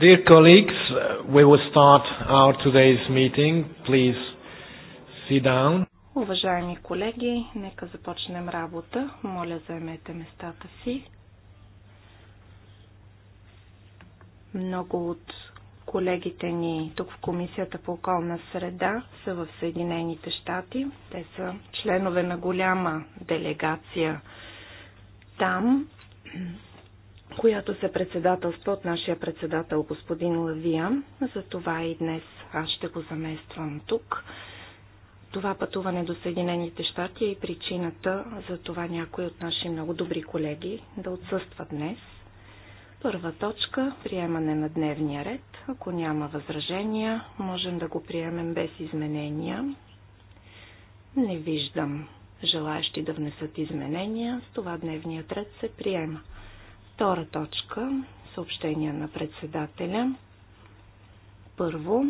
Dear colleagues, we will start our today's meeting. Please sit down. Уважаеми колеги, нека започнем работа. Моля, заемете местата си. Много от колегите ни тук в Комисията по околна среда са в Съединените щати. Те са членове на голяма делегация там която се председателства от нашия председател господин Лавия. Затова и днес аз ще го замествам тук. Това пътуване до Съединените щати е и причината за това някои от наши много добри колеги да отсъстват днес. Първа точка – приемане на дневния ред. Ако няма възражения, можем да го приемем без изменения. Не виждам желаящи да внесат изменения. С това дневният ред се приема. Втора точка – съобщения на председателя. Първо,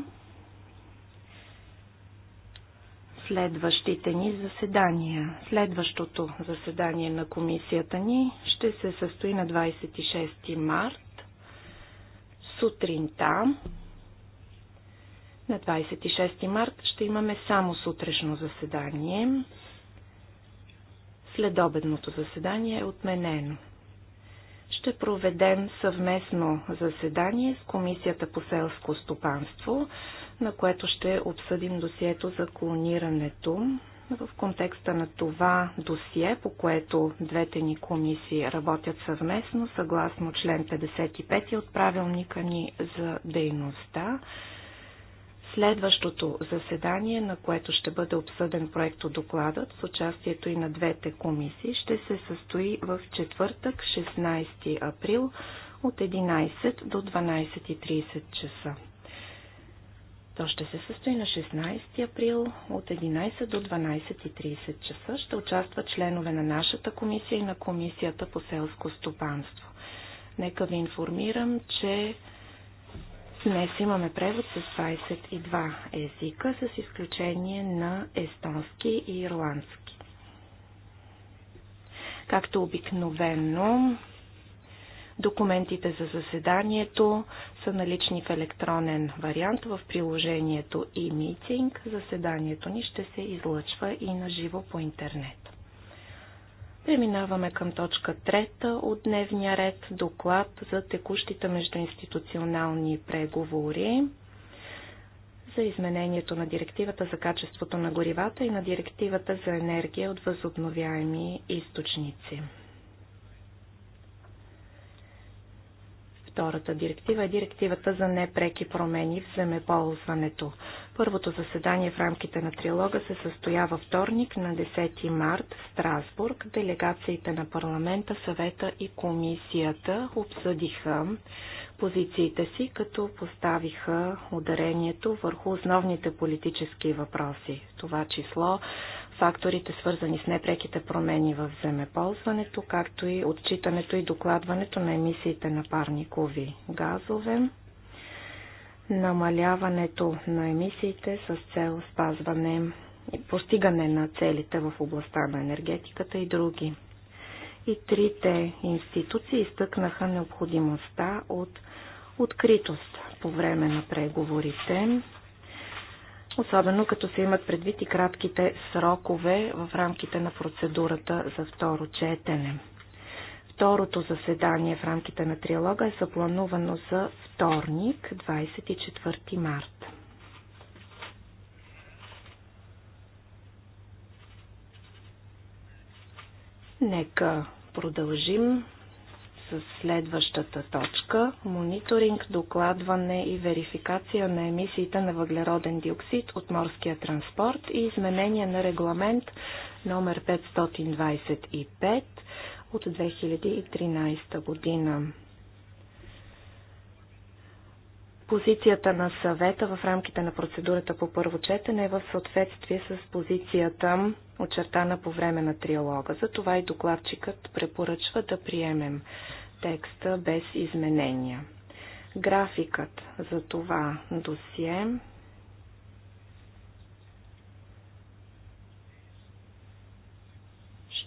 следващите ни заседания. Следващото заседание на комисията ни ще се състои на 26 март сутринта. На 26 март ще имаме само сутрешно заседание. Следобедното заседание е отменено ще проведем съвместно заседание с Комисията по селско стопанство, на което ще обсъдим досието за клонирането. В контекста на това досие, по което двете ни комисии работят съвместно, съгласно член 55 от правилника ни за дейността, Следващото заседание, на което ще бъде обсъден проекто докладът с участието и на двете комисии, ще се състои в четвъртък, 16 април от 11 до 12.30 часа. То ще се състои на 16 април от 11 до 12.30 часа. Ще участват членове на нашата комисия и на Комисията по селско стопанство. Нека ви информирам, че Днес имаме превод с 22 езика, с изключение на естонски и ирландски. Както обикновено, документите за заседанието са налични в електронен вариант в приложението e-meeting. Заседанието ни ще се излъчва и на живо по интернет. Преминаваме към точка трета от дневния ред доклад за текущите междуинституционални преговори за изменението на директивата за качеството на горивата и на директивата за енергия от възобновяеми източници. Втората директива е директивата за непреки промени в земеползването. Първото заседание в рамките на трилога се състоя във вторник на 10 март в Страсбург. Делегациите на парламента, съвета и комисията обсъдиха позициите си, като поставиха ударението върху основните политически въпроси. В това число факторите свързани с непреките промени в земеползването, както и отчитането и докладването на емисиите на парникови газове, намаляването на емисиите с цел спазване и постигане на целите в областта на енергетиката и други. И трите институции изтъкнаха необходимостта от откритост по време на преговорите, особено като се имат предвид и кратките срокове в рамките на процедурата за второ четене. Второто заседание в рамките на триалога е запланувано за вторник, 24 март. Нека продължим с следващата точка – мониторинг, докладване и верификация на емисиите на въглероден диоксид от морския транспорт и изменение на регламент номер 525 от 2013 година. Позицията на съвета в рамките на процедурата по първо четене е в съответствие с позицията, очертана по време на триалога. Затова и докладчикът препоръчва да приемем текста без изменения. Графикът за това досие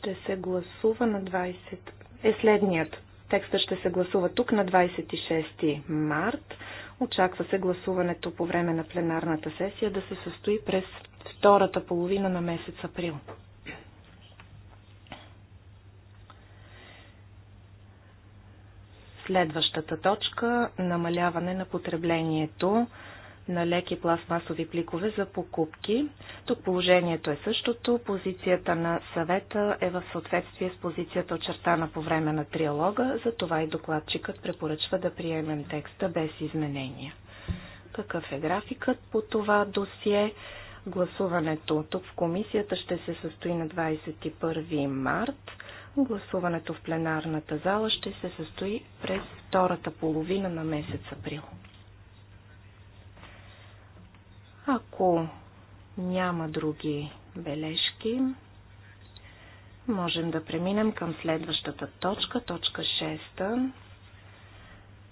ще се гласува на 20... е следният. Текстът ще се гласува тук на 26 март. Очаква се гласуването по време на пленарната сесия да се състои през втората половина на месец април. Следващата точка – намаляване на потреблението на леки пластмасови пликове за покупки. Тук положението е същото. Позицията на съвета е в съответствие с позицията очертана по време на триалога, затова и докладчикът препоръчва да приемем текста без изменения. Какъв е графикът по това досие? Гласуването тук в комисията ще се състои на 21 март. Гласуването в пленарната зала ще се състои през втората половина на месец април. Ако няма други бележки, можем да преминем към следващата точка, точка 6.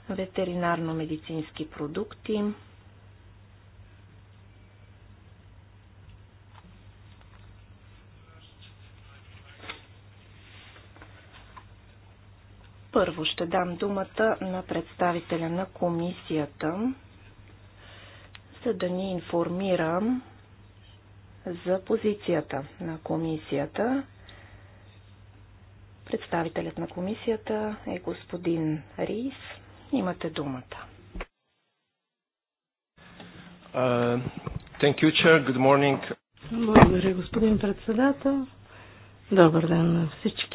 Ветеринарно-медицински продукти. Първо ще дам думата на представителя на комисията за да ни информира за позицията на комисията. Представителят на комисията е господин Рис. Имате думата. thank you, chair. Good morning. Благодаря, господин председател. Добър ден на всички.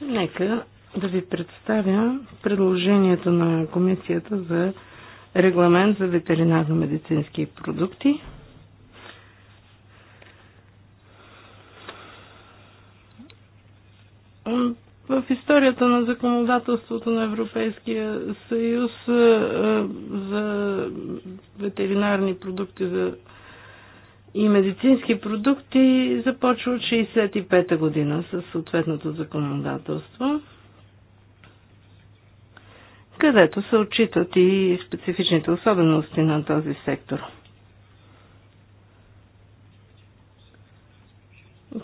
Нека да ви представя предложението на комисията за регламент за ветеринарно-медицински продукти. В историята на законодателството на Европейския съюз е, е, за ветеринарни продукти за и медицински продукти започва от 65-та година със съответното законодателство където се отчитат и специфичните особености на този сектор.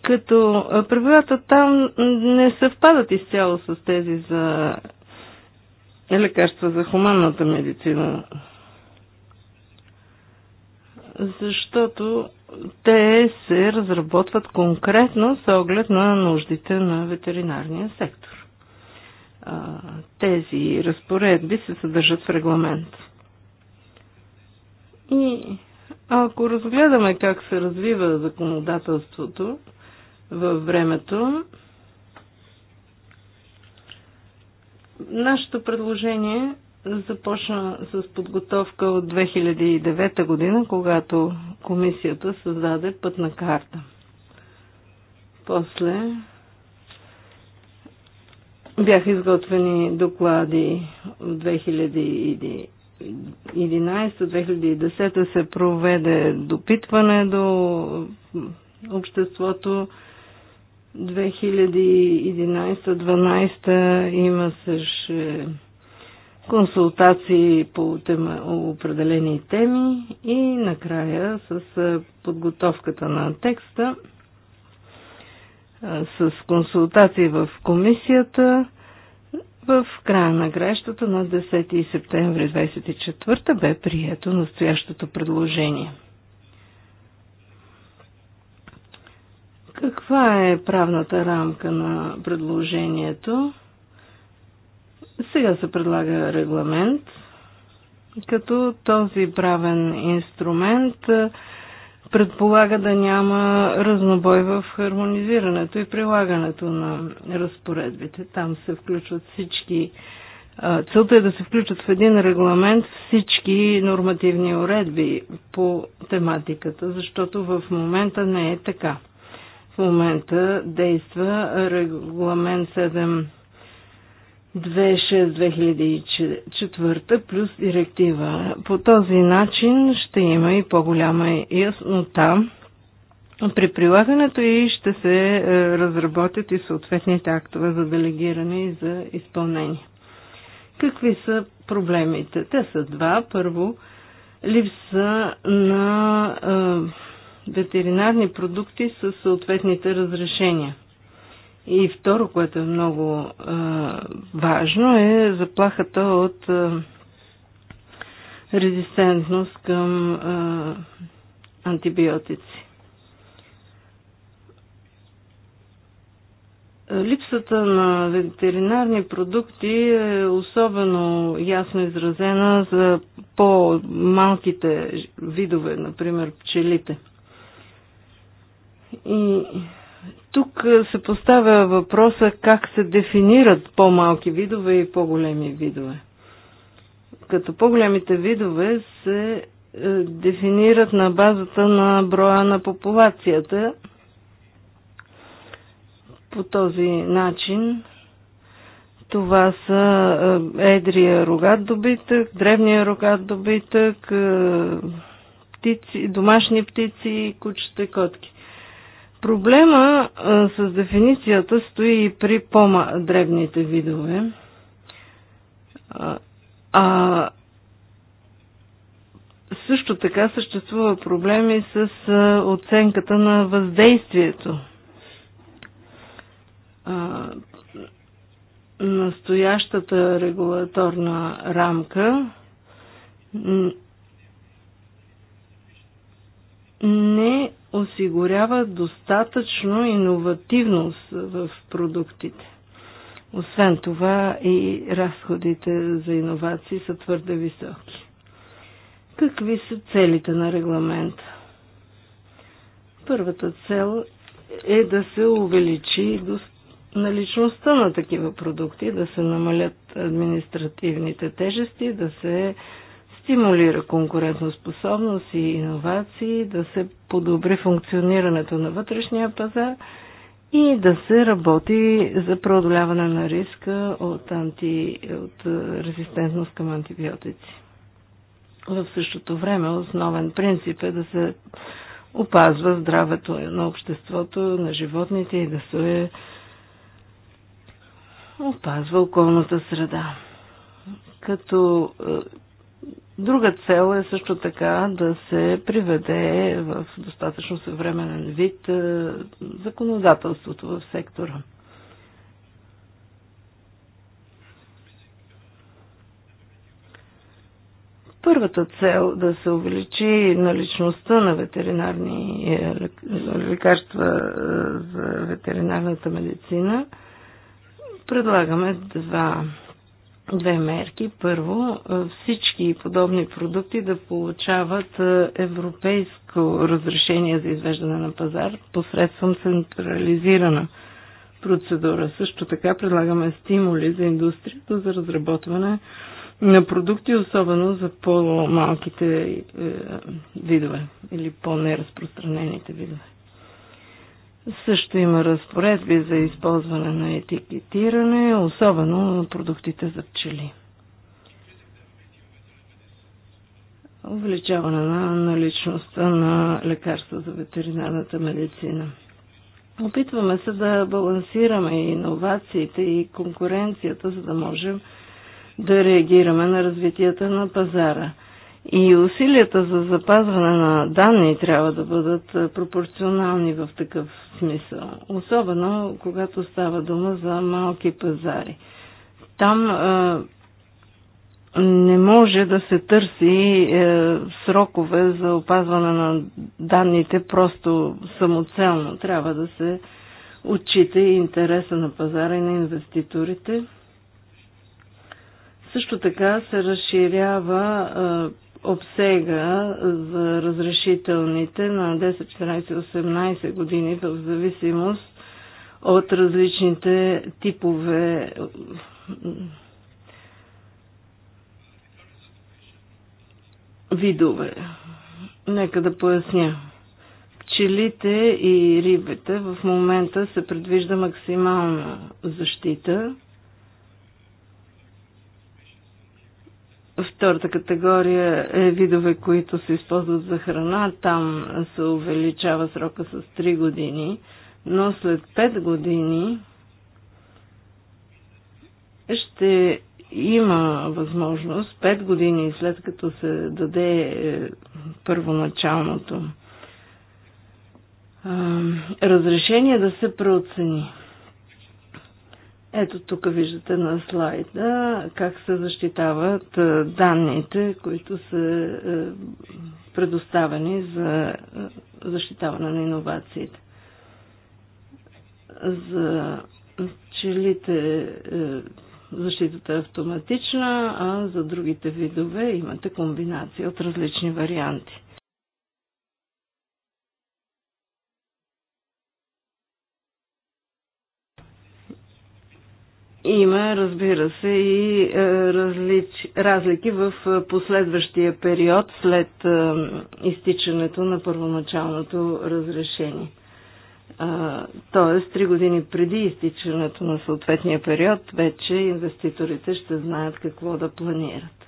Като правилата там не съвпадат изцяло с тези за лекарства за хуманната медицина, защото те се разработват конкретно с оглед на нуждите на ветеринарния сектор тези разпоредби се съдържат в регламент. И ако разгледаме как се развива законодателството във времето, нашето предложение започна с подготовка от 2009 година, когато комисията създаде пътна карта. После бяха изготвени доклади 2011 2010 се проведе допитване до обществото. 2011-2012 имаше консултации по тема, определени теми и накрая с подготовката на текста с консултации в комисията. В края на грещата на 10 септември 24 бе прието настоящото предложение. Каква е правната рамка на предложението? Сега се предлага регламент, като този правен инструмент предполага да няма разнобой в хармонизирането и прилагането на разпоредбите. Там се включват всички. Целта е да се включат в един регламент всички нормативни уредби по тематиката, защото в момента не е така. В момента действа регламент 7 2006-2004 плюс директива. По този начин ще има и по-голяма яснота при прилагането и ще се е, разработят и съответните актове за делегиране и за изпълнение. Какви са проблемите? Те са два. Първо, липса на е, ветеринарни продукти с съответните разрешения. И второ, което е много а, важно, е заплахата от а, резистентност към а, антибиотици. Липсата на ветеринарни продукти е особено ясно изразена за по-малките видове, например пчелите. И тук е, се поставя въпроса как се дефинират по-малки видове и по-големи видове. Като по-големите видове се е, дефинират на базата на броя на популацията. По този начин това са е, едрия рогат добитък, древния рогат добитък, птици, домашни птици, кучета и котки. Проблема а, с дефиницията стои и при по-дребните видове. А, а също така съществува проблеми с а, оценката на въздействието. А, настоящата регулаторна рамка не осигурява достатъчно иновативност в продуктите. Освен това и разходите за иновации са твърде високи. Какви са целите на регламента? Първата цел е да се увеличи наличността на такива продукти, да се намалят административните тежести, да се стимулира конкурентоспособност и иновации, да се подобри функционирането на вътрешния пазар и да се работи за преодоляване на риска от, анти, от е, резистентност към антибиотици. В същото време основен принцип е да се опазва здравето на обществото, на животните и да се опазва околната среда. Като е, Друга цел е също така да се приведе в достатъчно съвременен вид е, законодателството в сектора. Първата цел да се увеличи наличността на ветеринарни е, лекарства е, за ветеринарната медицина предлагаме два две мерки. Първо, е, всички подобни продукти да получават е, европейско разрешение за извеждане на пазар посредством централизирана процедура. Също така предлагаме стимули за индустрията за разработване на продукти, особено за по-малките е, видове или по-неразпространените видове. Също има разпоредби за използване на етикетиране, особено на продуктите за пчели. Увеличаване на наличността на лекарства за ветеринарната медицина. Опитваме се да балансираме иновациите и конкуренцията, за да можем да реагираме на развитията на пазара – и усилията за запазване на данни трябва да бъдат е, пропорционални в такъв смисъл, особено когато става дума за малки пазари. Там е, не може да се търси е, срокове за опазване на данните просто самоцелно. Трябва да се отчита и интереса на пазара и на инвеститорите. Също така се разширява е, обсега за разрешителните на 10, 14, 18 години в зависимост от различните типове видове. Нека да поясня. Пчелите и рибите в момента се предвижда максимална защита Втората категория е видове, които се използват за храна. Там се увеличава срока с 3 години, но след 5 години ще има възможност 5 години след като се даде е, първоначалното разрешение да се преоцени. Ето тук виждате на слайда как се защитават е, данните, които са е, предоставени за е, защитаване на иновациите. За пчелите защитата е автоматична, а за другите видове имате комбинация от различни варианти. Има, разбира се, и е, различ... разлики в е, последващия период след е, изтичането на първоначалното разрешение. Тоест, три години преди изтичането на съответния период, вече инвеститорите ще знаят какво да планират.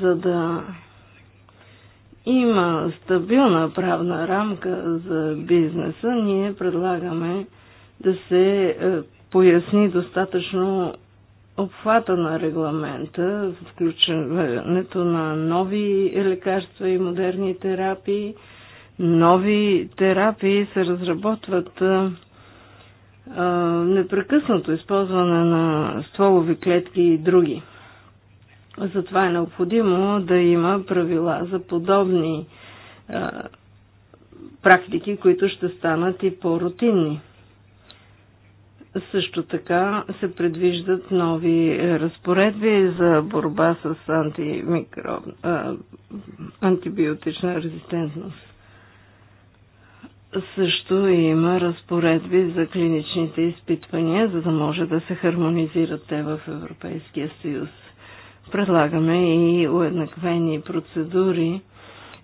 За да има стабилна правна рамка за бизнеса, ние предлагаме да се е, поясни достатъчно обхвата на регламента, включването на нови лекарства и модерни терапии. Нови терапии се разработват е, е, непрекъснато използване на стволови клетки и други. Затова е необходимо да има правила за подобни практики, които ще станат и по-рутинни. Също така се предвиждат нови разпоредби за борба с антимикроб... антибиотична резистентност. Също има разпоредби за клиничните изпитвания, за да може да се хармонизират те в Европейския съюз. Предлагаме и уеднаквени процедури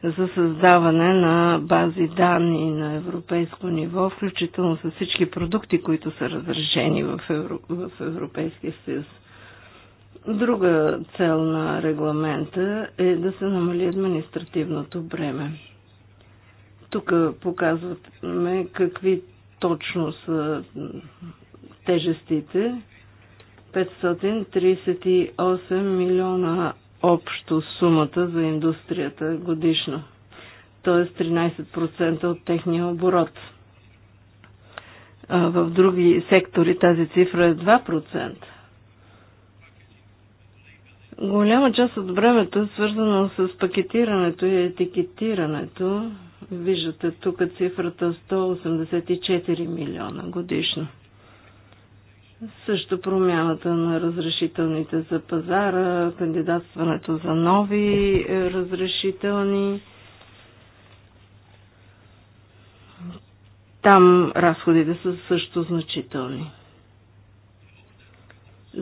за създаване на бази данни на европейско ниво, включително с всички продукти, които са разрешени в, Евро... в Европейския съюз. Друга цел на регламента е да се намали административното бреме. Тук показваме какви точно са тежестите. 538 милиона общо сумата за индустрията годишно, т.е. 13% от техния оборот. А в други сектори тази цифра е 2%. Голяма част от времето е свързано с пакетирането и етикетирането. Виждате тук цифрата 184 милиона годишно. Също промяната на разрешителните за пазара, кандидатстването за нови е, разрешителни. Там разходите са също значителни.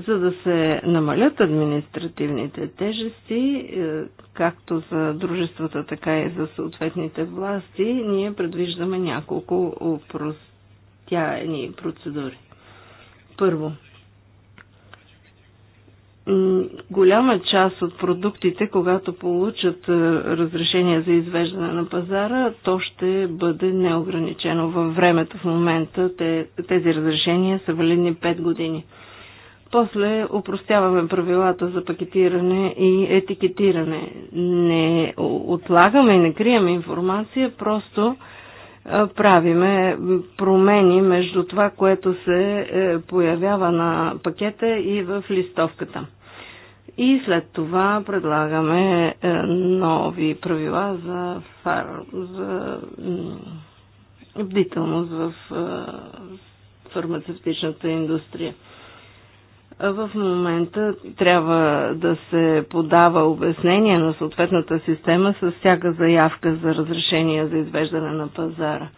За да се намалят административните тежести, е, както за дружествата, така и за съответните власти, ние предвиждаме няколко упростяни процедури. Първо, голяма част от продуктите, когато получат е, разрешение за извеждане на пазара, то ще бъде неограничено във времето. В момента тези разрешения са валидни 5 години. После упростяваме правилата за пакетиране и етикетиране. Не отлагаме и не крием информация, просто правиме промени между това, което се е, появява на пакета и в листовката. И след това предлагаме е, нови правила за, фар, за бдителност в е, фармацевтичната индустрия в момента трябва да се подава обяснение на съответната система с всяка заявка за разрешение за извеждане на пазара.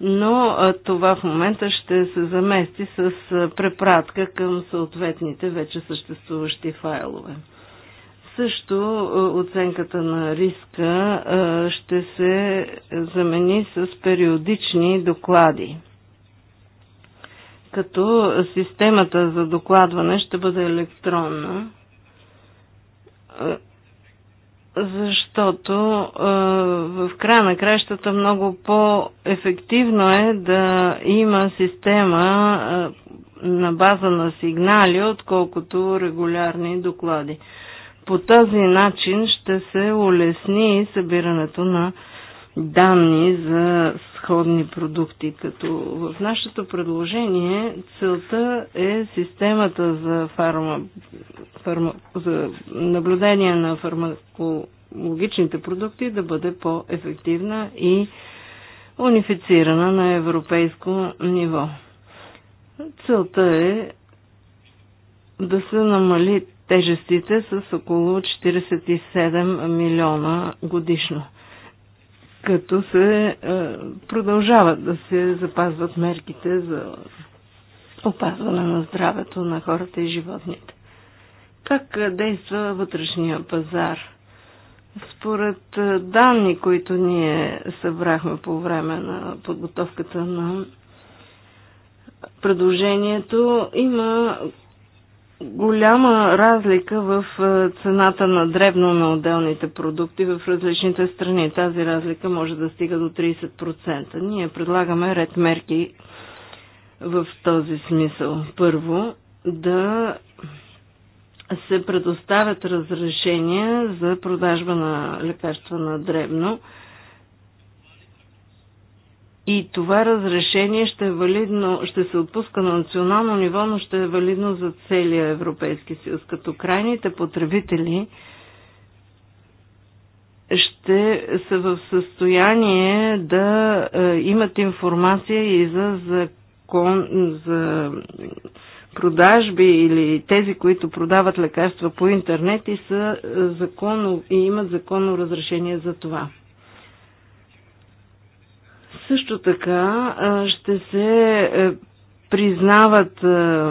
Но това в момента ще се замести с препратка към съответните вече съществуващи файлове. Също оценката на риска ще се замени с периодични доклади като системата за докладване ще бъде електронна, е, защото е, в края на кращата много по-ефективно е да има система е, на база на сигнали, отколкото регулярни доклади. По този начин ще се улесни събирането на данни за сходни продукти, като в нашето предложение целта е системата за, фарма, фарма, за наблюдение на фармакологичните продукти да бъде по-ефективна и унифицирана на европейско ниво. Целта е да се намали тежестите с около 47 милиона годишно като се е, продължават да се запазват мерките за опазване на здравето на хората и животните. Как е, действа вътрешния пазар? Според е, данни, които ние събрахме по време на подготовката на предложението, има голяма разлика в е, цената на дребно на отделните продукти в различните страни. Тази разлика може да стига до 30%. Ние предлагаме ред мерки в този смисъл. Първо, да се предоставят разрешения за продажба на лекарства на дребно и това разрешение ще, е валидно, ще се отпуска на национално ниво, но ще е валидно за целия Европейски съюз. Като крайните потребители ще са в състояние да е, имат информация и за, закон, за продажби или тези, които продават лекарства по интернет и, са е, законно, и имат законно разрешение за това. Също така ще се е, признават е,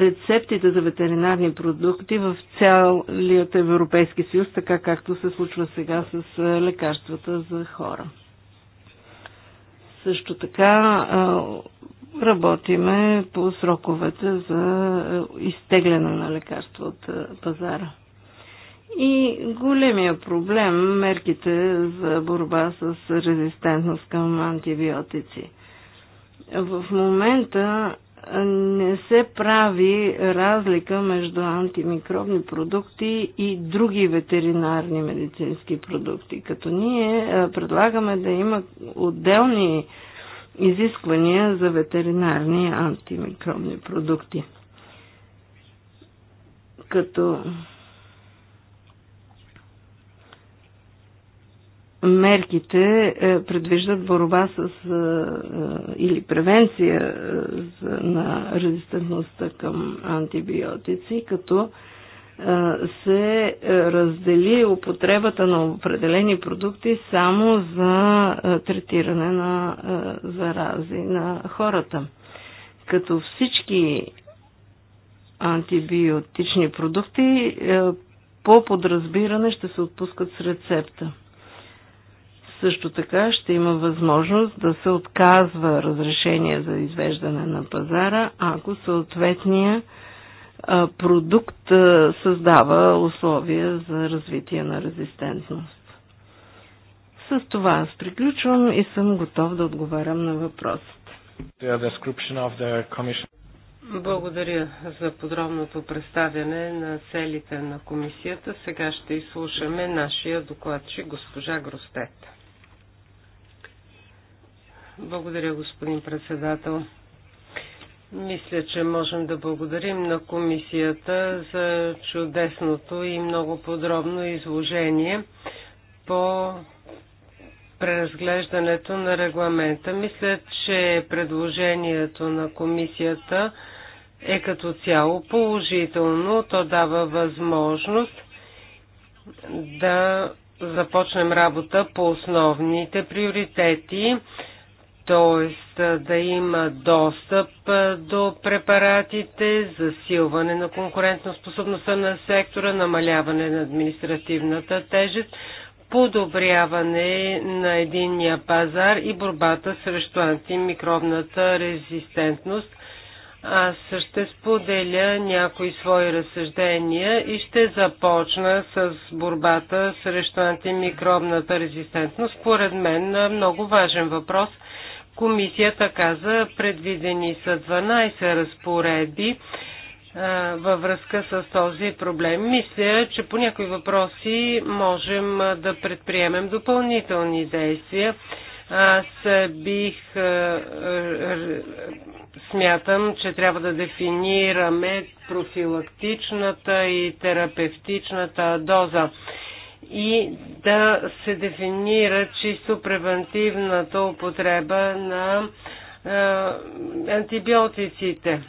рецептите за ветеринарни продукти в цялият Европейски съюз, така както се случва сега с е, лекарствата за хора. Също така работиме по сроковете за изтегляне на лекарства от пазара. И големия проблем мерките за борба с резистентност към антибиотици. В момента не се прави разлика между антимикробни продукти и други ветеринарни медицински продукти. Като ние предлагаме да има отделни изисквания за ветеринарни антимикробни продукти. Като мерките е, предвиждат борба с е, е, или превенция на резистентността към антибиотици, като се раздели употребата на определени продукти само за третиране на зарази на хората. Като всички антибиотични продукти по подразбиране ще се отпускат с рецепта. Също така ще има възможност да се отказва разрешение за извеждане на пазара, ако съответния продукт създава условия за развитие на резистентност. С това аз приключвам и съм готов да отговарям на въпросите. Благодаря за подробното представяне на целите на комисията. Сега ще изслушаме нашия докладчик госпожа Гростет. Благодаря, господин председател. Мисля, че можем да благодарим на комисията за чудесното и много подробно изложение по преразглеждането на регламента. Мисля, че предложението на комисията е като цяло положително. То дава възможност да започнем работа по основните приоритети т.е. да има достъп до препаратите, засилване на конкурентоспособността на сектора, намаляване на административната тежест, подобряване на единния пазар и борбата срещу антимикробната резистентност. Аз ще споделя някои свои разсъждения и ще започна с борбата срещу антимикробната резистентност. Според мен много важен въпрос – Комисията каза, предвидени са 12 разпореди във връзка с този проблем. Мисля, че по някои въпроси можем да предприемем допълнителни действия. Аз бих смятам, че трябва да дефинираме профилактичната и терапевтичната доза и да се дефинира чисто превентивната употреба на е, антибиотиците.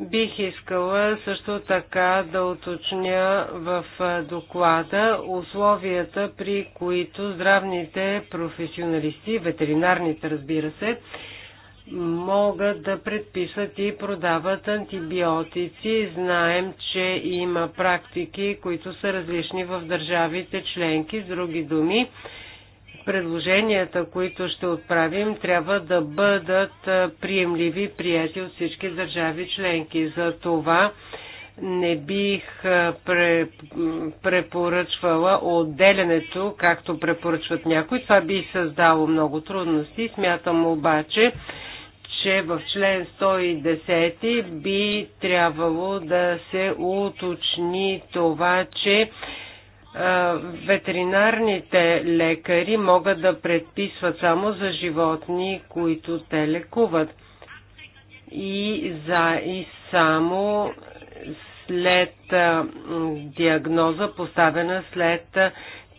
Бих искала също така да уточня в доклада условията, при които здравните професионалисти, ветеринарните разбира се, могат да предписват и продават антибиотици. Знаем, че има практики, които са различни в държавите членки. С други думи, предложенията, които ще отправим, трябва да бъдат приемливи, прияти от всички държави членки. За това не бих препоръчвала отделянето, както препоръчват някои. Това би създало много трудности. Смятам обаче, че в член 110 би трябвало да се уточни това, че ветеринарните лекари могат да предписват само за животни, които те лекуват. И, за, и само след диагноза, поставена след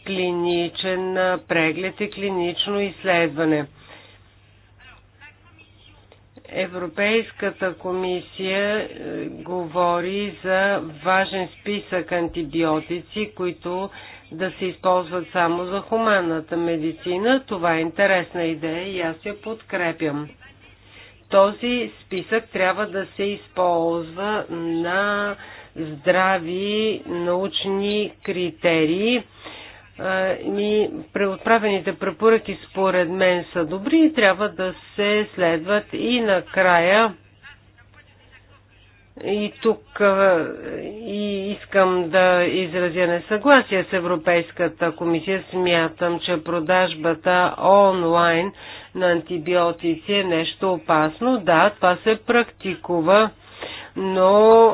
клиничен преглед и клинично изследване. Европейската комисия е, говори за важен списък антибиотици, които да се използват само за хуманната медицина. Това е интересна идея и аз я подкрепям. Този списък трябва да се използва на здрави научни критерии ни преотправените препоръки според мен са добри и трябва да се следват и накрая. И тук и искам да изразя несъгласие с Европейската комисия. Смятам, че продажбата онлайн на антибиотици е нещо опасно. Да, това се практикува, но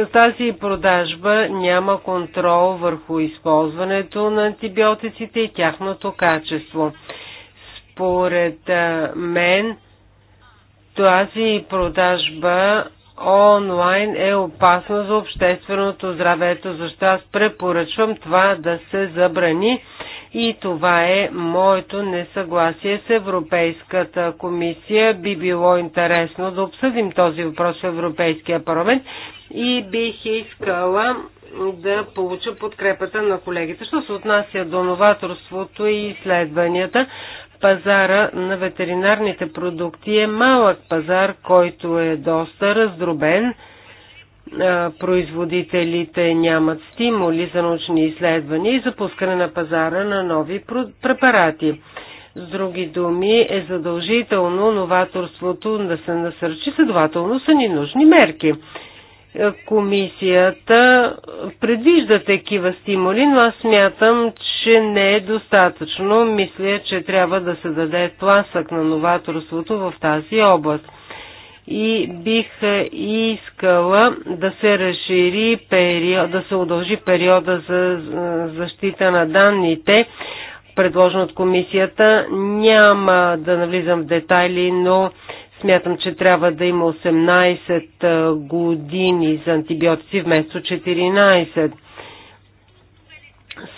с тази продажба няма контрол върху използването на антибиотиците и тяхното качество. Според мен тази продажба онлайн е опасна за общественото здраве. Ето защо аз препоръчвам това да се забрани и това е моето несъгласие с Европейската комисия. Би било интересно да обсъдим този въпрос в Европейския парламент и бих искала да получа подкрепата на колегите. Що се отнася до новаторството и изследванията, пазара на ветеринарните продукти е малък пазар, който е доста раздробен. Производителите нямат стимули за научни изследвания и запускане на пазара на нови препарати. С други думи, е задължително новаторството да се насърчи, следователно са ни нужни мерки комисията предвижда такива стимули, но аз смятам, че не е достатъчно. Мисля, че трябва да се даде тласък на новаторството в тази област. И бих искала да се разшири период, да се удължи периода за защита на данните, предложен от комисията. Няма да навлизам в детайли, но Смятам, че трябва да има 18 години за антибиотици вместо 14.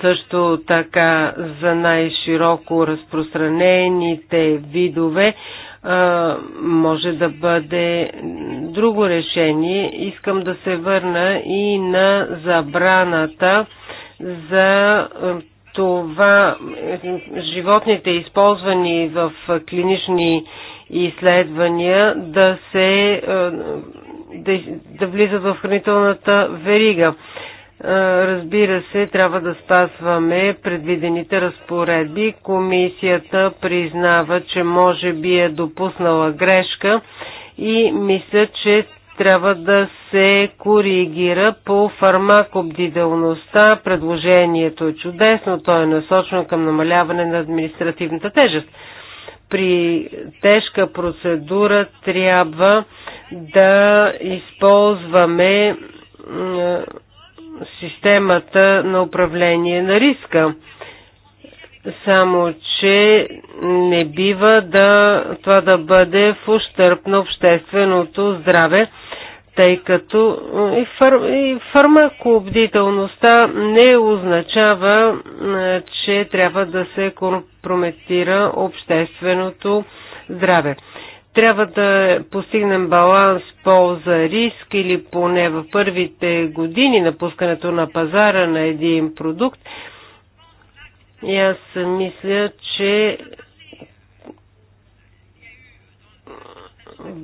Също така за най-широко разпространените видове може да бъде друго решение. Искам да се върна и на забраната за това животните, използвани в клинични изследвания да се е, да, да влизат в хранителната верига. Е, разбира се, трябва да спазваме предвидените разпоредби. Комисията признава, че може би е допуснала грешка и мисля, че трябва да се коригира по фармакобдителността. Предложението е чудесно, то е насочено към намаляване на административната тежест при тежка процедура трябва да използваме системата на управление на риска. Само, че не бива да, това да бъде в ущърп на общественото здраве тъй като и, фар, и фармакобдителността не означава, че трябва да се компрометира общественото здраве. Трябва да постигнем баланс полза-риск или поне в първите години на пускането на пазара на един продукт. И аз мисля, че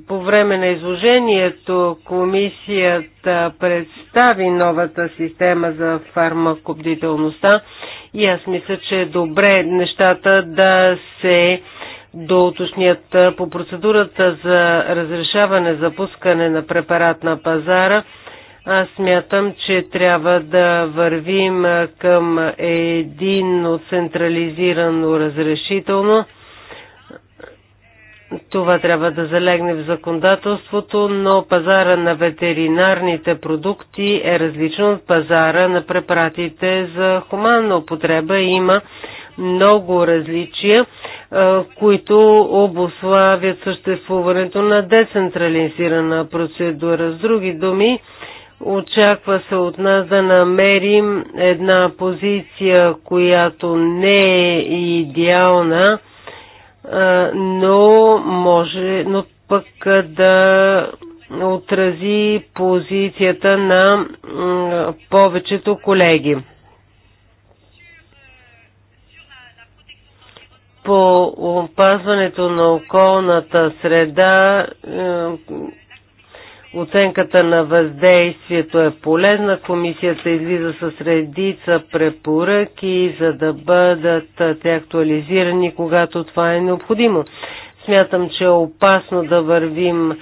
по време на изложението комисията представи новата система за фармакобдителността и аз мисля, че е добре нещата да се доуточнят по процедурата за разрешаване за пускане на препарат на пазара. Аз смятам, че трябва да вървим към един централизирано разрешително това трябва да залегне в законодателството, но пазара на ветеринарните продукти е различен от пазара на препаратите за хуманна употреба. Има много различия, които обославят съществуването на децентрализирана процедура. С други думи, очаква се от нас да намерим една позиция, която не е идеална, но може, но пък да отрази позицията на повечето колеги. По опазването на околната среда Оценката на въздействието е полезна. Комисията излиза с редица препоръки, за да бъдат те актуализирани, когато това е необходимо. Смятам, че е опасно да вървим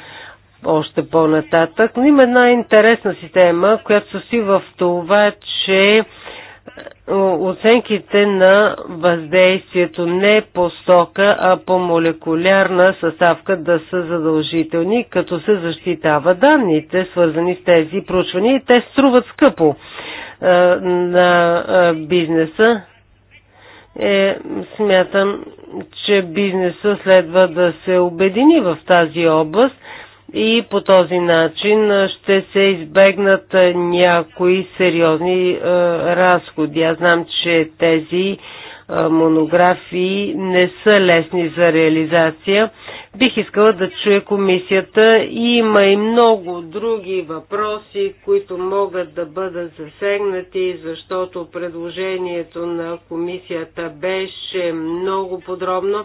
още по-нататък. Но има една интересна система, която се в това, че оценките на въздействието не по стока, а по молекулярна съставка да са задължителни, като се защитава данните, свързани с тези проучвания и те струват скъпо е, на е, бизнеса. Е, смятам, че бизнеса следва да се обедини в тази област – и по този начин ще се избегнат някои сериозни разходи. Аз знам, че тези монографии не са лесни за реализация. Бих искала да чуя комисията. Има и много други въпроси, които могат да бъдат засегнати, защото предложението на комисията беше много подробно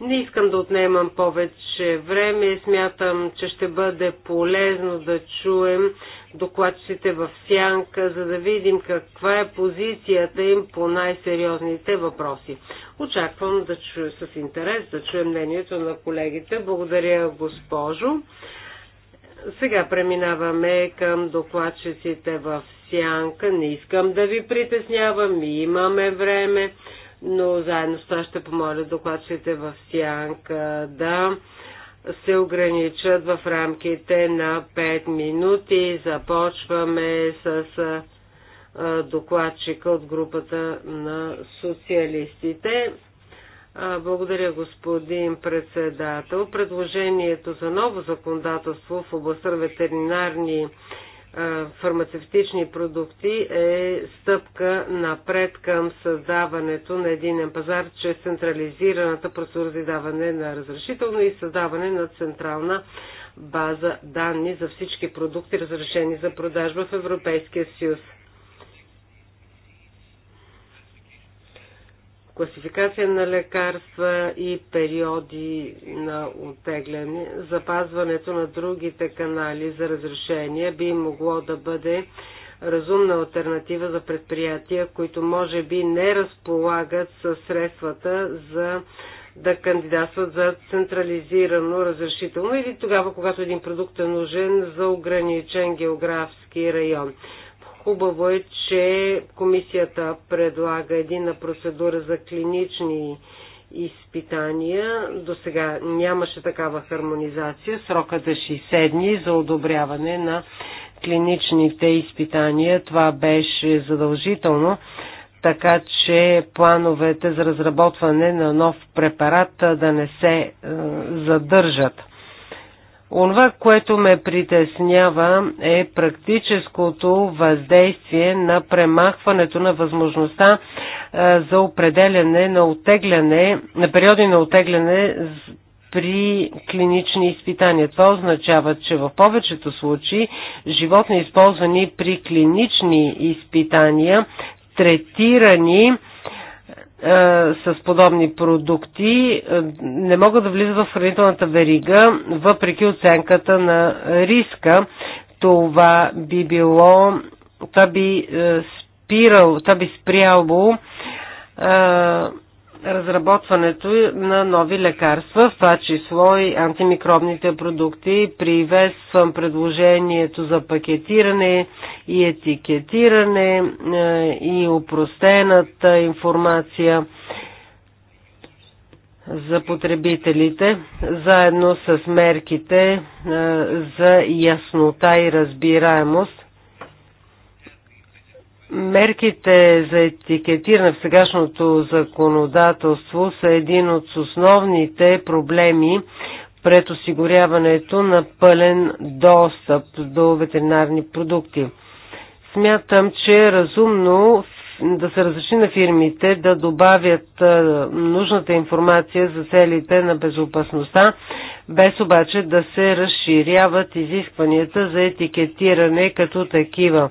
не искам да отнемам повече време. Смятам, че ще бъде полезно да чуем докладчите в сянка, за да видим каква е позицията им по най-сериозните въпроси. Очаквам да чуя с интерес, да чуем мнението на колегите. Благодаря, госпожо. Сега преминаваме към докладчиците в сянка. Не искам да ви притеснявам, имаме време но заедно с това ще помоля докладчите в Сянка да се ограничат в рамките на 5 минути. Започваме с докладчика от групата на социалистите. Благодаря, господин председател. Предложението за ново законодателство в областта на ветеринарни фармацевтични продукти е стъпка напред към създаването на единен пазар чрез централизираната процедура за издаване на разрешително и създаване на централна база данни за всички продукти, разрешени за продажба в Европейския съюз. класификация на лекарства и периоди на отегляне. Запазването на другите канали за разрешение би могло да бъде разумна альтернатива за предприятия, които може би не разполагат със средствата за да кандидатстват за централизирано разрешително или тогава, когато един продукт е нужен за ограничен географски район. Хубаво е, че комисията предлага едина процедура за клинични изпитания. До сега нямаше такава хармонизация. Срокът е 60 дни за одобряване на клиничните изпитания. Това беше задължително, така че плановете за разработване на нов препарат да не се е, задържат. Онова, което ме притеснява е практическото въздействие на премахването на възможността за определяне на отегляне, на периоди на отегляне при клинични изпитания. Това означава, че в повечето случаи животни, използвани при клинични изпитания, третирани е, с подобни продукти е, не могат да влизат в хранителната верига, въпреки оценката на риска. Това би било, това би е, спирало, това би спряло разработването на нови лекарства, в това число и антимикробните продукти. Приветствам предложението за пакетиране и етикетиране е, и упростената информация за потребителите, заедно с мерките е, за яснота и разбираемост Мерките за етикетиране в сегашното законодателство са един от основните проблеми пред осигуряването на пълен достъп до ветеринарни продукти. Смятам, че е разумно да се разреши на фирмите да добавят нужната информация за целите на безопасността, без обаче да се разширяват изискванията за етикетиране като такива.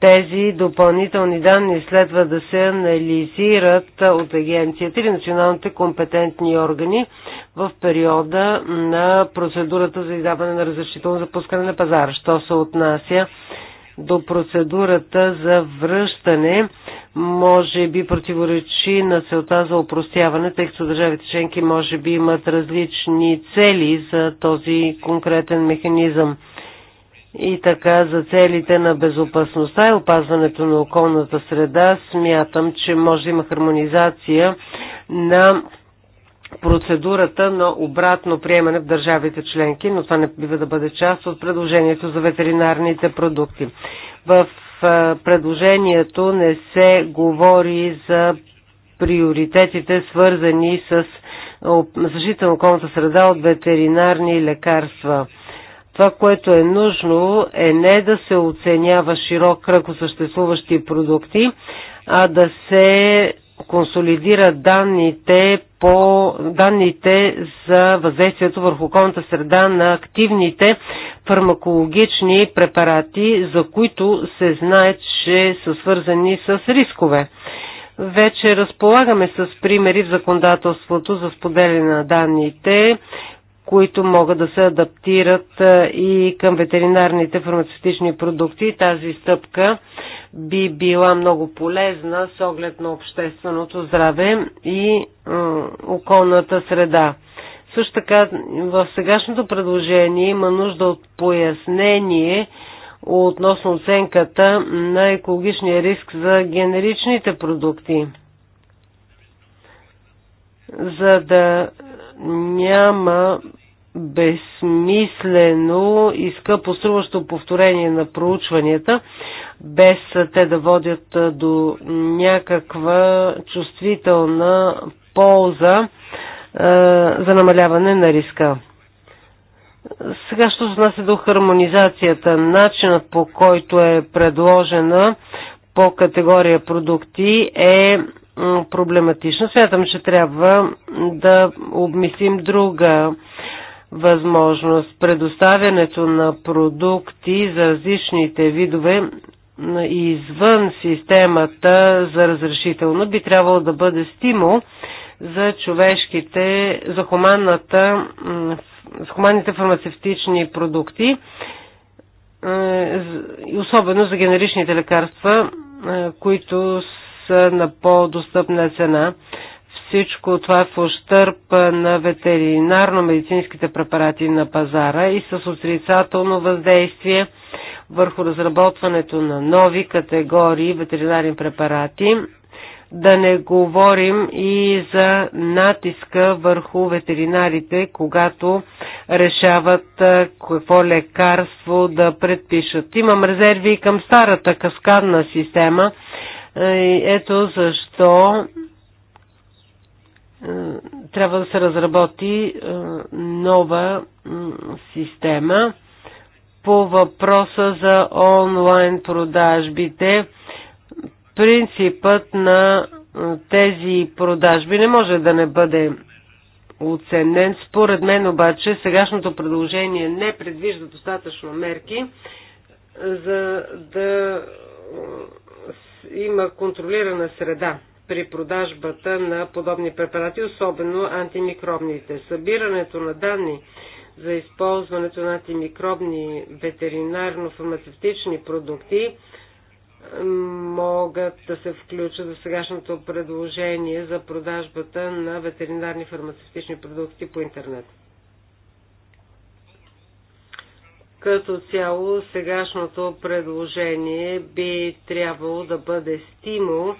Тези допълнителни данни следва да се анализират от агенцията или националните компетентни органи в периода на процедурата за издаване на разрешително за пускане на пазара. Що се отнася до процедурата за връщане, може би противоречи на целта за упростяване, тъй като държавите членки може би имат различни цели за този конкретен механизъм. И така за целите на безопасността и опазването на околната среда смятам, че може да има хармонизация на процедурата на обратно приемане в държавите членки, но това не бива да бъде част от предложението за ветеринарните продукти. В предложението не се говори за приоритетите, свързани с защита на околната среда от ветеринарни лекарства – това, което е нужно, е не да се оценява широк кръг от съществуващи продукти, а да се консолидира данните по данните за въздействието върху околната среда на активните фармакологични препарати, за които се знае, че са свързани с рискове. Вече разполагаме с примери в законодателството за споделяне на данните, които могат да се адаптират и към ветеринарните фармацевтични продукти. Тази стъпка би била много полезна с оглед на общественото здраве и околната среда. Също така в сегашното предложение има нужда от пояснение относно оценката на екологичния риск за генеричните продукти, за да няма безсмислено и скъпоструващо повторение на проучванията, без те да водят до някаква чувствителна полза за намаляване на риска. Сега, що се отнася до хармонизацията, начинът по който е предложена по категория продукти е проблематично. Смятам, че трябва да обмислим друга възможност. Предоставянето на продукти за различните видове извън системата за разрешително би трябвало да бъде стимул за човешките, за хуманната, за хуманните фармацевтични продукти, е, особено за генеричните лекарства, е, които на по-достъпна цена. Всичко това е в ощърп на ветеринарно-медицинските препарати на пазара и с отрицателно въздействие върху разработването на нови категории ветеринарни препарати, да не говорим и за натиска върху ветеринарите, когато решават какво лекарство да предпишат. Имам резерви и към старата каскадна система, е, ето защо е, трябва да се разработи е, нова система по въпроса за онлайн продажбите. Принципът на тези продажби не може да не бъде оценен. Според мен обаче сегашното предложение не предвижда достатъчно мерки за да има контролирана среда при продажбата на подобни препарати, особено антимикробните. Събирането на данни за използването на антимикробни ветеринарно-фармацевтични продукти могат да се включат в сегашното предложение за продажбата на ветеринарни фармацевтични продукти по интернет. Като цяло сегашното предложение би трябвало да бъде стимул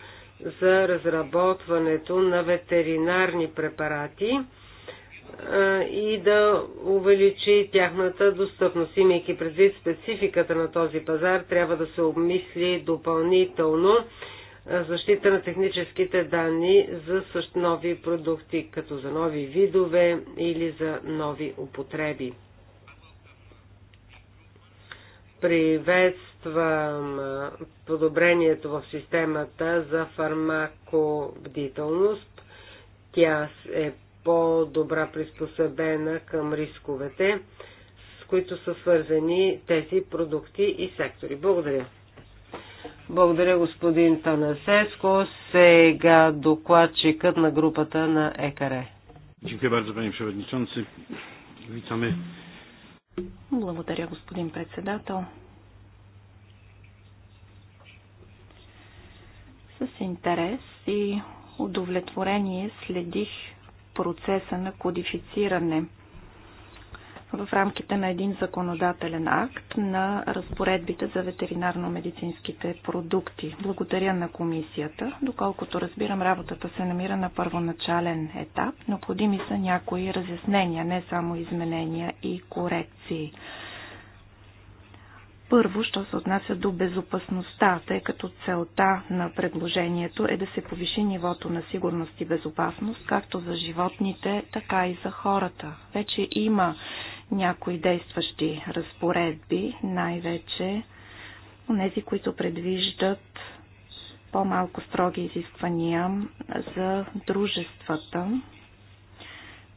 за разработването на ветеринарни препарати и да увеличи тяхната достъпност. Имайки предвид спецификата на този пазар, трябва да се обмисли допълнително защита на техническите данни за нови продукти, като за нови видове или за нови употреби. Приветствам подобрението в системата за фармакобдителност. Тя е по-добра приспособена към рисковете, с които са свързани тези продукти и сектори. Благодаря. Благодаря, господин Танасеско. Сега докладчикът на групата на ЕКАРЕ. Dziękuję bardzo, panie przewodniczący. Witamy благодаря, господин председател. С интерес и удовлетворение следих процеса на кодифициране – в рамките на един законодателен акт на разпоредбите за ветеринарно-медицинските продукти. Благодаря на комисията. Доколкото разбирам, работата се намира на първоначален етап. Необходими са някои разяснения, не само изменения и корекции. Първо, що се отнася до безопасността, тъй като целта на предложението е да се повиши нивото на сигурност и безопасност, както за животните, така и за хората. Вече има някои действащи разпоредби, най-вече тези, които предвиждат по-малко строги изисквания за дружествата.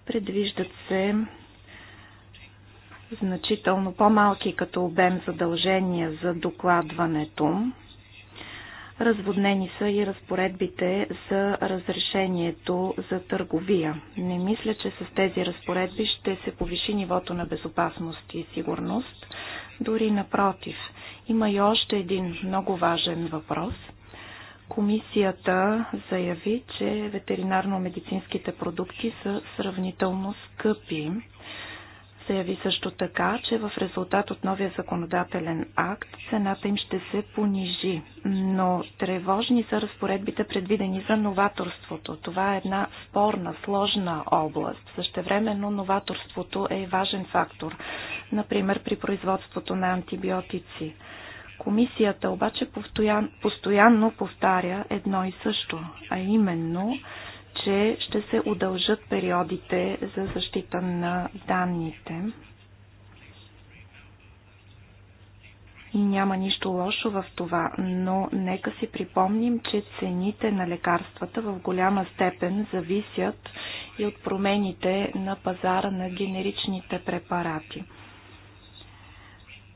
Предвиждат се значително по-малки като обем задължения за докладването. Разводнени са и разпоредбите за разрешението за търговия. Не мисля, че с тези разпоредби ще се повиши нивото на безопасност и сигурност. Дори напротив, има и още един много важен въпрос. Комисията заяви, че ветеринарно-медицинските продукти са сравнително скъпи Заяви също така, че в резултат от новия законодателен акт цената им ще се понижи, но тревожни са разпоредбите предвидени за новаторството. Това е една спорна, сложна област. Същевременно новаторството е важен фактор, например при производството на антибиотици. Комисията обаче постоянно повтаря едно и също, а именно, че ще се удължат периодите за защита на данните. И Няма нищо лошо в това, но нека си припомним, че цените на лекарствата в голяма степен зависят и от промените на пазара на генеричните препарати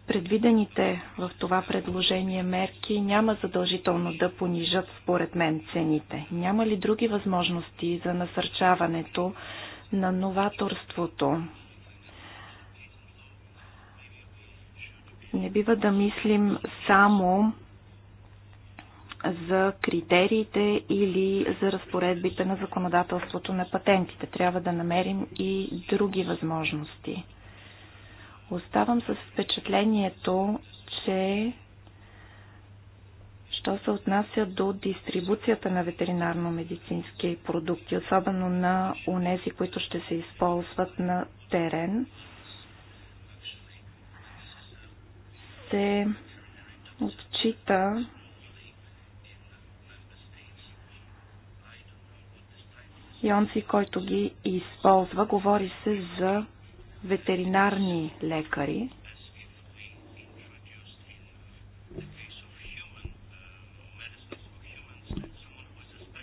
предвидените в това предложение мерки няма задължително да понижат, според мен, цените? Няма ли други възможности за насърчаването на новаторството? Не бива да мислим само за критериите или за разпоредбите на законодателството на патентите. Трябва да намерим и други възможности. Оставам с впечатлението, че що се отнася до дистрибуцията на ветеринарно-медицински продукти, особено на унези, които ще се използват на терен, се отчита и онзи, който ги използва. Говори се за ветеринарни лекари.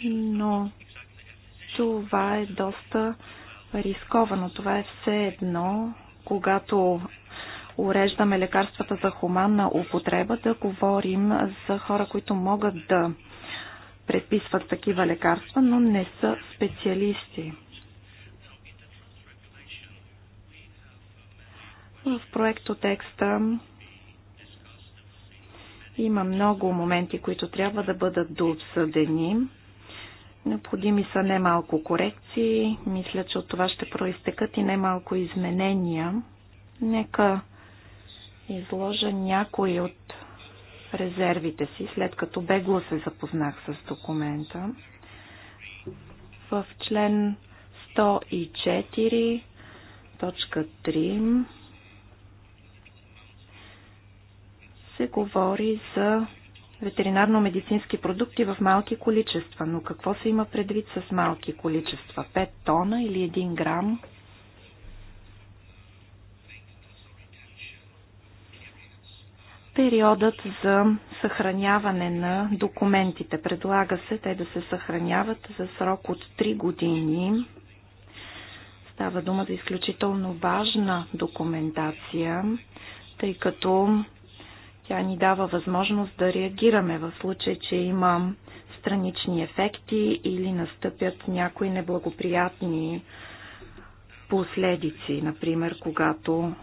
Но това е доста рисковано. Това е все едно, когато уреждаме лекарствата за хуманна употреба, да говорим за хора, които могат да предписват такива лекарства, но не са специалисти. В проекто текста има много моменти, които трябва да бъдат дообсъдени. Необходими са немалко корекции. Мисля, че от това ще проистекат и немалко изменения. Нека изложа някои от резервите си, след като бегло се запознах с документа. В член 104, точка 3, се говори за ветеринарно-медицински продукти в малки количества. Но какво се има предвид с малки количества? 5 тона или 1 грам? Периодът за съхраняване на документите. Предлага се те да се съхраняват за срок от 3 години. Става дума за изключително важна документация, тъй като тя ни дава възможност да реагираме в случай, че има странични ефекти или настъпят някои неблагоприятни последици, например, когато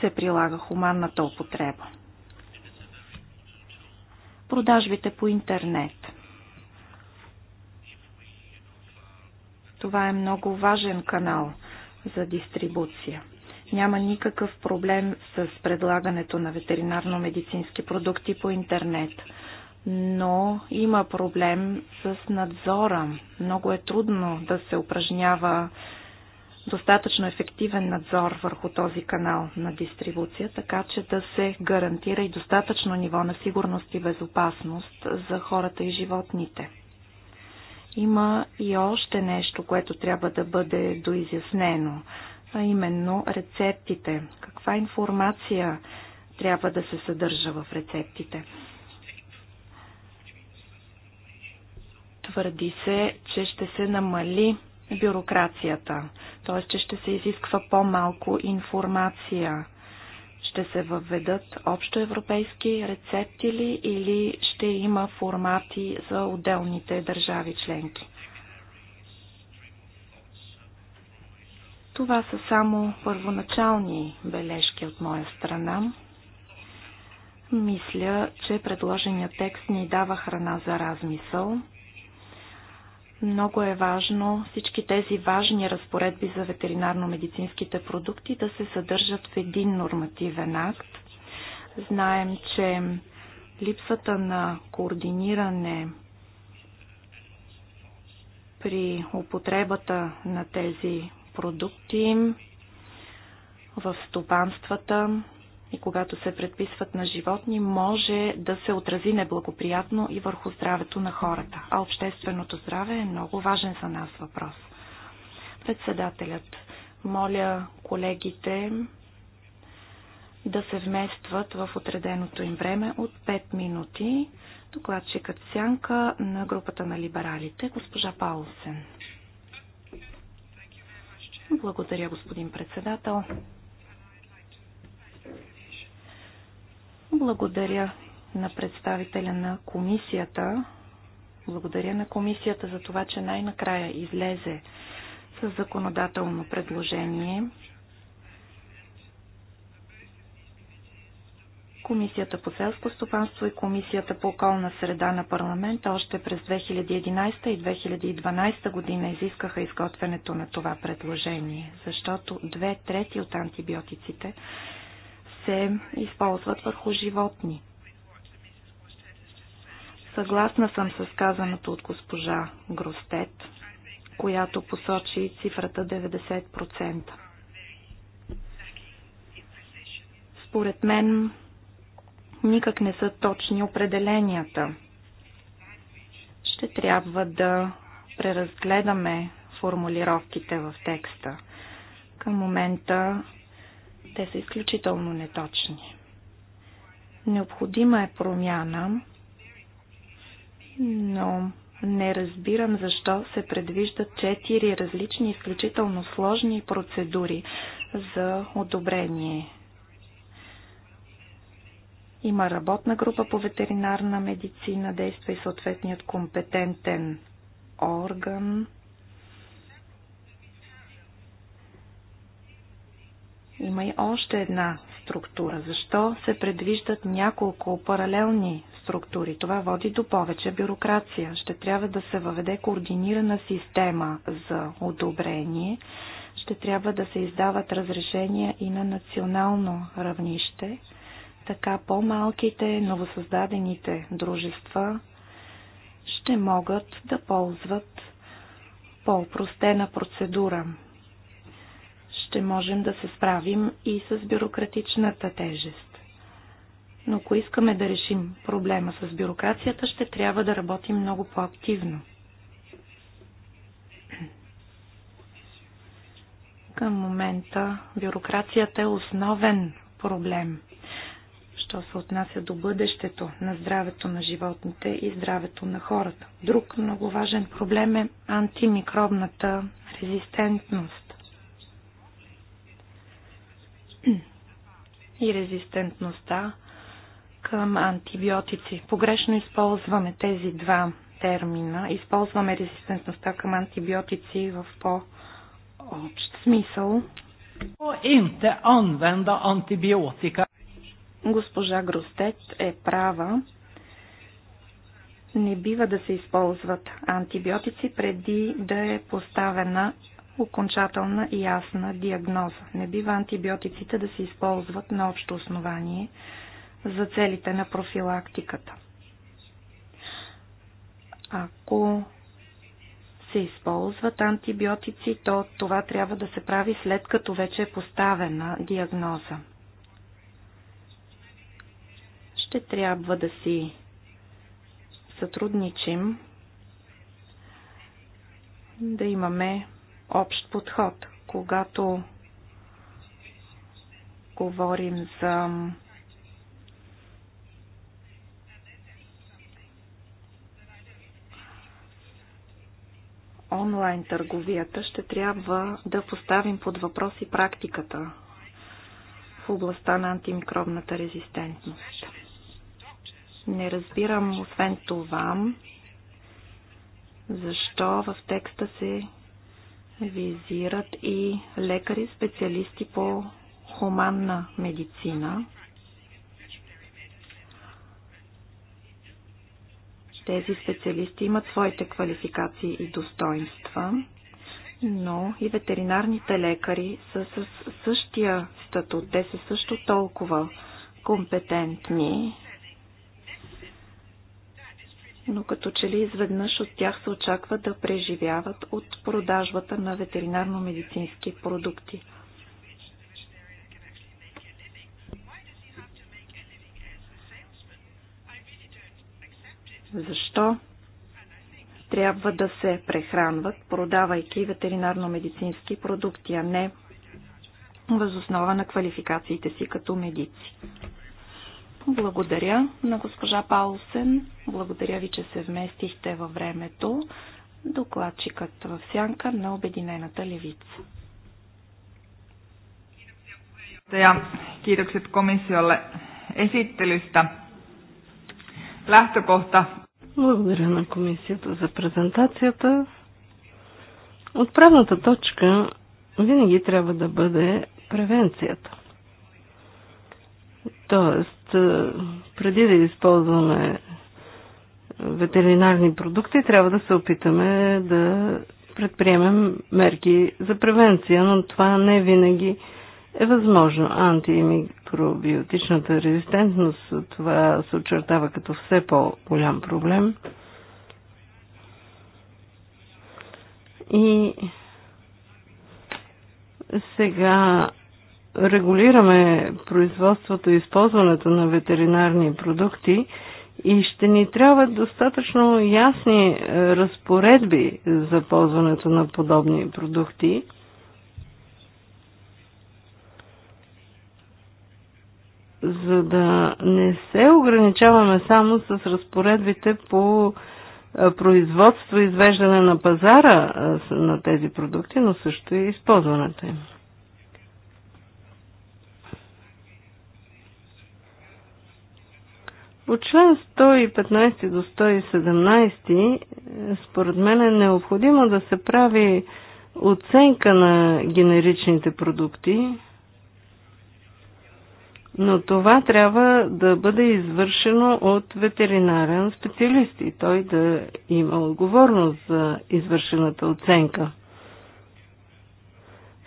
се прилага хуманната употреба. Продажбите по интернет. Това е много важен канал за дистрибуция няма никакъв проблем с предлагането на ветеринарно-медицински продукти по интернет. Но има проблем с надзора. Много е трудно да се упражнява достатъчно ефективен надзор върху този канал на дистрибуция, така че да се гарантира и достатъчно ниво на сигурност и безопасност за хората и животните. Има и още нещо, което трябва да бъде доизяснено а именно рецептите. Каква информация трябва да се съдържа в рецептите? Твърди се, че ще се намали бюрокрацията, т.е. че ще се изисква по-малко информация. Ще се въведат общоевропейски рецепти ли или ще има формати за отделните държави членки? Това са само първоначални бележки от моя страна. Мисля, че предложения текст ни дава храна за размисъл. Много е важно всички тези важни разпоредби за ветеринарно-медицинските продукти да се съдържат в един нормативен акт. Знаем, че липсата на координиране при употребата на тези продукти в стопанствата и когато се предписват на животни, може да се отрази неблагоприятно и върху здравето на хората. А общественото здраве е много важен за нас въпрос. Председателят, моля колегите да се вместват в отреденото им време от 5 минути. Докладчикът Сянка на групата на либералите, госпожа Паулсен. Благодаря, господин председател. Благодаря на представителя на комисията. Благодаря на комисията за това, че най-накрая излезе с законодателно предложение Комисията по селско стопанство и Комисията по околна среда на парламента още през 2011 и 2012 година изискаха изготвянето на това предложение, защото две трети от антибиотиците се използват върху животни. Съгласна съм с казаното от госпожа Гростет, която посочи цифрата 90%. Според мен Никак не са точни определенията. Ще трябва да преразгледаме формулировките в текста. Към момента те са изключително неточни. Необходима е промяна, но не разбирам защо се предвиждат четири различни изключително сложни процедури за одобрение има работна група по ветеринарна медицина, действа и съответният компетентен орган. Има и още една структура. Защо се предвиждат няколко паралелни структури? Това води до повече бюрокрация. Ще трябва да се въведе координирана система за одобрение. Ще трябва да се издават разрешения и на национално равнище. Така по-малките, новосъздадените дружества ще могат да ползват по-простена процедура. Ще можем да се справим и с бюрократичната тежест. Но ако искаме да решим проблема с бюрокрацията, ще трябва да работим много по-активно. Към момента бюрокрацията е основен проблем – що се отнася до бъдещето на здравето на животните и здравето на хората. Друг много важен проблем е антимикробната резистентност. И резистентността към антибиотици. Погрешно използваме тези два термина. Използваме резистентността към антибиотици в по-общ смисъл. Och inte använda antibiotika Госпожа Гростет е права. Не бива да се използват антибиотици преди да е поставена окончателна и ясна диагноза. Не бива антибиотиците да се използват на общо основание за целите на профилактиката. Ако се използват антибиотици, то това трябва да се прави след като вече е поставена диагноза ще трябва да си сътрудничим, да имаме общ подход. Когато говорим за онлайн търговията, ще трябва да поставим под въпрос и практиката в областта на антимикробната резистентност. Не разбирам, освен това, защо в текста се визират и лекари, специалисти по хуманна медицина. Тези специалисти имат своите квалификации и достоинства, но и ветеринарните лекари са с същия статут. Те са също толкова компетентни но като че ли изведнъж от тях се очаква да преживяват от продажбата на ветеринарно-медицински продукти. Защо трябва да се прехранват, продавайки ветеринарно-медицински продукти, а не възоснова на квалификациите си като медици? Благодаря на госпожа Паулсен. Благодаря ви, че се вместихте във времето. Докладчикът в сянка на Обединената левица. Ja kiitokset komissiolle esittelystä. Lähtökohta. Благодаря на комисията за презентацията. Отправната точка винаги трябва да бъде превенцията. Тоест, преди да използваме ветеринарни продукти, трябва да се опитаме да предприемем мерки за превенция, но това не винаги е възможно. Антимикробиотичната резистентност, това се очертава като все по-голям проблем. И сега регулираме производството и използването на ветеринарни продукти и ще ни трябват достатъчно ясни е, разпоредби за ползването на подобни продукти. за да не се ограничаваме само с разпоредбите по е, производство и извеждане на пазара е, на тези продукти, но също и използването им. По член 115 до 117, е, според мен е необходимо да се прави оценка на генеричните продукти, но това трябва да бъде извършено от ветеринарен специалист и той да има отговорност за извършената оценка.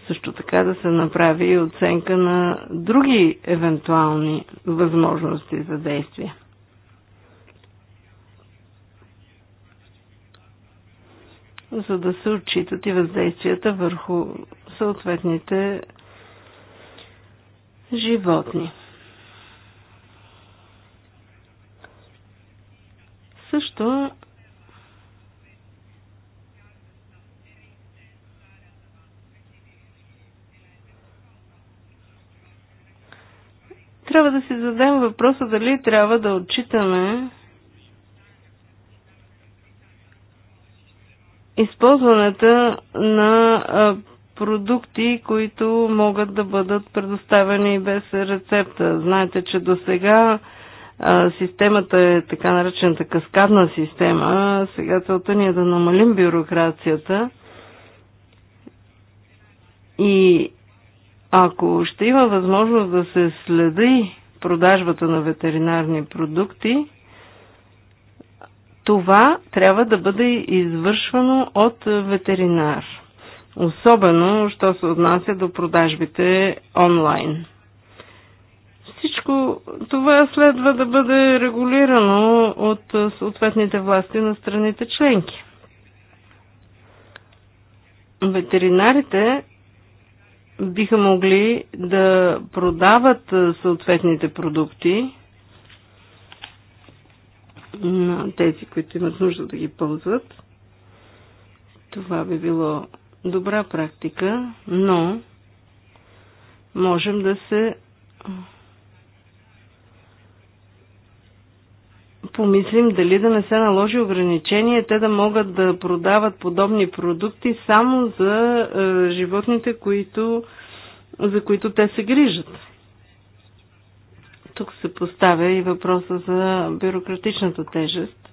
Също така да се направи и оценка на други евентуални възможности за действие. за да се отчитат и въздействията върху съответните животни. Също трябва да си задам въпроса дали трябва да отчитаме използването на продукти, които могат да бъдат предоставени без рецепта. Знаете, че до сега системата е така наречената каскадна система. Сега целта ни е да намалим бюрокрацията. И ако ще има възможност да се следи продажбата на ветеринарни продукти, това трябва да бъде извършвано от ветеринар. Особено, що се отнася до продажбите онлайн. Всичко това следва да бъде регулирано от съответните власти на страните членки. Ветеринарите биха могли да продават съответните продукти на тези, които имат нужда да ги ползват. Това би било добра практика, но можем да се помислим дали да не се наложи ограничение, те да могат да продават подобни продукти само за е, животните, които, за които те се грижат. Тук се поставя и въпроса за бюрократичната тежест.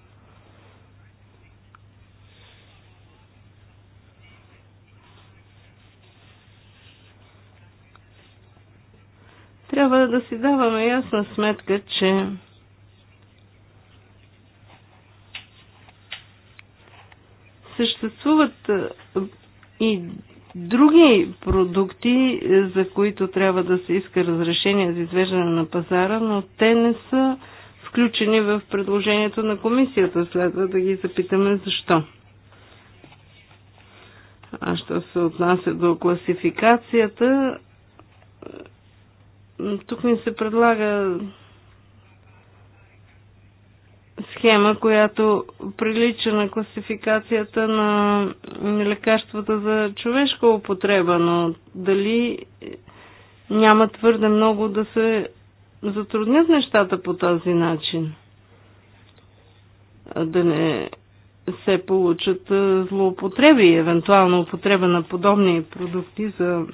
Трябва да си даваме ясна сметка, че съществуват и други продукти, е, за които трябва да се иска разрешение за извеждане на пазара, но те не са включени в предложението на комисията. Следва да ги запитаме защо. А що се отнася до класификацията, тук ни се предлага схема, която прилича на класификацията на лекарствата за човешка употреба, но дали няма твърде много да се затруднят нещата по този начин? Да не се получат злоупотреби и евентуално употреба на подобни продукти за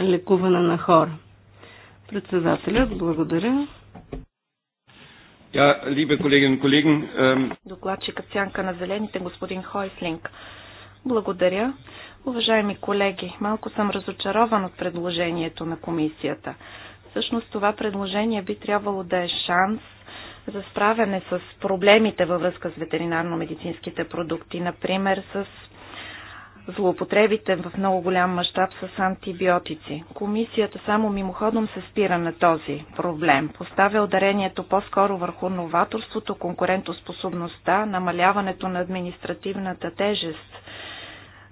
лекуване на хора. Председателят, благодаря. Ja, liebe Kolleginnen und Kollegen, ähm... Докладчикът сянка на зелените, господин Хойслинг. Благодаря. Уважаеми колеги, малко съм разочарован от предложението на комисията. Всъщност това предложение би трябвало да е шанс за справяне с проблемите във връзка с ветеринарно-медицинските продукти, например с злоупотребите в много голям мащаб с антибиотици. Комисията само мимоходом се спира на този проблем. Поставя ударението по-скоро върху новаторството, конкурентоспособността, намаляването на административната тежест.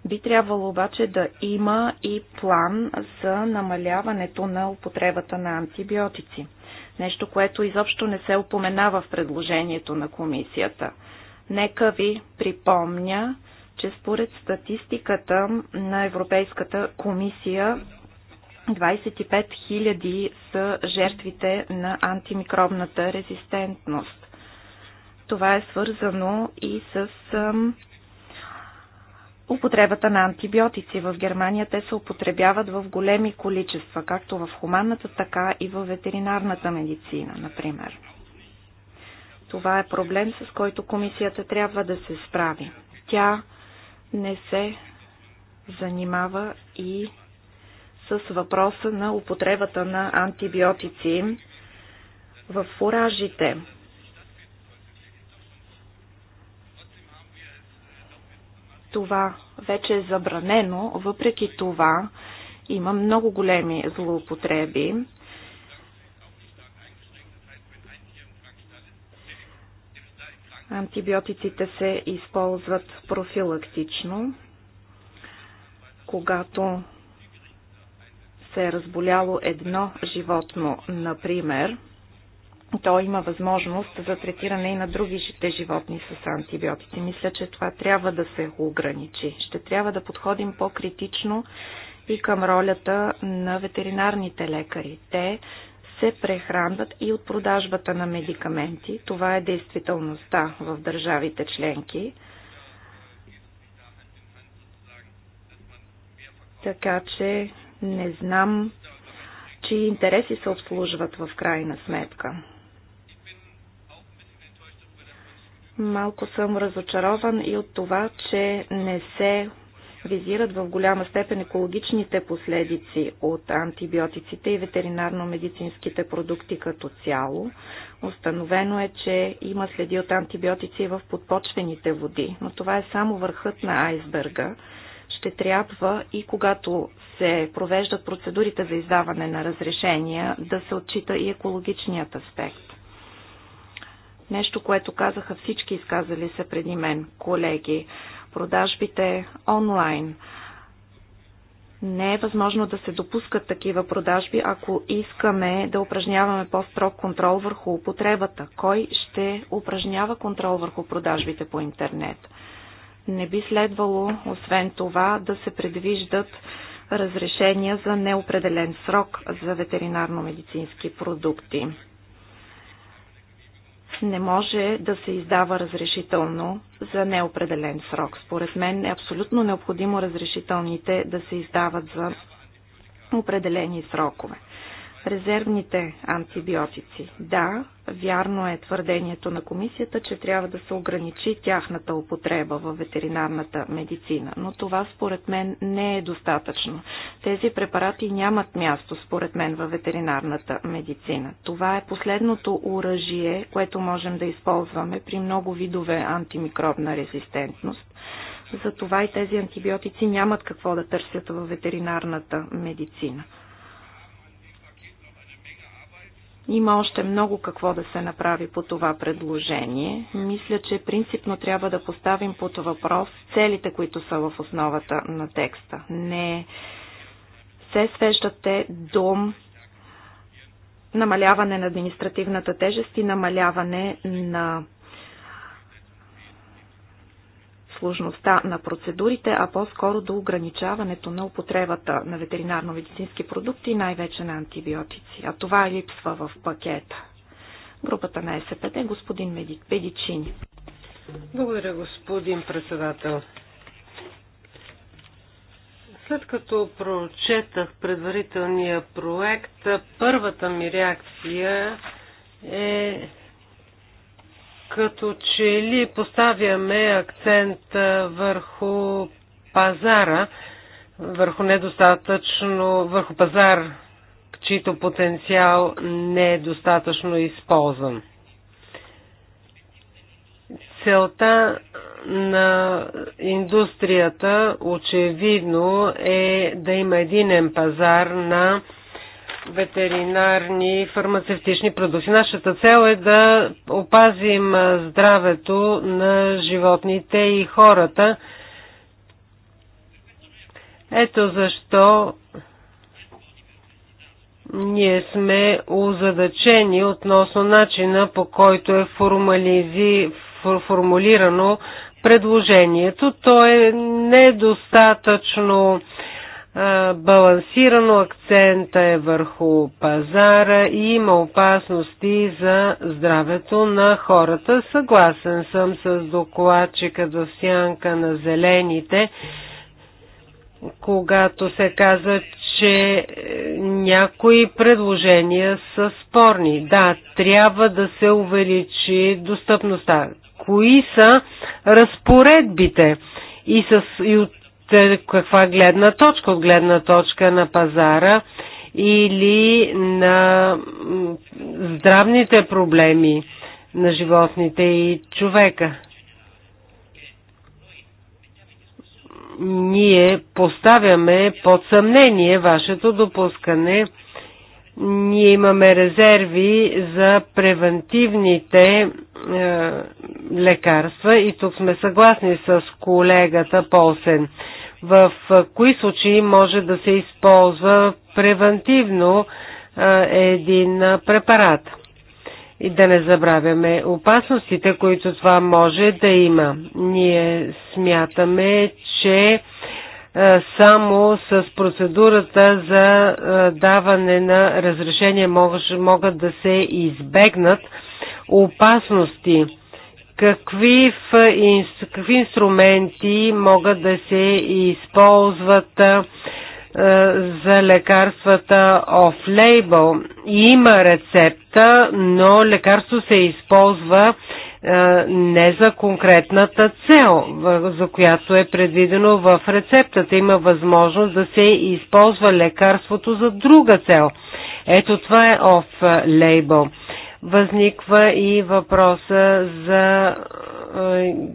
Би трябвало обаче да има и план за намаляването на употребата на антибиотици. Нещо, което изобщо не се упоменава в предложението на комисията. Нека ви припомня, че според статистиката на Европейската комисия 25 000 са жертвите на антимикробната резистентност. Това е свързано и с употребата на антибиотици. В Германия те се употребяват в големи количества, както в хуманната, така и в ветеринарната медицина, например. Това е проблем, с който комисията трябва да се справи. Тя не се занимава и с въпроса на употребата на антибиотици в фуражите. Това вече е забранено, въпреки това има много големи злоупотреби. Антибиотиците се използват профилактично, когато се е разболяло едно животно, например, то има възможност за третиране и на другите животни с антибиотици. Мисля, че това трябва да се ограничи. Ще трябва да подходим по-критично и към ролята на ветеринарните лекари. Те се прехранват и от продажбата на медикаменти. Това е действителността в държавите членки. Така че не знам, чии интереси се обслужват в крайна сметка. Малко съм разочарован и от това, че не се визират в голяма степен екологичните последици от антибиотиците и ветеринарно-медицинските продукти като цяло. Установено е, че има следи от антибиотици в подпочвените води, но това е само върхът на айсберга. Ще трябва и когато се провеждат процедурите за издаване на разрешения да се отчита и екологичният аспект нещо, което казаха всички изказали се преди мен колеги продажбите онлайн. Не е възможно да се допускат такива продажби, ако искаме да упражняваме по-строг контрол върху употребата. Кой ще упражнява контрол върху продажбите по интернет? Не би следвало, освен това, да се предвиждат разрешения за неопределен срок за ветеринарно-медицински продукти не може да се издава разрешително за неопределен срок. Според мен е абсолютно необходимо разрешителните да се издават за определени срокове резервните антибиотици. Да, вярно е твърдението на комисията, че трябва да се ограничи тяхната употреба в ветеринарната медицина, но това според мен не е достатъчно. Тези препарати нямат място според мен в ветеринарната медицина. Това е последното оръжие, което можем да използваме при много видове антимикробна резистентност. Затова и тези антибиотици нямат какво да търсят в ветеринарната медицина. Има още много какво да се направи по това предложение. Мисля, че принципно трябва да поставим под въпрос целите, които са в основата на текста. Не се свеждате до намаляване на административната тежест и намаляване на сложността на процедурите, а по-скоро до ограничаването на употребата на ветеринарно-медицински продукти, най-вече на антибиотици. А това липсва в пакета. Групата на СПТ, господин Педичини. Благодаря, господин председател. След като прочетах предварителния проект, първата ми реакция е като че ли поставяме акцент върху пазара, върху недостатъчно, върху пазар, чийто потенциал не е достатъчно използван. Целта на индустрията очевидно е да има единен пазар на ветеринарни и фармацевтични продукти. Нашата цел е да опазим здравето на животните и хората. Ето защо ние сме озадачени относно начина по който е формализи, формулирано предложението. То е недостатъчно балансирано акцента е върху пазара и има опасности за здравето на хората. Съгласен съм с докладчика до сянка на зелените, когато се каза, че е, някои предложения са спорни. Да, трябва да се увеличи достъпността. Кои са разпоредбите? И, с, и от каква гледна точка, от гледна точка на пазара или на здравните проблеми на животните и човека. Ние поставяме под съмнение вашето допускане. Ние имаме резерви за превентивните е, лекарства и тук сме съгласни с колегата Полсен в кои случаи може да се използва превентивно един препарат. И да не забравяме опасностите, които това може да има. Ние смятаме, че само с процедурата за даване на разрешение могат да се избегнат опасности какви, в, какви инструменти могат да се използват за лекарствата оф лейбъл. Има рецепта, но лекарство се използва не за конкретната цел, за която е предвидено в рецептата. Има възможност да се използва лекарството за друга цел. Ето това е оф лейбъл. Възниква и въпроса за е,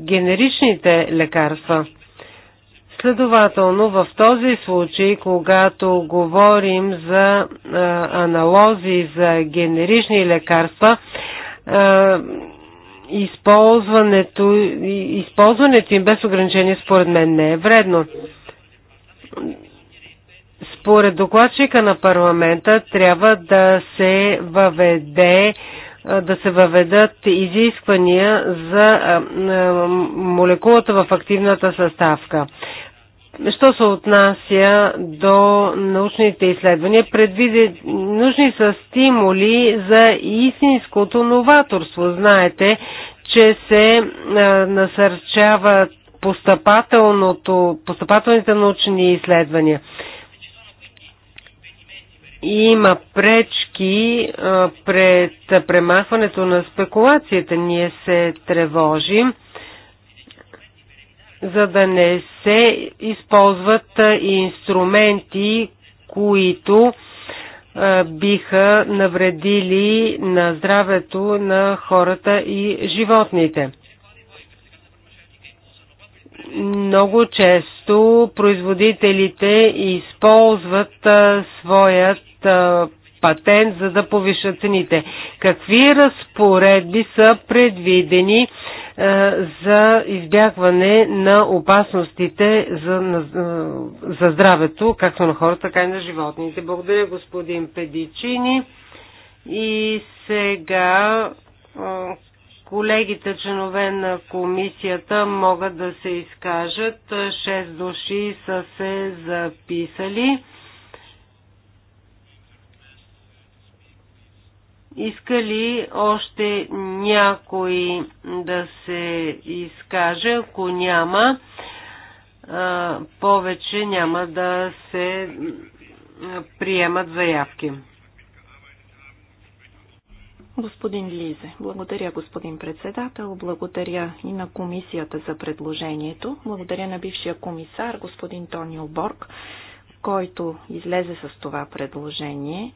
генеричните лекарства. Следователно, в този случай, когато говорим за е, аналози за генерични лекарства, е, използването, използването им без ограничение според мен не е вредно. Според докладчика на парламента трябва да се въведе да се въведат изисквания за молекулата в активната съставка. Що се отнася до научните изследвания, предвиди, нужни са стимули за истинското новаторство. Знаете, че се насърчават постъпателните научни изследвания има пречки пред премахването на спекулацията. Ние се тревожим, за да не се използват инструменти, които биха навредили на здравето на хората и животните. Много често производителите използват своят патент, за да повишат цените. Какви разпоредби са предвидени за избягване на опасностите за, за здравето, както на хората, така и на животните? Благодаря, господин Педичини. И сега колегите, членове на комисията, могат да се изкажат. Шест души са се записали. Иска ли още някой да се изкаже? Ако няма, повече няма да се приемат заявки. Господин Лизе, благодаря господин председател, благодаря и на комисията за предложението, благодаря на бившия комисар господин Тонио Борг, който излезе с това предложение.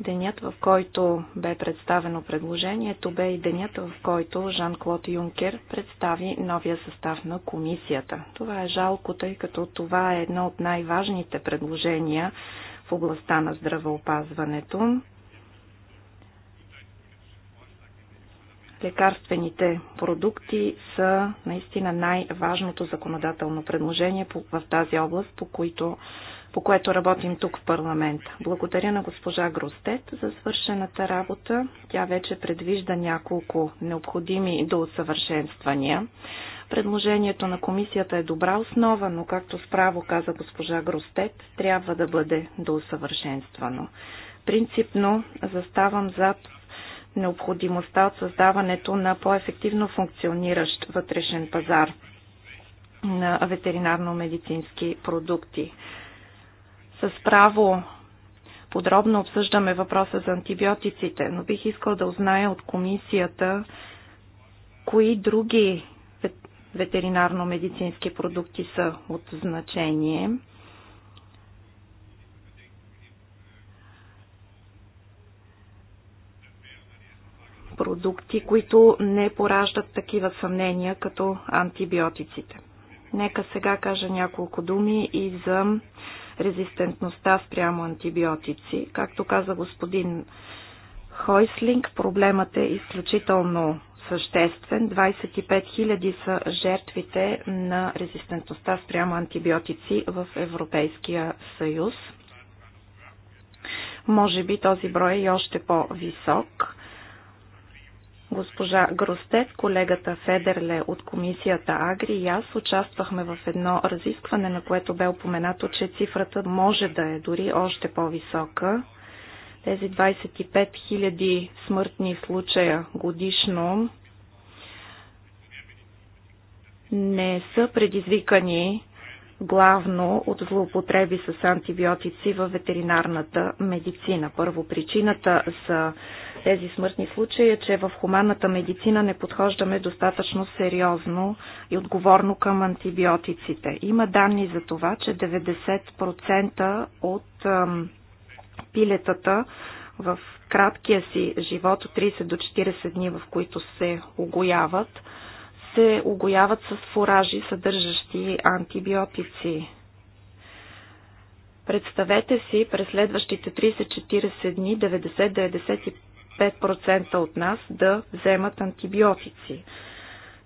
Денят, в който бе представено предложението, бе и денят, в който Жан-Клод Юнкер представи новия състав на комисията. Това е жалко, тъй като това е едно от най-важните предложения в областта на здравеопазването. лекарствените продукти са наистина най-важното законодателно предложение в тази област, по, които, по което работим тук в парламента. Благодаря на госпожа Гростет за свършената работа. Тя вече предвижда няколко необходими до усъвършенствания. Предложението на комисията е добра основа, но както справо каза госпожа Гростет, трябва да бъде доусъвършенствано. Принципно заставам зад необходимостта от създаването на по-ефективно функциониращ вътрешен пазар на ветеринарно-медицински продукти. С право подробно обсъждаме въпроса за антибиотиците, но бих искал да узная от комисията кои други ветеринарно-медицински продукти са от значение. Продукти, които не пораждат такива съмнения като антибиотиците. Нека сега кажа няколко думи и за резистентността спрямо антибиотици. Както каза господин Хойслинг, проблемът е изключително съществен. 25 000 са жертвите на резистентността спрямо антибиотици в Европейския съюз. Може би този брой е и още по-висок. Госпожа Гростев, колегата Федерле от комисията Агри и аз участвахме в едно разискване, на което бе упоменато, че цифрата може да е дори още по-висока. Тези 25 000 смъртни случая годишно не са предизвикани главно от злоупотреби с антибиотици в ветеринарната медицина. Първо, причината за тези смъртни случаи е, че в хуманната медицина не подхождаме достатъчно сериозно и отговорно към антибиотиците. Има данни за това, че 90% от пилетата в краткия си живот от 30 до 40 дни, в които се огояват, се огояват с фуражи, съдържащи антибиотици. Представете си през следващите 30-40 дни 90-95% от нас да вземат антибиотици.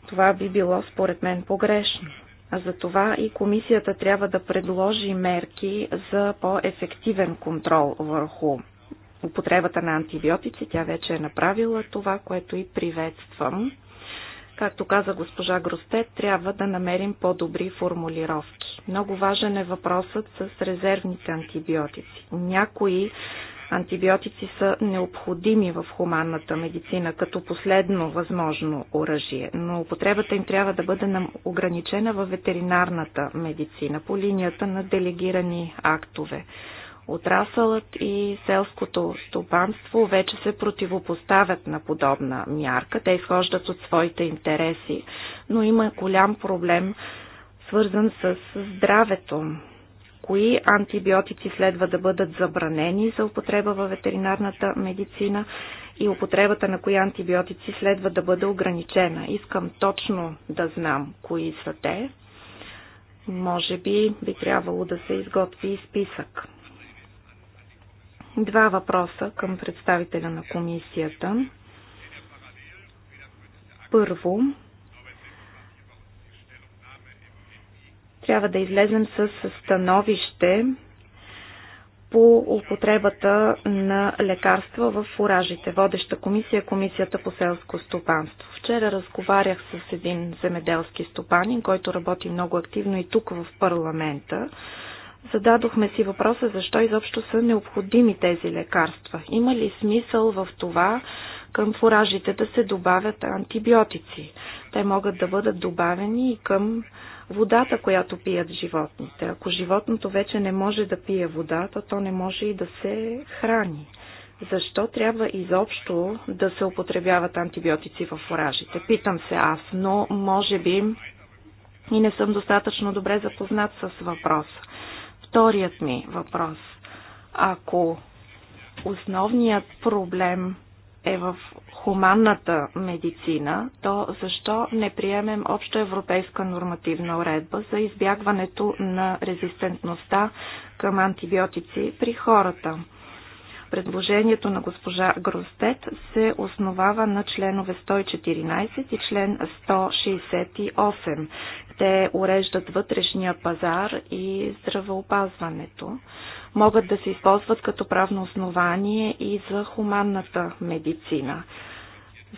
Това би било според мен погрешно. А за това и комисията трябва да предложи мерки за по-ефективен контрол върху употребата на антибиотици. Тя вече е направила това, което и приветствам. Както каза госпожа Гростет, трябва да намерим по-добри формулировки. Много важен е въпросът с резервните антибиотици. Някои антибиотици са необходими в хуманната медицина като последно възможно оръжие, но употребата им трябва да бъде ограничена в ветеринарната медицина по линията на делегирани актове. Отрасълът и селското стопанство вече се противопоставят на подобна мярка. Те изхождат от своите интереси, но има голям проблем, свързан с здравето. Кои антибиотици следва да бъдат забранени за употреба във ветеринарната медицина и употребата на кои антибиотици следва да бъде ограничена. Искам точно да знам кои са те. Може би би трябвало да се изготви и списък. Два въпроса към представителя на комисията. Първо, трябва да излезем с становище по употребата на лекарства в фуражите. Водеща комисия е Комисията по селско стопанство. Вчера разговарях с един земеделски стопанин, който работи много активно и тук в парламента Зададохме си въпроса защо изобщо са необходими тези лекарства. Има ли смисъл в това към фуражите да се добавят антибиотици? Те могат да бъдат добавени и към водата, която пият животните. Ако животното вече не може да пие вода, то, то не може и да се храни. Защо трябва изобщо да се употребяват антибиотици в фуражите? Питам се аз, но може би и не съм достатъчно добре запознат с въпроса вторият ми въпрос. Ако основният проблем е в хуманната медицина, то защо не приемем общо европейска нормативна уредба за избягването на резистентността към антибиотици при хората? Предложението на госпожа Гростет се основава на членове 114 и член 168. Те уреждат вътрешния пазар и здравеопазването. Могат да се използват като правно основание и за хуманната медицина.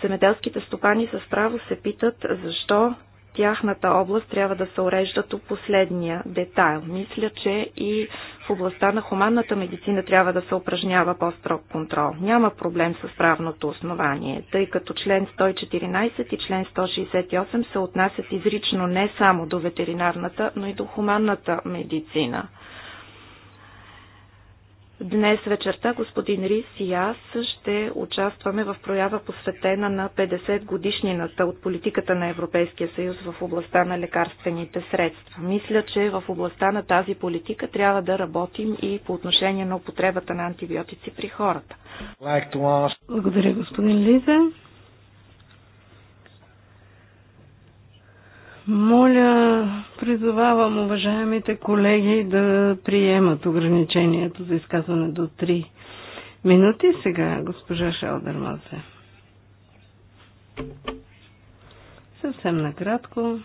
Земеделските стопани с право се питат защо тяхната област трябва да се уреждат до последния детайл. Мисля, че и в областта на хуманната медицина трябва да се упражнява по-строг контрол. Няма проблем с правното основание, тъй като член 114 и член 168 се отнасят изрично не само до ветеринарната, но и до хуманната медицина. Днес вечерта господин Рис и аз ще участваме в проява посветена на 50 годишнината от политиката на Европейския съюз в областта на лекарствените средства. Мисля, че в областта на тази политика трябва да работим и по отношение на употребата на антибиотици при хората. Благодаря, господин Лиза. Моля, призовавам уважаемите колеги да приемат ограничението за изказване до 3 минути. Сега госпожа Шалдермазе. Съвсем накратко.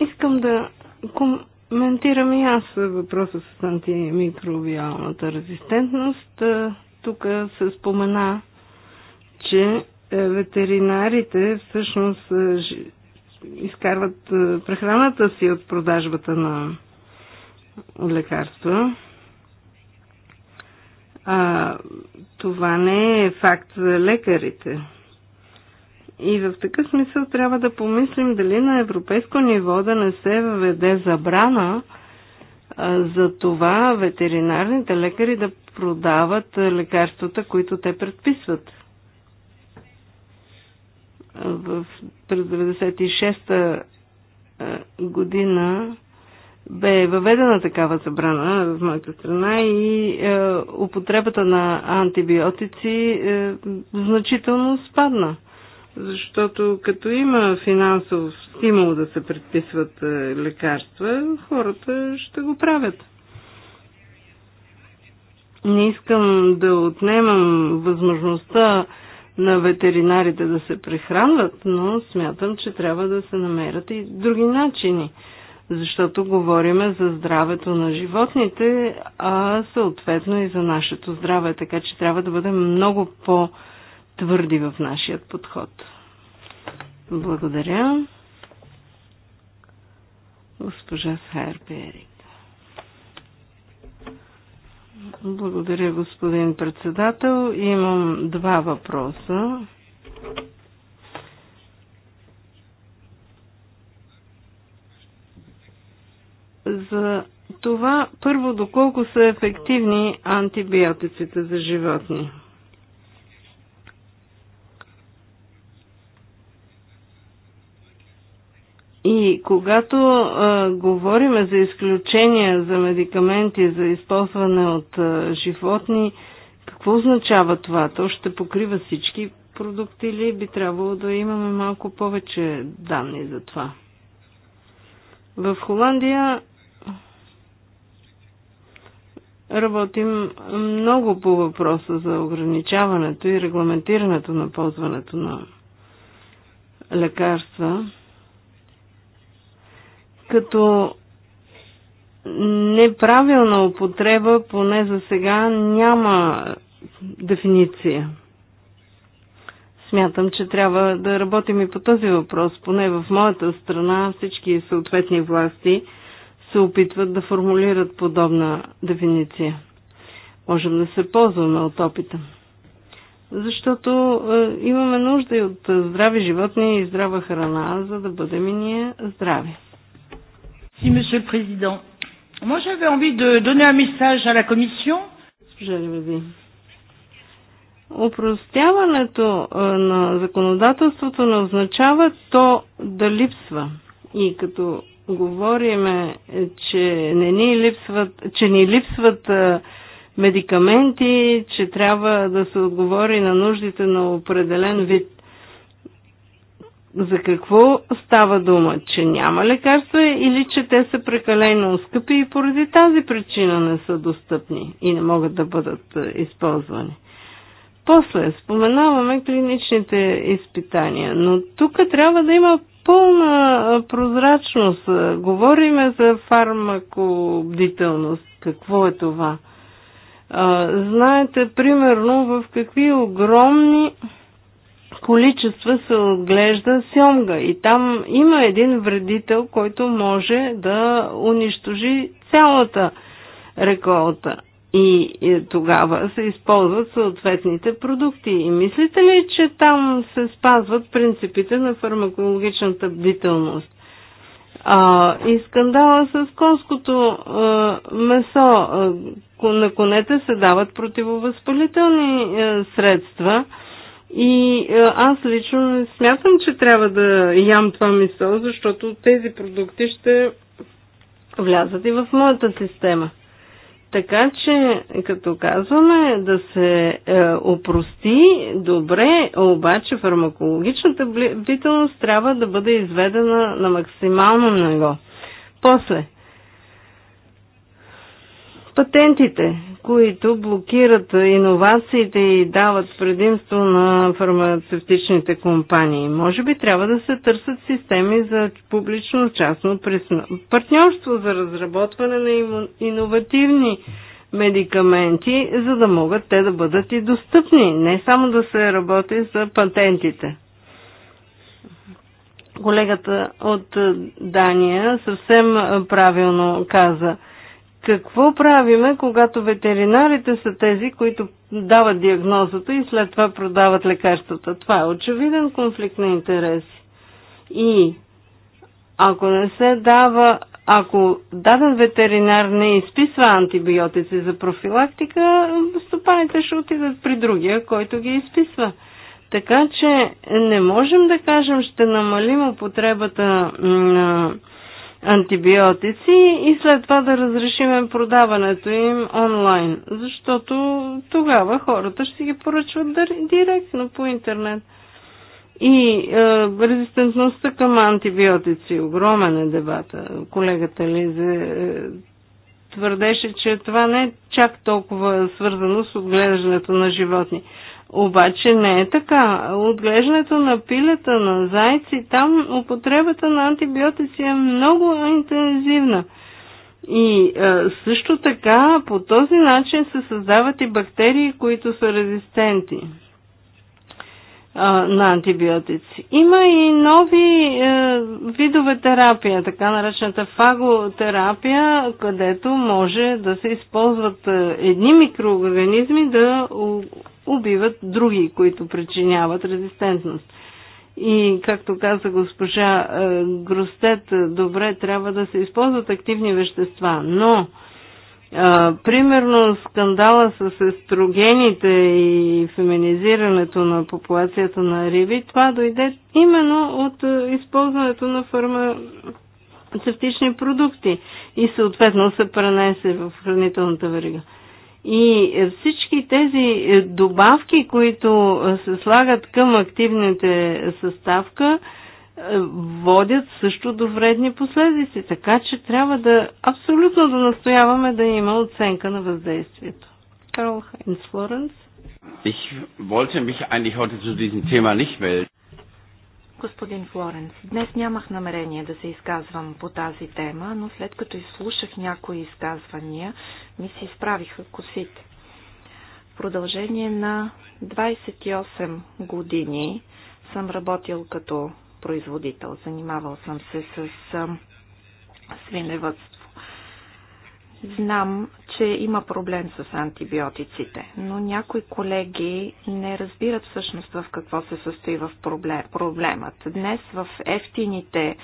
Искам да коментирам и аз въпроса с антимикробиалната резистентност. Тук се спомена, че е, ветеринарите всъщност е, изкарват е, прехраната си от продажбата на лекарства. А, това не е факт за лекарите. И в такъв смисъл трябва да помислим дали на европейско ниво да не се въведе забрана а, за това ветеринарните лекари да продават лекарствата, които те предписват в, през 96-та година бе въведена такава забрана в моята страна и е, употребата на антибиотици е, значително спадна. Защото като има финансов стимул да се предписват е, лекарства, хората ще го правят. Не искам да отнемам възможността е, на ветеринарите да се прехранват, но смятам, че трябва да се намерят и други начини, защото говориме за здравето на животните, а съответно и за нашето здраве, така че трябва да бъдем много по-твърди в нашия подход. Благодаря. Госпожа Сайер Перик. Благодаря, господин председател. Имам два въпроса. За това, първо, доколко са ефективни антибиотиците за животни? Когато а, говорим за изключения за медикаменти за използване от а, животни, какво означава това? То ще покрива всички продукти или би трябвало да имаме малко повече данни за това? В Холандия работим много по въпроса за ограничаването и регламентирането на ползването на лекарства като неправилна употреба, поне за сега, няма дефиниция. Смятам, че трябва да работим и по този въпрос. Поне в моята страна всички съответни власти се опитват да формулират подобна дефиниция. Можем да се ползваме от опита. Защото е, имаме нужда и от здрави животни и здрава храна, за да бъдем и ние здрави. Si, Monsieur le Président. Moi, j'avais envie de donner un message à la Commission. Опростяването на законодателството не означава то да липсва. И като говориме, че не ни липсват, че ни липсват медикаменти, че трябва да се отговори на нуждите на определен вид за какво става дума? Че няма лекарства или че те са прекалено скъпи и поради тази причина не са достъпни и не могат да бъдат е, използвани? После споменаваме клиничните изпитания, но тук трябва да има пълна е, прозрачност. Е, говориме за фармакобдителност. Какво е това? Знаете, примерно, в какви огромни количества се отглежда сьомга и там има един вредител, който може да унищожи цялата реколта. И, и тогава се използват съответните продукти. И мислите ли, че там се спазват принципите на фармакологичната бдителност? А, и скандала с конското а, месо. А, на конете се дават противовъзпалителни а, средства – и е, аз лично смятам, че трябва да ям това месо, защото тези продукти ще влязат и в моята система. Така че, като казваме да се е, опрости, добре, обаче фармакологичната бдителност трябва да бъде изведена на максимално ниво. После, патентите, които блокират иновациите и дават предимство на фармацевтичните компании. Може би трябва да се търсят системи за публично-частно партньорство за разработване на иновативни медикаменти, за да могат те да бъдат и достъпни, не само да се работи за патентите. Колегата от Дания съвсем правилно каза – какво правиме, когато ветеринарите са тези, които дават диагнозата и след това продават лекарствата? Това е очевиден конфликт на интереси. И ако не се дава, ако даден ветеринар не изписва антибиотици за профилактика, стопаните ще отидат при другия, който ги изписва. Така че не можем да кажем, ще намалим употребата на антибиотици и след това да разрешиме продаването им онлайн, защото тогава хората ще ги поръчват директно по интернет. И е, резистентността към антибиотици, огромен е дебата. Колегата Лизе е, твърдеше, че това не е чак толкова свързано с отглеждането на животни. Обаче не е така. Отглеждането на пилета, на зайци, там употребата на антибиотици е много интензивна. И е, също така по този начин се създават и бактерии, които са резистенти е, на антибиотици. Има и нови е, видове терапия, така наречената фаготерапия, където може да се използват едни микроорганизми да убиват други, които причиняват резистентност. И, както каза госпожа е, Гростет, е, добре, трябва да се използват активни вещества, но а, е, примерно скандала с естрогените и феминизирането на популацията на риби, това дойде именно от а, използването на фармацевтични продукти и съответно се пренесе в хранителната верига. И всички тези добавки, които се слагат към активните съставка, е, водят също до вредни последици, така че трябва да абсолютно да настояваме да има оценка на въздействието. Карл Хайнс Флоренс. Ich wollte mich eigentlich heute zu diesem Thema nicht melden. Господин Флоренс, днес нямах намерение да се изказвам по тази тема, но след като изслушах някои изказвания, ми се изправиха косите. В продължение на 28 години съм работил като производител. Занимавал съм се с свиневътство. Знам, че има проблем с антибиотиците, но някои колеги не разбират всъщност в какво се състои в проблем, проблемът. Днес в ефтините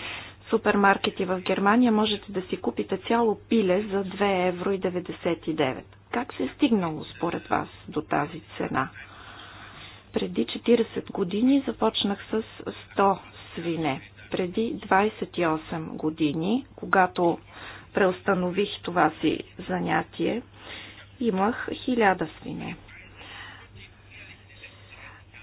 супермаркети в Германия можете да си купите цяло пиле за 2,99 евро. Как се е стигнало според вас до тази цена? Преди 40 години започнах с 100 свине. Преди 28 години, когато преустанових това си занятие, имах хиляда свине.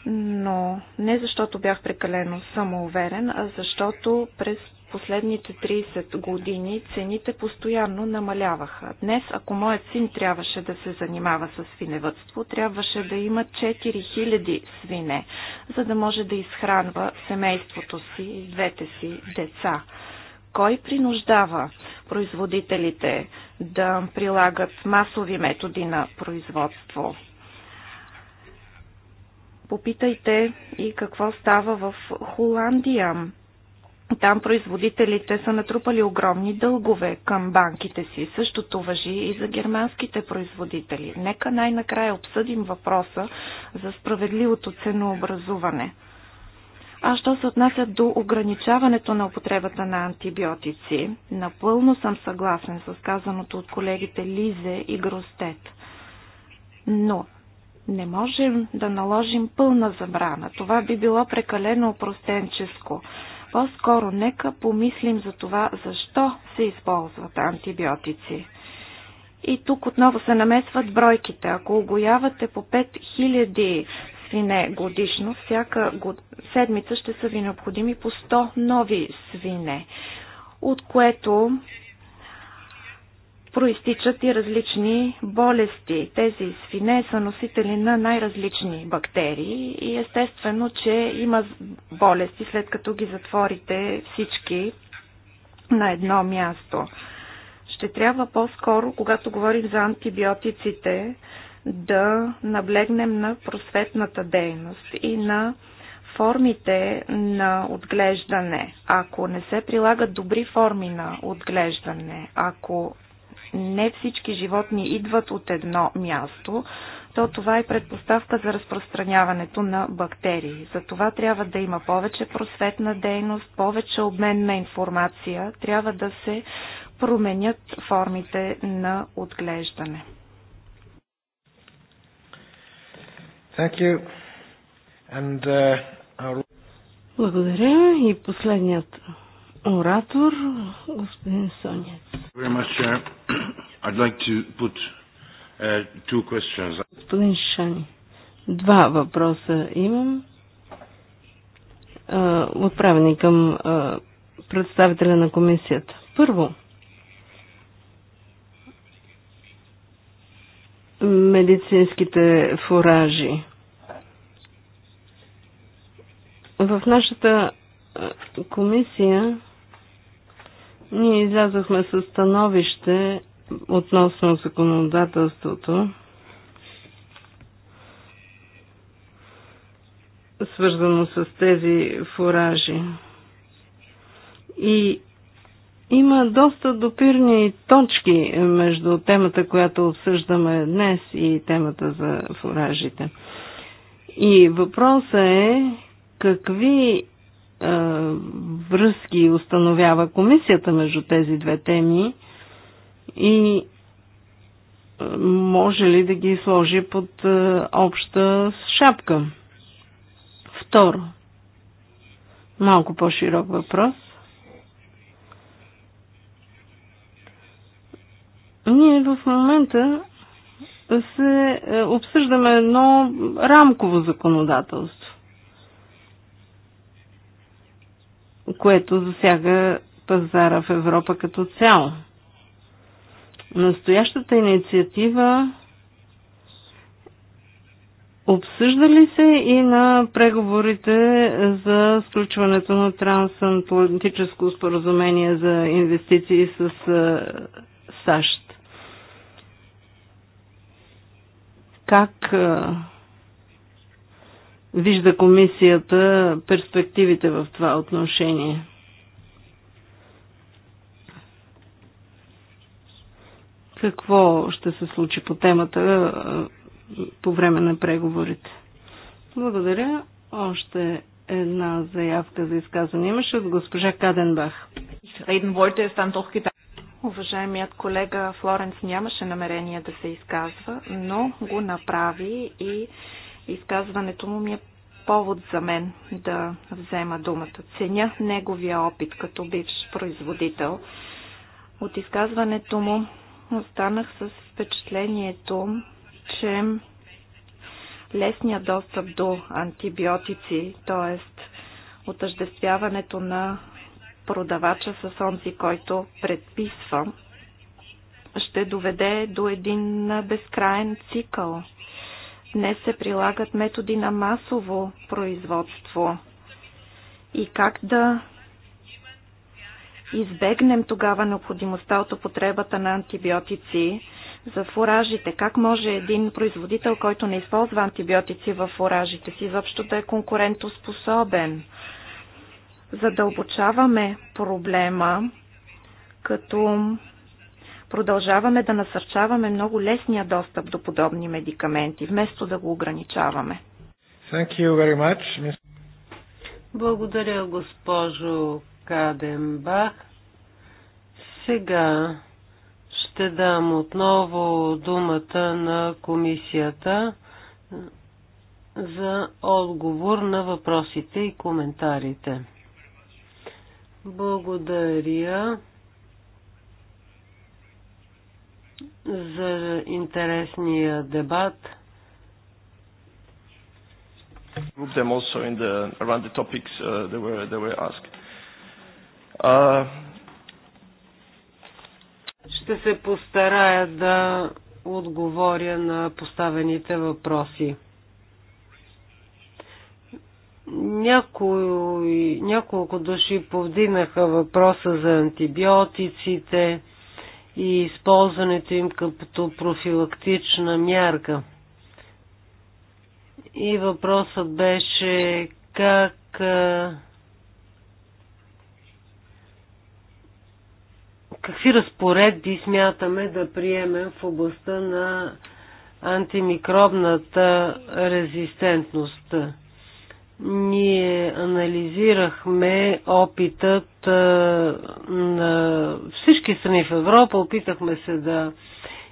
Но не защото бях прекалено самоуверен, а защото през последните 30 години цените постоянно намаляваха. Днес, ако моят син трябваше да се занимава с свиневътство, трябваше да има 4000 свине, за да може да изхранва семейството си и двете си деца. Кой принуждава производителите да прилагат масови методи на производство? Попитайте и какво става в Холандия. Там производителите са натрупали огромни дългове към банките си. Същото въжи и за германските производители. Нека най-накрая обсъдим въпроса за справедливото ценообразуване. А що се отнася до ограничаването на употребата на антибиотици, напълно съм съгласен с казаното от колегите Лизе и Гростет. Но не можем да наложим пълна забрана. Това би било прекалено опростенческо. По-скоро нека помислим за това, защо се използват антибиотици. И тук отново се намесват бройките. Ако огоявате по 5000 какви не годишно, всяка год... седмица ще са ви необходими по 100 нови свине, от което проистичат и различни болести. Тези свине са носители на най-различни бактерии и естествено, че има болести след като ги затворите всички на едно място. Ще трябва по-скоро, когато говорим за антибиотиците, да наблегнем на просветната дейност и на формите на отглеждане. Ако не се прилагат добри форми на отглеждане, ако не всички животни идват от едно място, то това е предпоставка за разпространяването на бактерии. За това трябва да има повече просветна дейност, повече обмен на информация, трябва да се променят формите на отглеждане. Thank you. And, uh, our... Благодаря. И последният оратор, господин Сонец. Very much, uh, I'd like to put uh, two questions. Господин Шани, два въпроса имам. Uh, отправени към uh, представителя на комисията. Първо, медицинските фуражи. В нашата комисия ние излязохме със становище относно законодателството, свързано с тези фуражи. И има доста допирни точки между темата, която обсъждаме днес и темата за фуражите. И въпросът е какви е, връзки установява комисията между тези две теми и може ли да ги сложи под е, обща шапка. Второ, малко по-широк въпрос – Ние в момента се е, обсъждаме едно рамково законодателство, което засяга пазара в Европа като цяло. Настоящата инициатива обсъжда ли се и на преговорите за сключването на трансатлантическо споразумение за инвестиции с е, САЩ? Как вижда комисията перспективите в това отношение? Какво ще се случи по темата по време на преговорите? Благодаря. Още една заявка за изказване имаше от госпожа Каденбах. Уважаемият колега Флоренс нямаше намерение да се изказва, но го направи и изказването му ми е повод за мен да взема думата. Ценя неговия опит като бивш производител. От изказването му останах с впечатлението, че лесният достъп до антибиотици, т.е. отъждествяването на продавача с онзи, който предписва, ще доведе до един безкраен цикъл. Днес се прилагат методи на масово производство. И как да избегнем тогава необходимостта от употребата на антибиотици за фуражите? Как може един производител, който не използва антибиотици в фуражите си, въобще да е конкурентоспособен? задълбочаваме проблема, като продължаваме да насърчаваме много лесния достъп до подобни медикаменти, вместо да го ограничаваме. Thank you very much. Благодаря, госпожо Каденбах. Сега ще дам отново думата на комисията за отговор на въпросите и коментарите. Благодаря за интересния дебат. Group them also in the around the topics uh, were were asked. Uh, ще се постарая да отговоря на поставените въпроси. Някои, няколко души повдигнаха въпроса за антибиотиците и използването им като профилактична мярка. И въпросът беше как какви разпоредби смятаме да приемем в областта на антимикробната резистентност. Ние анализирахме опитът на всички страни в Европа, опитахме се да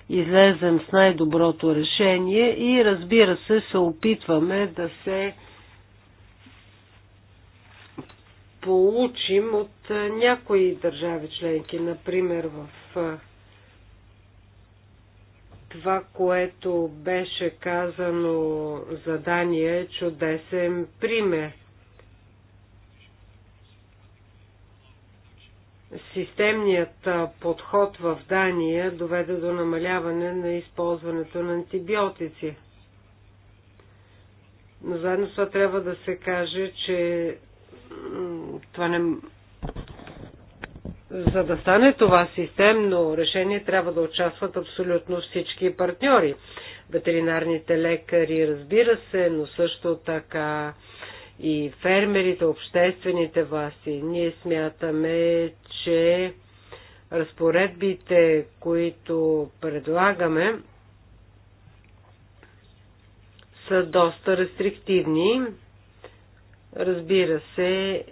излезем с най-доброто решение и разбира се се опитваме да се получим от някои държави членки, например в това, което беше казано за Дания е чудесен пример. Системният подход в Дания доведе до намаляване на използването на антибиотици. Но заедно с това трябва да се каже, че това не, за да стане това системно решение, трябва да участват абсолютно всички партньори. Ветеринарните лекари, разбира се, но също така и фермерите, обществените власти. Ние смятаме, че разпоредбите, които предлагаме, са доста рестриктивни. Разбира се,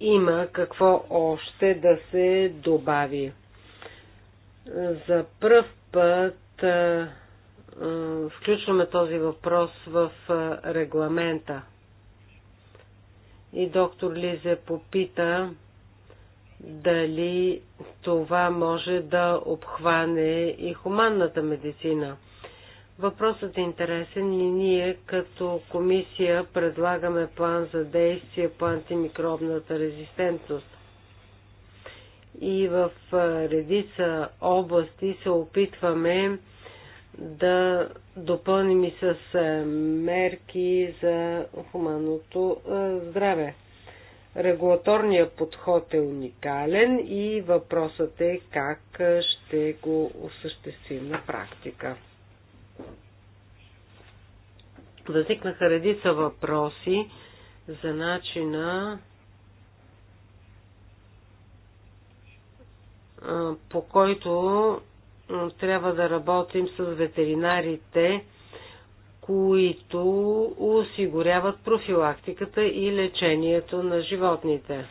има какво още да се добави. За пръв път а, а, включваме този въпрос в а, регламента. И доктор Лизе попита дали това може да обхване и хуманната медицина. Въпросът е интересен и ние като комисия предлагаме план за действие по антимикробната резистентност. И в редица области се опитваме да допълним и с мерки за хуманното здраве. Регулаторният подход е уникален и въпросът е как ще го осъществим на практика. Възникнаха редица въпроси за начина по който трябва да работим с ветеринарите, които осигуряват профилактиката и лечението на животните.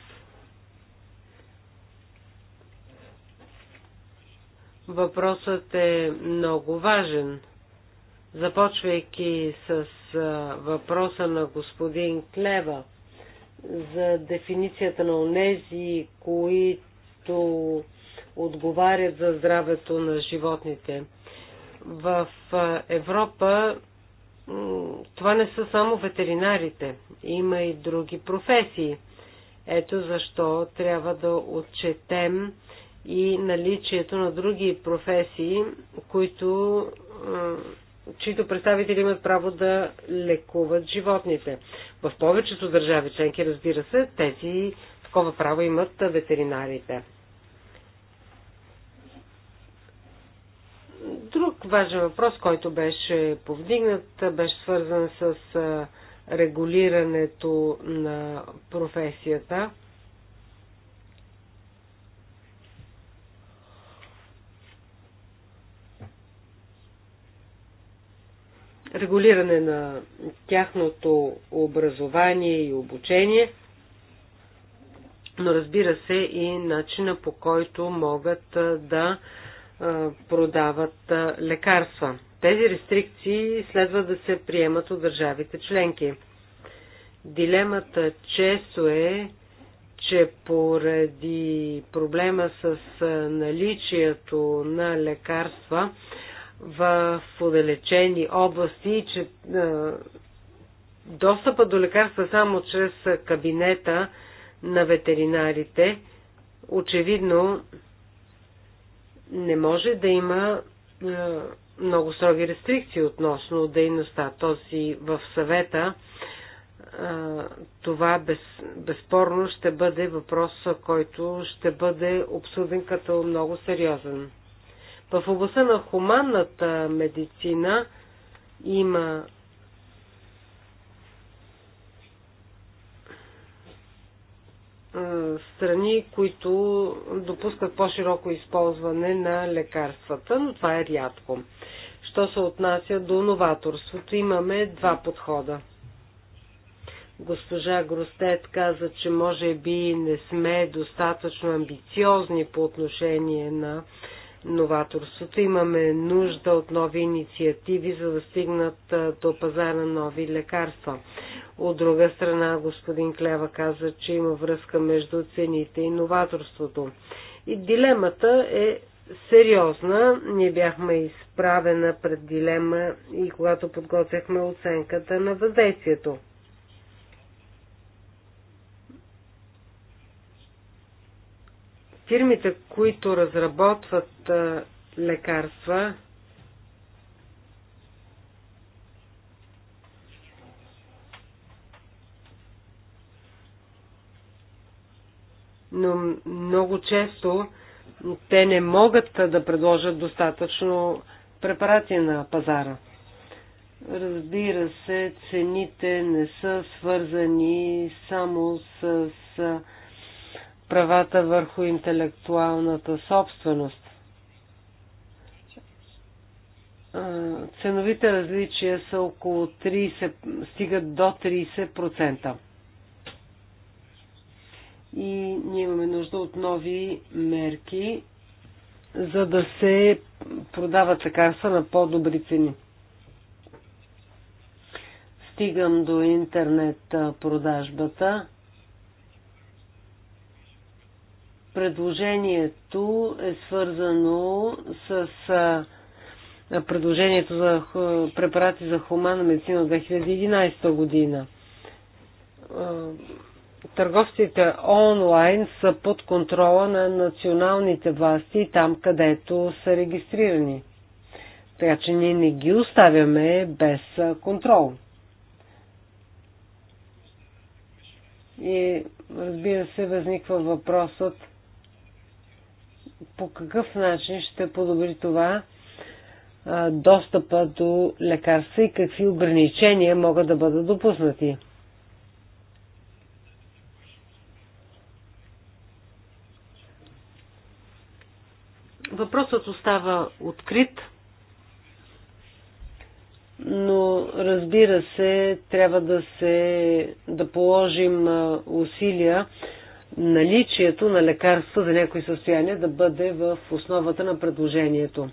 Въпросът е много важен. Започвайки с за въпроса на господин Клева за дефиницията на онези, които отговарят за здравето на животните. В Европа това не са само ветеринарите, има и други професии. Ето защо трябва да отчетем и наличието на други професии, които чието представители имат право да лекуват животните. В повечето държави членки, разбира се, тези такова право имат ветеринарите. Друг важен въпрос, който беше повдигнат, беше свързан с регулирането на професията. регулиране на тяхното образование и обучение, но разбира се и начина по който могат да продават лекарства. Тези рестрикции следва да се приемат от държавите членки. Дилемата често е, че поради проблема с наличието на лекарства, в отдалечени области че достъпа до лекарства само чрез кабинета на ветеринарите очевидно не може да има много строги рестрикции относно дейността. Този в съвета това без, безспорно ще бъде въпрос, който ще бъде обсъден като много сериозен. В областта на хуманната медицина има страни, които допускат по-широко използване на лекарствата, но това е рядко. Що се отнася до новаторството, имаме два подхода. Госпожа Гростет каза, че може би не сме достатъчно амбициозни по отношение на новаторството. Имаме нужда от нови инициативи, за да стигнат до пазара нови лекарства. От друга страна, господин Клева каза, че има връзка между цените и новаторството. И дилемата е сериозна. Ние бяхме изправена пред дилема и когато подготвяхме оценката на въздействието. Фирмите, които разработват лекарства, но много често те не могат да предложат достатъчно препарати на пазара. Разбира се, цените не са свързани само с правата върху интелектуалната собственост. Ценовите различия са около 30, стигат до 30%. И ние имаме нужда от нови мерки, за да се продават лекарства на по-добри цени. Стигам до интернет продажбата Предложението е свързано с предложението за препарати за хумана медицина от 2011 година. Търговците онлайн са под контрола на националните власти там, където са регистрирани. Така че ние не ги оставяме без контрол. И разбира се, възниква въпросът – по какъв начин ще подобри това достъпа до лекарства и какви ограничения могат да бъдат допуснати. Въпросът остава открит, но разбира се, трябва да се да положим усилия наличието на лекарства за някои състояния да бъде в основата на предложението.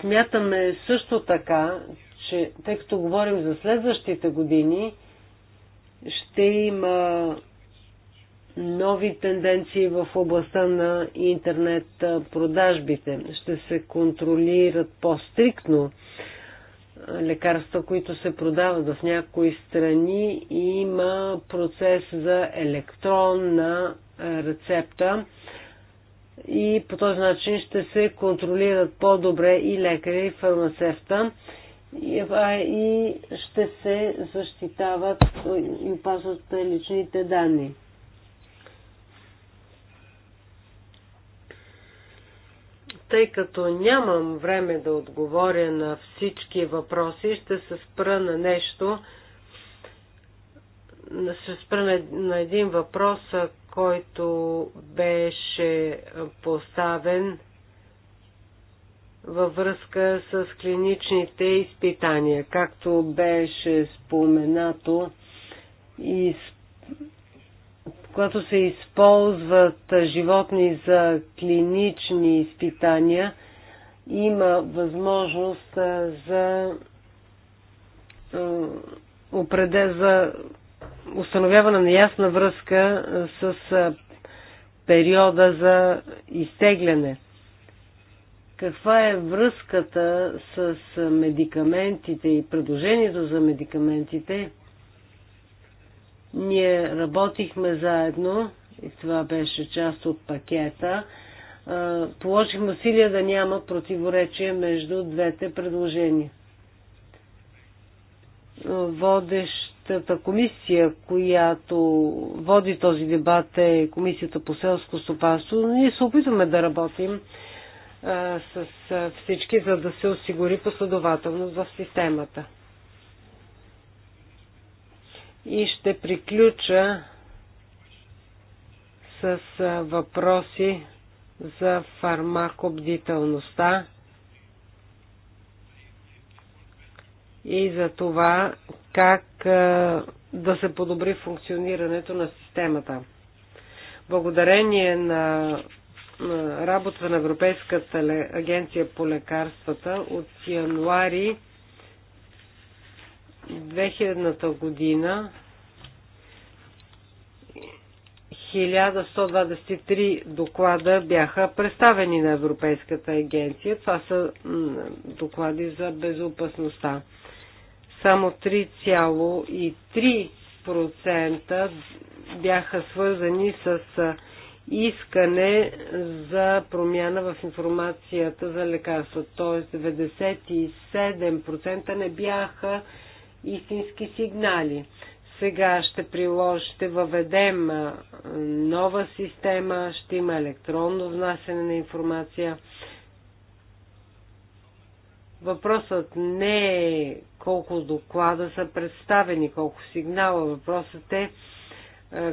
Смятаме също така, че тъй като говорим за следващите години, ще има нови тенденции в областта на интернет продажбите. Ще се контролират по-стриктно лекарства, които се продават в някои страни, има процес за електронна рецепта и по този начин ще се контролират по-добре и лекаря, и фармацевта и ще се защитават и опазват личните данни. Тъй като нямам време да отговоря на всички въпроси, ще се спра на нещо, ще спра на един въпрос, който беше поставен във връзка с клиничните изпитания. Както беше споменато, изпитания когато се използват животни за клинични изпитания, има възможност за, за установяване на ясна връзка с периода за изтегляне. Каква е връзката с медикаментите и предложението за медикаментите? Ние работихме заедно и това беше част от пакета. Положихме усилия да няма противоречие между двете предложения. Водещата комисия, която води този дебат е Комисията по селско стопанство. Ние се опитваме да работим с всички, за да се осигури последователност в системата. И ще приключа с въпроси за фармакобдителността и за това как да се подобри функционирането на системата. Благодарение на работа на Европейската агенция по лекарствата от януари 2000-та година 1123 доклада бяха представени на Европейската агенция. Това са доклади за безопасността. Само 3,3% бяха свързани с искане за промяна в информацията за лекарства. Т.е. 97% не бяха истински сигнали. Сега ще, прилож, ще въведем нова система, ще има електронно внасяне на информация. Въпросът не е колко доклада са представени, колко сигнала. Въпросът е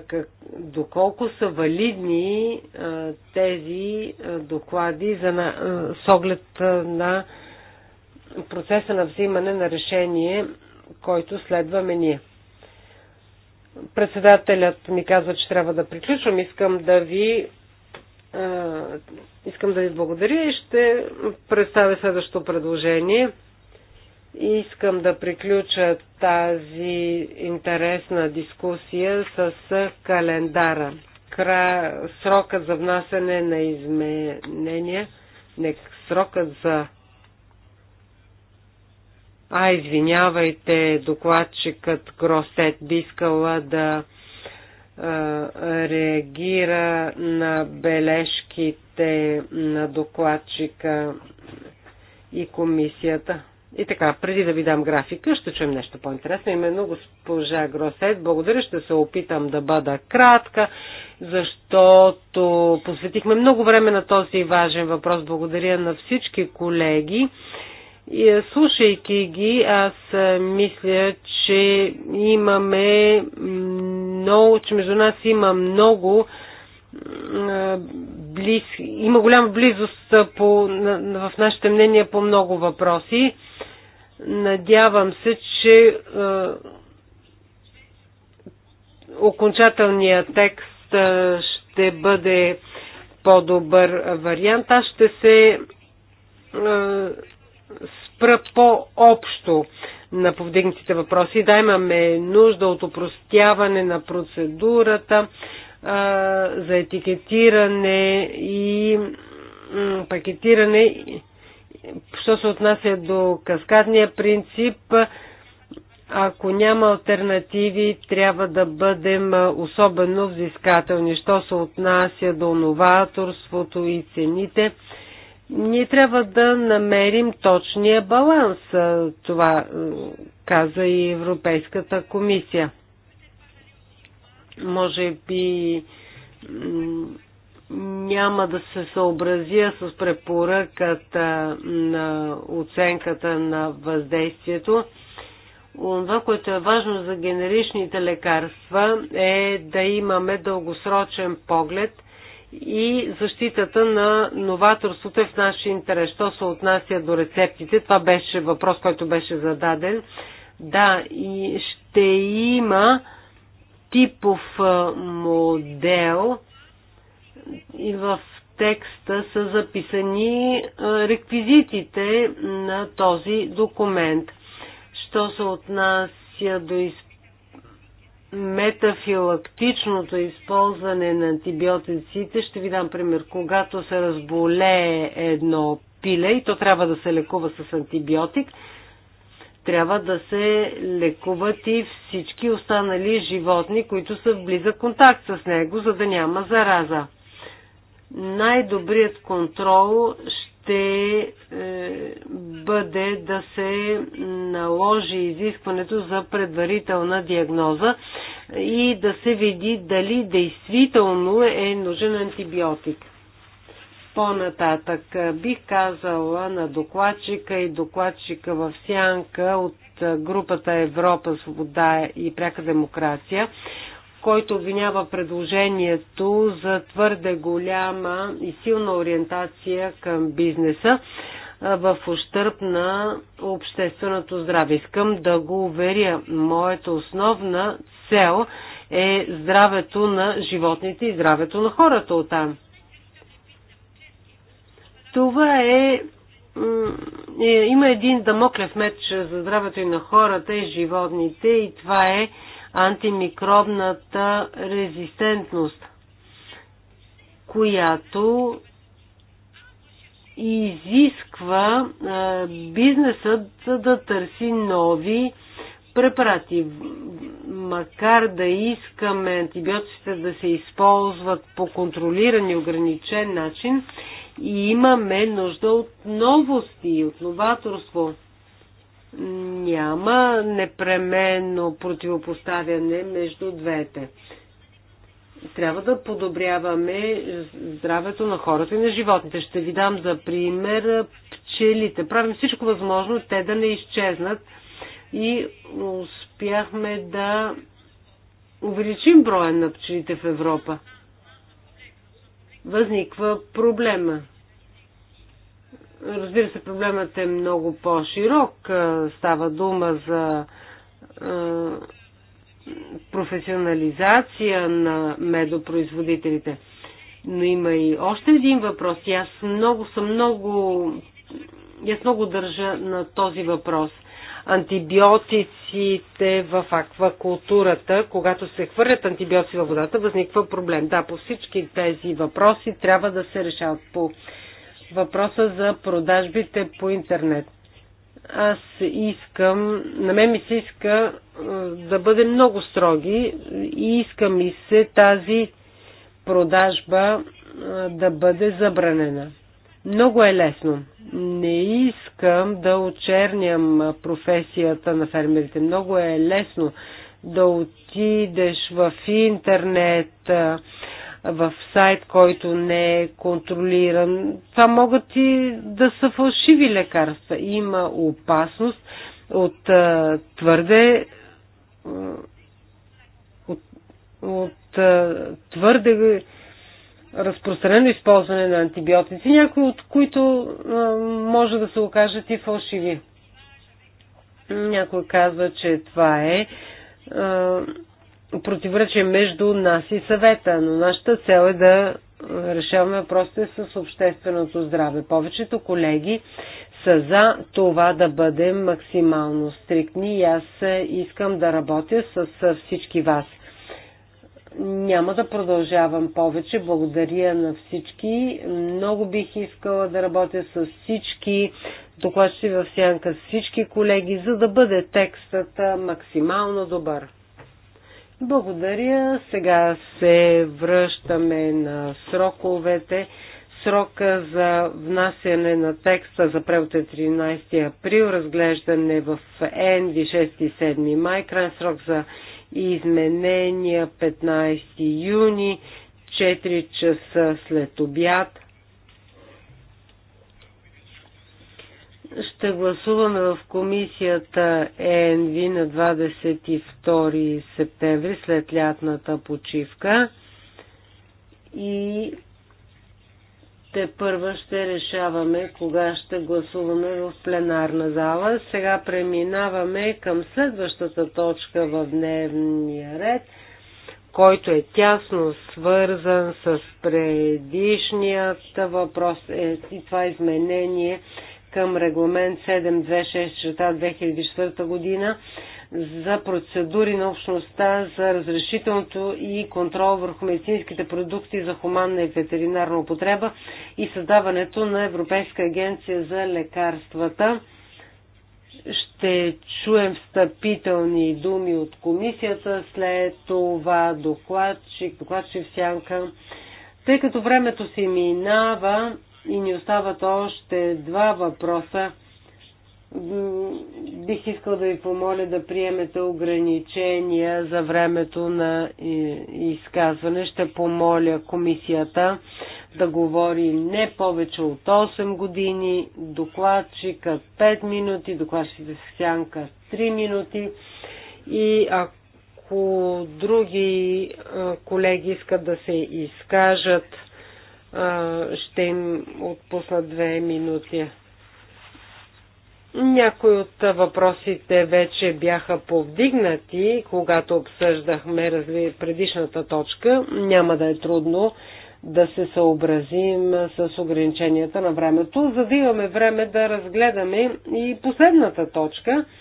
как, доколко са валидни тези доклади за на, с оглед на процеса на взимане на решение който следваме ние. Председателят ми казва, че трябва да приключвам. Искам да ви искам да ви благодаря и ще представя следващото предложение. Искам да приключа тази интересна дискусия с календара. Кра... Срокът за внасене на изменения, не срокът за а, извинявайте, докладчикът Гросет би искала да реагира на бележките на докладчика и комисията. И така, преди да ви дам графика, ще чуем нещо по-интересно. Именно госпожа Гросет, благодаря, ще се опитам да бъда кратка, защото посветихме много време на този важен въпрос. Благодаря на всички колеги и, е, слушайки ги, аз е, мисля, че имаме много, че между нас има много е, близ, има голяма близост по, в нашите мнения по много въпроси. Надявам се, че окончателният текст ще бъде по-добър вариант. Аз ще се спра по-общо на повдигнатите въпроси. Да, имаме нужда от упростяване на процедурата а, за етикетиране и пакетиране. Що се отнася до каскадния принцип, ако няма альтернативи, трябва да бъдем особено взискателни. Що се отнася до новаторството и цените, ние трябва да намерим точния баланс, това е, каза и Европейската комисия. Може би няма да се съобразя с препоръката на оценката на въздействието. Това, което е важно за генеричните лекарства е да имаме дългосрочен поглед – и защитата на новаторството е в нашия интерес. Що се отнася до рецептите, това беше въпрос, който беше зададен. Да, и ще има типов модел и в текста са записани реквизитите на този документ. Що се отнася до изпълнението, метафилактичното използване на антибиотиците, ще ви дам пример, когато се разболее едно пиле и то трябва да се лекува с антибиотик, трябва да се лекуват и всички останали животни, които са в близък контакт с него, за да няма зараза. Най-добрият контрол ще ще е, бъде да се наложи изискването за предварителна диагноза и да се види дали действително е нужен антибиотик. По-нататък е, бих казала на докладчика и докладчика в сянка от е, групата Европа, свобода и пряка демокрация, който обвинява предложението за твърде голяма и силна ориентация към бизнеса в ущърп на общественото здраве. Искам да го уверя. Моята основна цел е здравето на животните и здравето на хората от там. Това е, е има един дамоклев меч за здравето и на хората и животните и това е антимикробната резистентност, която изисква бизнесът да търси нови препарати. Макар да искаме антибиотиците да се използват по контролиран и ограничен начин, имаме нужда от новости, от новаторство няма непременно противопоставяне между двете. Трябва да подобряваме здравето на хората и на животните. Ще ви дам за пример пчелите. Правим всичко възможно те да не изчезнат и успяхме да увеличим броя на пчелите в Европа. Възниква проблема. Разбира се, проблемът е много по-широк. Става дума за професионализация на медопроизводителите. Но има и още един въпрос. И аз много съм много. И аз много държа на този въпрос. Антибиотиците в аквакултурата, когато се хвърлят антибиотици във водата, възниква проблем. Да, по всички тези въпроси трябва да се решават по въпроса за продажбите по интернет. Аз искам, на мен ми се иска е, да бъдем много строги и иска ми се тази продажба е, да бъде забранена. Много е лесно. Не искам да очерням професията на фермерите. Много е лесно да отидеш в интернет, е, в сайт, който не е контролиран. Това могат и да са фалшиви лекарства. Има опасност от а, твърде от, от а, твърде разпространено използване на антибиотици, някои от които а, може да се окажат и фалшиви. Някой казва, че това е а, противоречие между нас и съвета, но нашата цел е да решаваме въпросите с общественото здраве. Повечето колеги са за това да бъдем максимално стриктни и аз искам да работя с всички вас. Няма да продължавам повече. Благодаря на всички. Много бих искала да работя с всички докладчици в сянка, с всички колеги, за да бъде текстът максимално добър. Благодаря. Сега се връщаме на сроковете. Срока за внасяне на текста за превод е 13 април, разглеждане в ЕНВ 6 и 7 май, край, срок за изменения 15 юни, 4 часа след обяд. Ще гласуваме в комисията ЕНВ на 22 септември след лятната почивка и те първа ще решаваме кога ще гласуваме в пленарна зала. Сега преминаваме към следващата точка в дневния ред, който е тясно свързан с предишният въпрос е, и това е изменение – към регламент 726-2004 година за процедури на общността за разрешителното и контрол върху медицинските продукти за хуманна и ветеринарна употреба и създаването на Европейска агенция за лекарствата. Ще чуем встъпителни думи от комисията, след това докладчик, докладчик в сянка. Тъй като времето си минава, и ни остават още два въпроса. Бих искал да ви помоля да приемете ограничения за времето на изказване. Ще помоля комисията да говори не повече от 8 години, докладчика 5 минути, докладчика с сянка 3 минути и ако други колеги искат да се изкажат, ще им отпусна две минути. Някои от въпросите вече бяха повдигнати, когато обсъждахме предишната точка. Няма да е трудно да се съобразим с ограниченията на времето, за да имаме време да разгледаме и последната точка –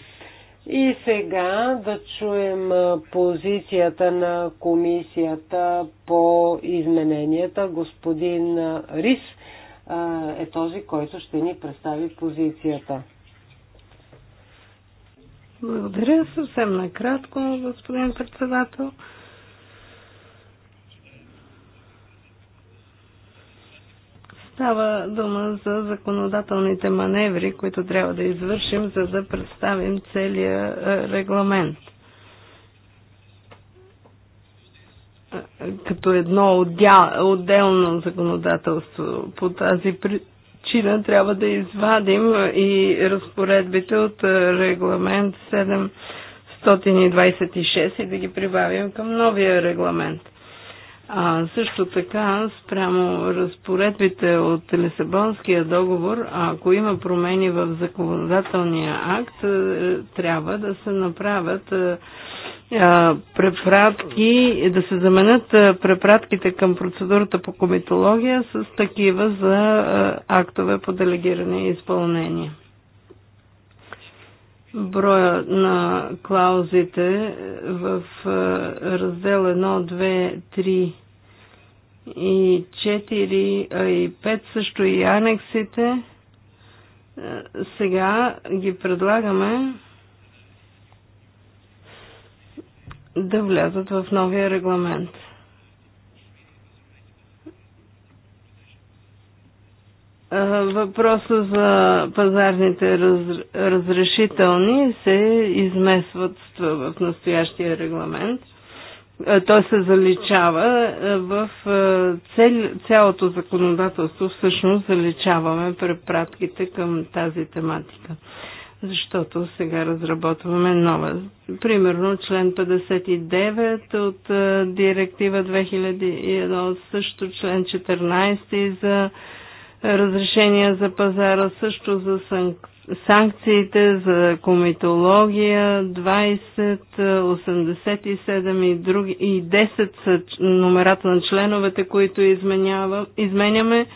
и сега да чуем позицията на комисията по измененията. Господин Рис е този, който ще ни представи позицията. Благодаря съвсем накратко, господин председател. Става дума за законодателните маневри, които трябва да извършим, за да представим целия е, регламент. Като едно отделно законодателство. По тази причина трябва да извадим и разпоредбите от е, регламент 726 и да ги прибавим към новия регламент. А също така, спрямо разпоредбите от Лисабонския договор, ако има промени в законодателния акт, е, трябва да се направят е, е, препратки, да се заменят препратките към процедурата по комитология с такива за актове по делегиране и изпълнение броя на клаузите в е, раздел 1, 2, 3 и 4, а и 5 също и анексите. Е, сега ги предлагаме да влязат в новия регламент. Въпроса за пазарните раз, разрешителни се измесват в настоящия регламент. Той се заличава в цел, цялото законодателство. Всъщност заличаваме препратките към тази тематика, защото сега разработваме нова. Примерно член 59 от директива 2001, също член 14 за разрешения за пазара, също за санкциите, за комитология, 20, 87 и, други, и 10 са номерата на членовете, които изменяме.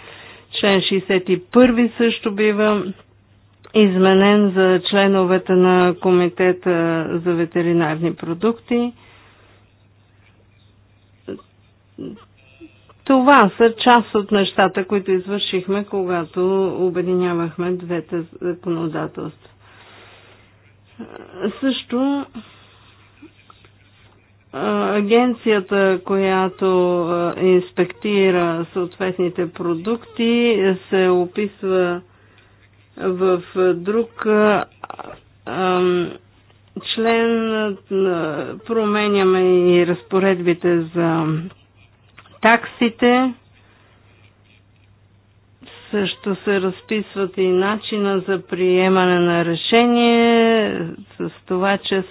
Член 61 също бива изменен за членовете на Комитета за ветеринарни продукти това са част от нещата, които извършихме, когато обединявахме двете законодателства. Също агенцията, която инспектира съответните продукти, се описва в друг член. Променяме и разпоредбите за таксите, също се разписват и начина за приемане на решение, с това, че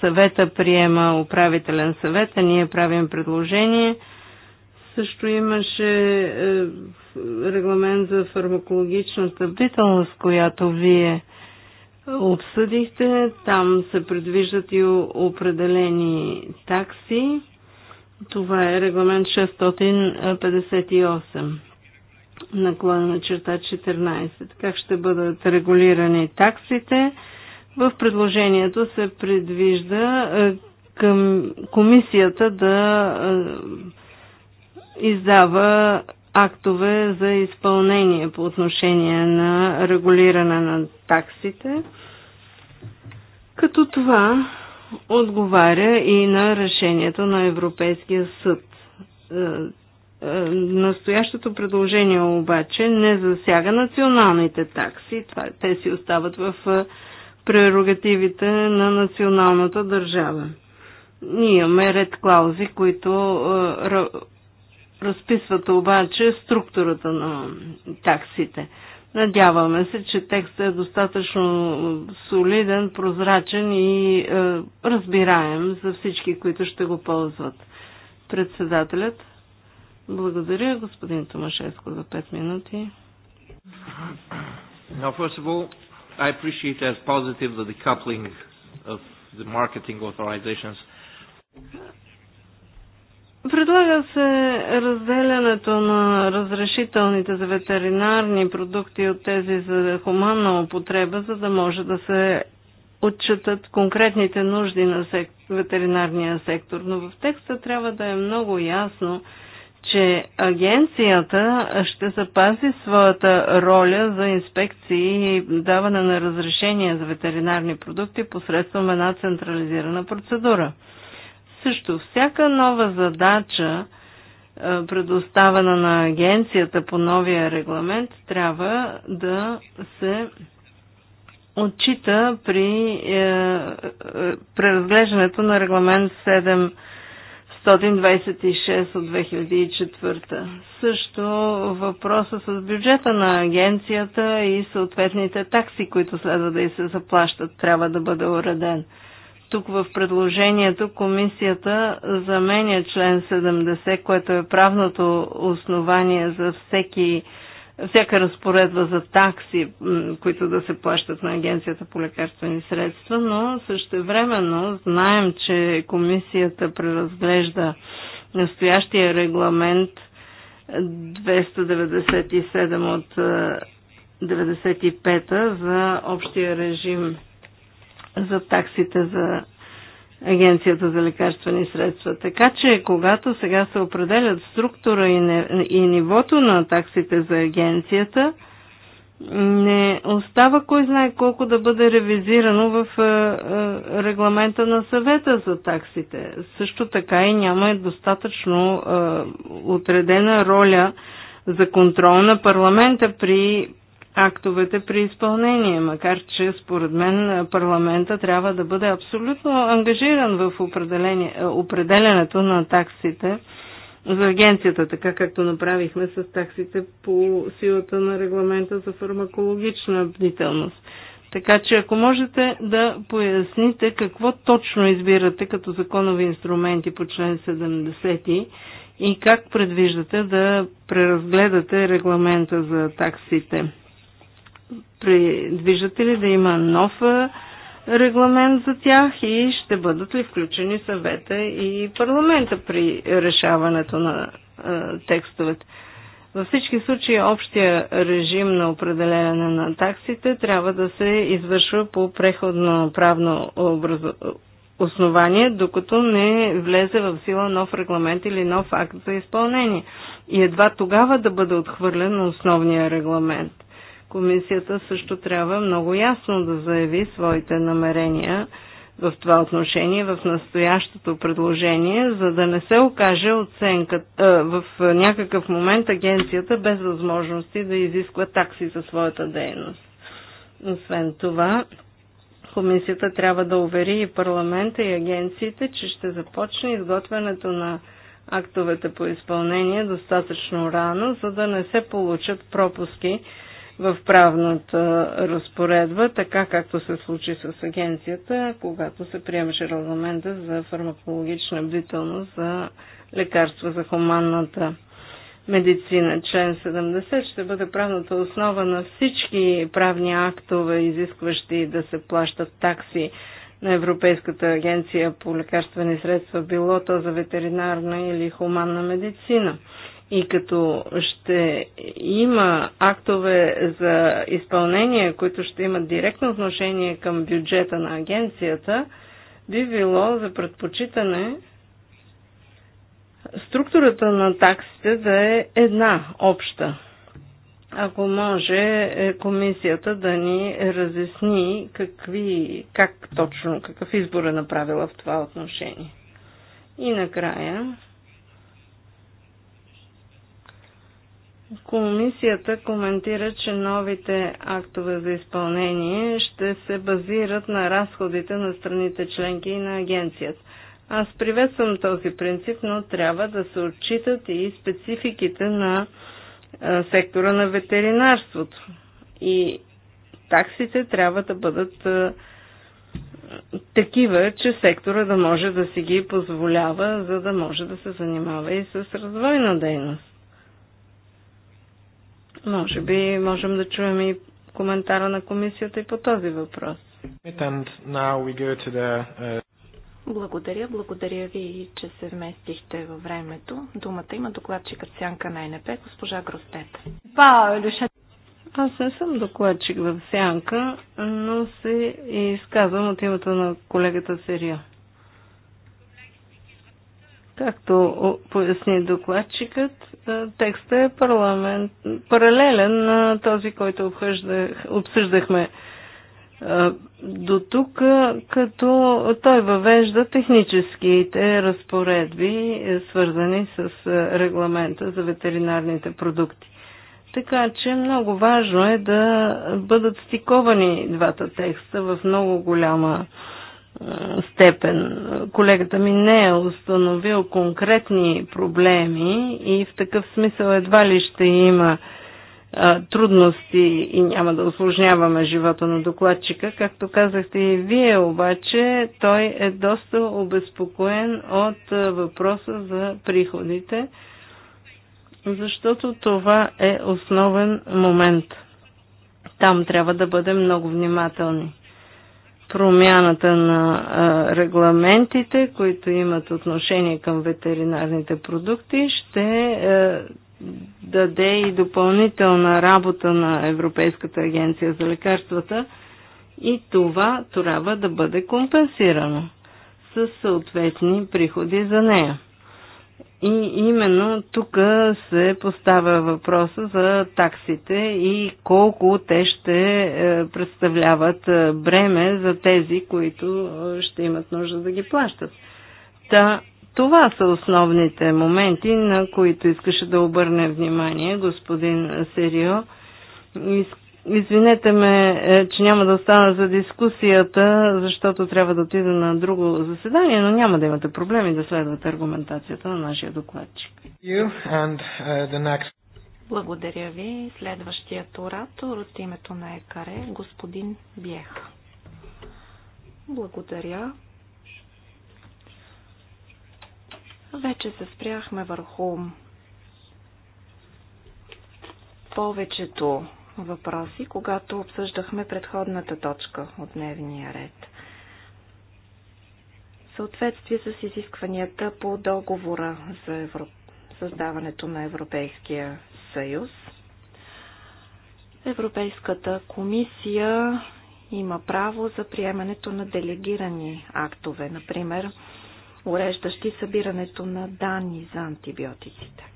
съвета приема управителен съвет, а ние правим предложение. Също имаше е, регламент за фармакологичната бдителност, която вие обсъдихте. Там се предвиждат и определени такси. Това е регламент 658 на черта 14. Как ще бъдат регулирани таксите? В предложението се предвижда е, към комисията да е, издава актове за изпълнение по отношение на регулиране на таксите. Като това отговаря и на решението на Европейския съд. Е, е, настоящото предложение обаче не засяга националните такси. Те си остават в е, прерогативите на националната държава. Ние имаме ред клаузи, които разписват обаче структурата на таксите. Надяваме се, че текстът е достатъчно солиден, прозрачен и е, разбираем за всички, които ще го ползват. Председателят. Благодаря, господин Томашеско, за 5 минути. Now, first of all, I appreciate as positive the decoupling of the marketing authorizations. Предлага се разделянето на разрешителните за ветеринарни продукти от тези за хуманна употреба, за да може да се отчитат конкретните нужди на сек... ветеринарния сектор. Но в текста трябва да е много ясно, че агенцията ще запази своята роля за инспекции и даване на разрешения за ветеринарни продукти посредством една централизирана процедура също всяка нова задача, е, предоставена на агенцията по новия регламент, трябва да се отчита при е, е, преразглеждането на регламент 726 от 2004. Също въпроса с бюджета на агенцията и съответните такси, които следва да и се заплащат, трябва да бъде уреден тук в предложението комисията заменя член 70, което е правното основание за всеки, всяка разпоредба за такси, които да се плащат на Агенцията по лекарствени средства, но същевременно знаем, че комисията преразглежда настоящия регламент 297 от 95 е, за общия режим за таксите за Агенцията за лекарствени средства. Така че, когато сега се определят структура и, не, и нивото на таксите за агенцията, не остава кой знае колко да бъде ревизирано в е, е, регламента на съвета за таксите. Също така и няма достатъчно е, отредена роля за контрол на парламента при актовете при изпълнение, макар че според мен парламента трябва да бъде абсолютно ангажиран в е, определенето на таксите за агенцията, така както направихме с таксите по силата на регламента за фармакологична бдителност. Така че ако можете да поясните какво точно избирате като законови инструменти по член 70 и как предвиждате да преразгледате регламента за таксите. Предвиждате ли да има нов регламент за тях и ще бъдат ли включени съвета и парламента при решаването на текстовете? Във всички случаи общия режим на определене на таксите трябва да се извършва по преходно правно образо... основание, докато не влезе в сила нов регламент или нов акт за изпълнение. И едва тогава да бъде отхвърлен основния регламент. Комисията също трябва много ясно да заяви своите намерения в това отношение, в настоящото предложение, за да не се окаже оценка, в някакъв момент агенцията без възможности да изисква такси за своята дейност. Освен това, комисията трябва да увери и парламента и агенциите, че ще започне изготвянето на актовете по изпълнение достатъчно рано, за да не се получат пропуски в правната разпоредба, така както се случи с агенцията, когато се приемаше регламента за фармакологична бдителност за лекарства за хуманната медицина. Член 70 ще бъде правната основа на всички правни актове, изискващи да се плащат такси на Европейската агенция по лекарствени средства, било то за ветеринарна или хуманна медицина. И като ще има актове за изпълнение, които ще имат директно отношение към бюджета на агенцията, би било за предпочитане структурата на таксите да е една обща. Ако може е, комисията да ни разясни какви, как точно, какъв избор е направила в това отношение. И накрая, Комисията коментира, че новите актове за изпълнение ще се базират на разходите на страните членки и на агенцията. Аз приветствам този принцип, но трябва да се отчитат и спецификите на сектора на ветеринарството. И таксите трябва да бъдат такива, че сектора да може да си ги позволява, за да може да се занимава и с развойна дейност. Може би можем да чуем и коментара на комисията и по този въпрос. Uh, благодаря, благодаря ви, че се вместихте във времето. Думата има от Сянка на НП, госпожа Гростет. Аз не съм докладчик в Сянка, но се изказвам от името на колегата Серия. Както поясни докладчикът, текстът е парламент, паралелен на този, който обсъждах, обсъждахме до тук, като той въвежда техническите разпоредби, е, свързани с регламента за ветеринарните продукти. Така че много важно е да бъдат стиковани двата текста в много голяма степен. Колегата ми не е установил конкретни проблеми и в такъв смисъл едва ли ще има трудности и няма да осложняваме живота на докладчика. Както казахте и вие обаче, той е доста обезпокоен от въпроса за приходите, защото това е основен момент. Там трябва да бъдем много внимателни промяната на регламентите, които имат отношение към ветеринарните продукти, ще даде и допълнителна работа на Европейската агенция за лекарствата и това трябва да бъде компенсирано с съответни приходи за нея. И именно тук се поставя въпроса за таксите и колко те ще е, представляват е, бреме за тези, които е, ще имат нужда да ги плащат. Та, това са основните моменти, на които искаше да обърне внимание господин Серио. Извинете ме, е, че няма да остана за дискусията, защото трябва да отида на друго заседание, но няма да имате проблеми да следвате аргументацията на нашия докладчик. Uh, Благодаря ви. Следващият оратор от името на ЕКАРЕ, господин Бех. Благодаря. Вече се спряхме върху повечето въпроси, когато обсъждахме предходната точка от дневния ред. В съответствие с изискванията по договора за Евро... създаването на Европейския съюз, Европейската комисия има право за приемането на делегирани актове, например, уреждащи събирането на данни за антибиотиците.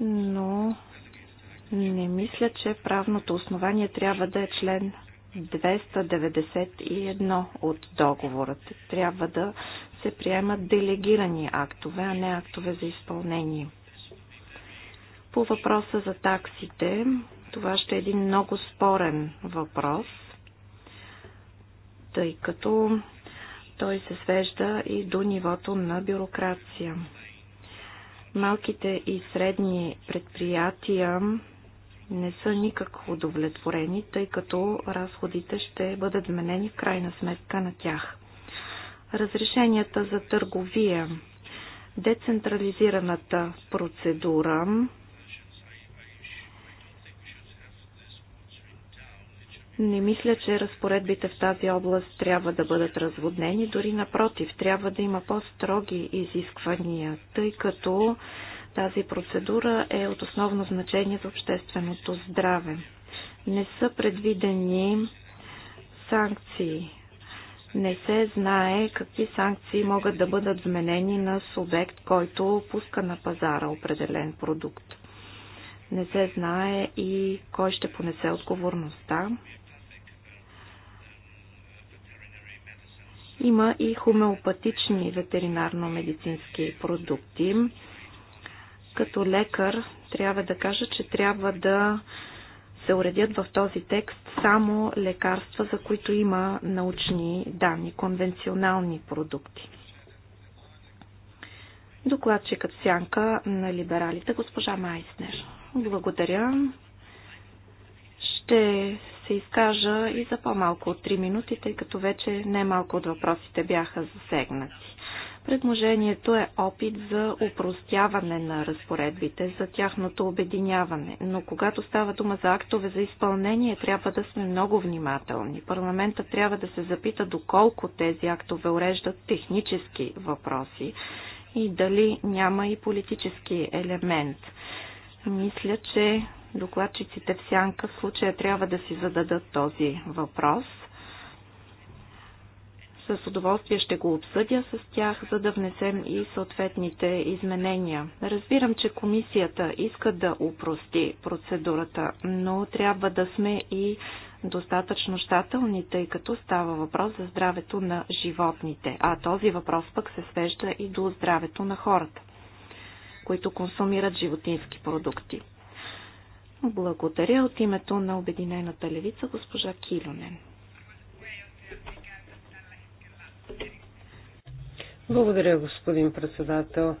но не мисля, че правното основание трябва да е член 291 от договорът. Трябва да се приемат делегирани актове, а не актове за изпълнение. По въпроса за таксите, това ще е един много спорен въпрос, тъй като той се свежда и до нивото на бюрокрация. Малките и средни предприятия не са никак удовлетворени, тъй като разходите ще бъдат вменени в крайна сметка на тях. Разрешенията за търговия. Децентрализираната процедура Не мисля, че разпоредбите в тази област трябва да бъдат разводнени, дори напротив, трябва да има по-строги изисквания, тъй като тази процедура е от основно значение за общественото здраве. Не са предвидени санкции. Не се знае какви санкции могат да бъдат вменени на субект, който пуска на пазара определен продукт. Не се знае и кой ще понесе отговорността. Има и хомеопатични ветеринарно-медицински продукти. Като лекар трябва да кажа, че трябва да се уредят в този текст само лекарства, за които има научни данни, конвенционални продукти. Докладчикът сянка на либералите, госпожа Майснер. Благодаря. Ще се изкажа и за по-малко от 3 минути, тъй като вече най-малко от въпросите бяха засегнати. Предложението е опит за упростяване на разпоредбите, за тяхното обединяване, но когато става дума за актове за изпълнение, трябва да сме много внимателни. Парламента трябва да се запита доколко тези актове уреждат технически въпроси и дали няма и политически елемент. Мисля, че докладчиците в сянка в случая трябва да си зададат този въпрос. С удоволствие ще го обсъдя с тях, за да внесем и съответните изменения. Разбирам, че комисията иска да упрости процедурата, но трябва да сме и достатъчно щателни, тъй като става въпрос за здравето на животните, а този въпрос пък се свежда и до здравето на хората, които консумират животински продукти. Благодаря от името на Обединената левица госпожа Килонен. Благодаря, господин председател.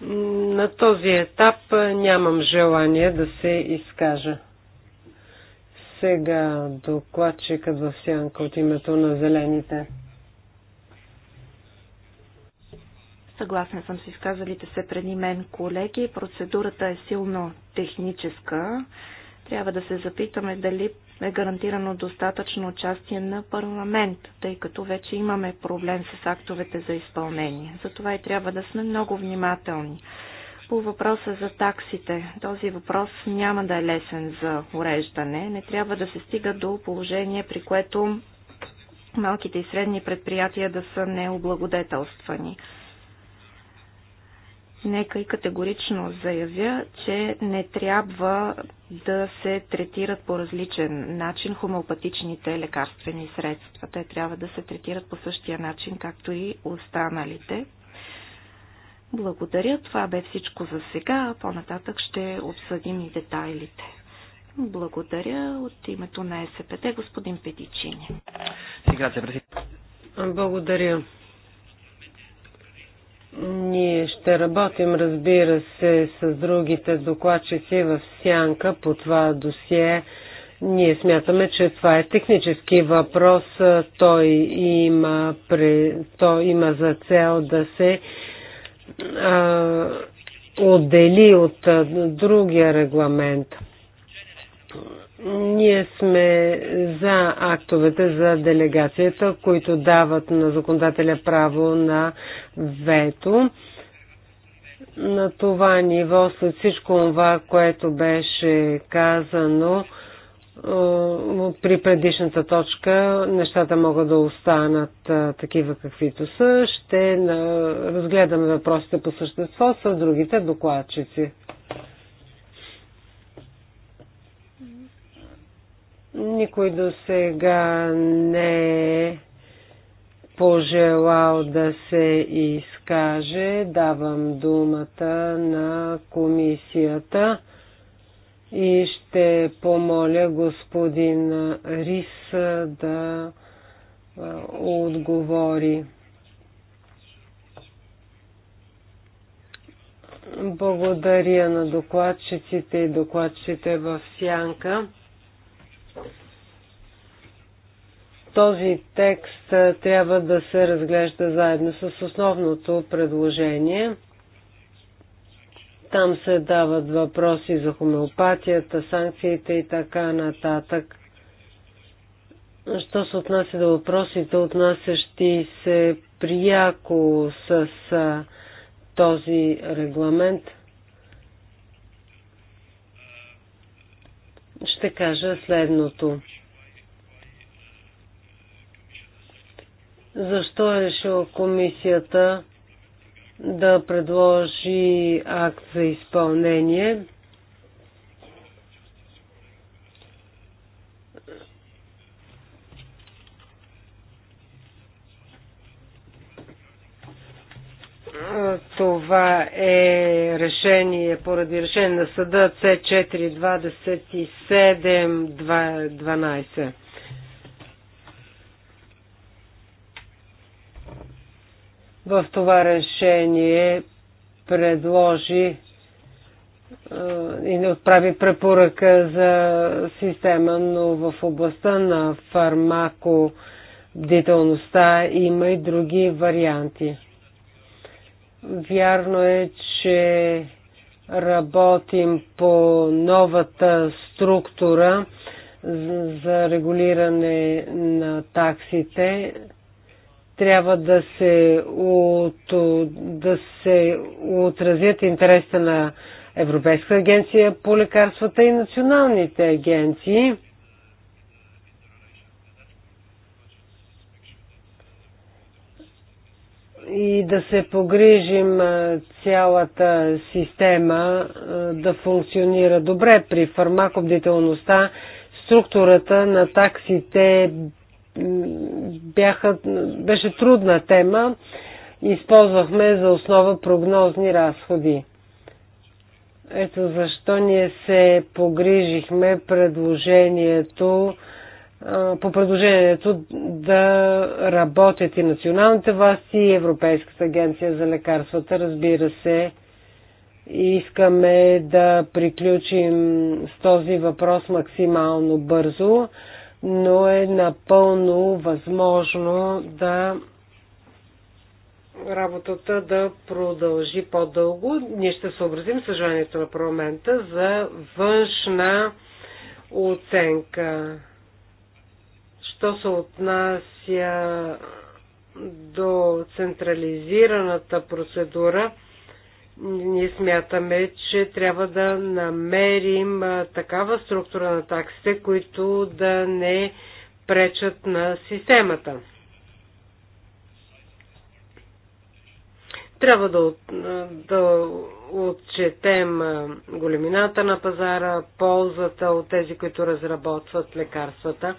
На този етап нямам желание да се изкажа. Сега докладчикът в сянка от името на зелените. Съгласен съм с изказалите се преди мен колеги. Процедурата е силно техническа. Трябва да се запитаме дали е гарантирано достатъчно участие на парламент, тъй като вече имаме проблем с актовете за изпълнение. Затова и трябва да сме много внимателни. По въпроса за таксите, този въпрос няма да е лесен за уреждане. Не трябва да се стига до положение, при което малките и средни предприятия да са необлагодетелствани. Нека и категорично заявя, че не трябва да се третират по различен начин хомеопатичните лекарствени средства. Те трябва да се третират по същия начин, както и останалите. Благодаря. Това бе всичко за сега. По-нататък ще обсъдим и детайлите. Благодаря от името на СПТ господин Педичини. Благодаря. Ние ще работим, разбира се, с другите докладчици в сянка по това досие. Ние смятаме, че това е технически въпрос. Той има, при, той има за цел да се а, отдели от а, другия регламент. Ние сме за актовете за делегацията, които дават на законодателя право на вето. На това ниво, след всичко това, което беше казано при предишната точка, нещата могат да останат такива каквито са. Ще разгледаме въпросите по същество с другите докладчици. Никой до сега не е пожелал да се изкаже. Давам думата на комисията и ще помоля господин Рис да отговори. Благодаря на докладчиците и докладчите в Сянка. Този текст трябва да се разглежда заедно с основното предложение. Там се дават въпроси за хомеопатията, санкциите и така нататък. Що се отнася до въпросите, отнасящи се прияко с този регламент, ще кажа следното. Защо е решила комисията да предложи акт за изпълнение? това е решение поради решение на съда C42712. в това решение предложи е, и не отправи препоръка за система, но в областта на фармакобдителността има и други варианти. Вярно е, че работим по новата структура за регулиране на таксите трябва да се, от, да се отразят интересите на Европейска агенция по лекарствата и националните агенции. И да се погрижим цялата система да функционира добре при фармакобдителността. Структурата на таксите бяха, беше трудна тема. Използвахме за основа прогнозни разходи. Ето защо ние се погрижихме предложението по предложението да работят и националните власти и Европейската агенция за лекарствата. Разбира се, искаме да приключим с този въпрос максимално бързо но е напълно възможно да работата да продължи по-дълго. Ние ще съобразим съжалението на парламента за външна оценка. Що се отнася до централизираната процедура, ние смятаме, че трябва да намерим такава структура на таксите, които да не пречат на системата. Трябва да, да отчетем големината на пазара, ползата от тези, които разработват лекарствата.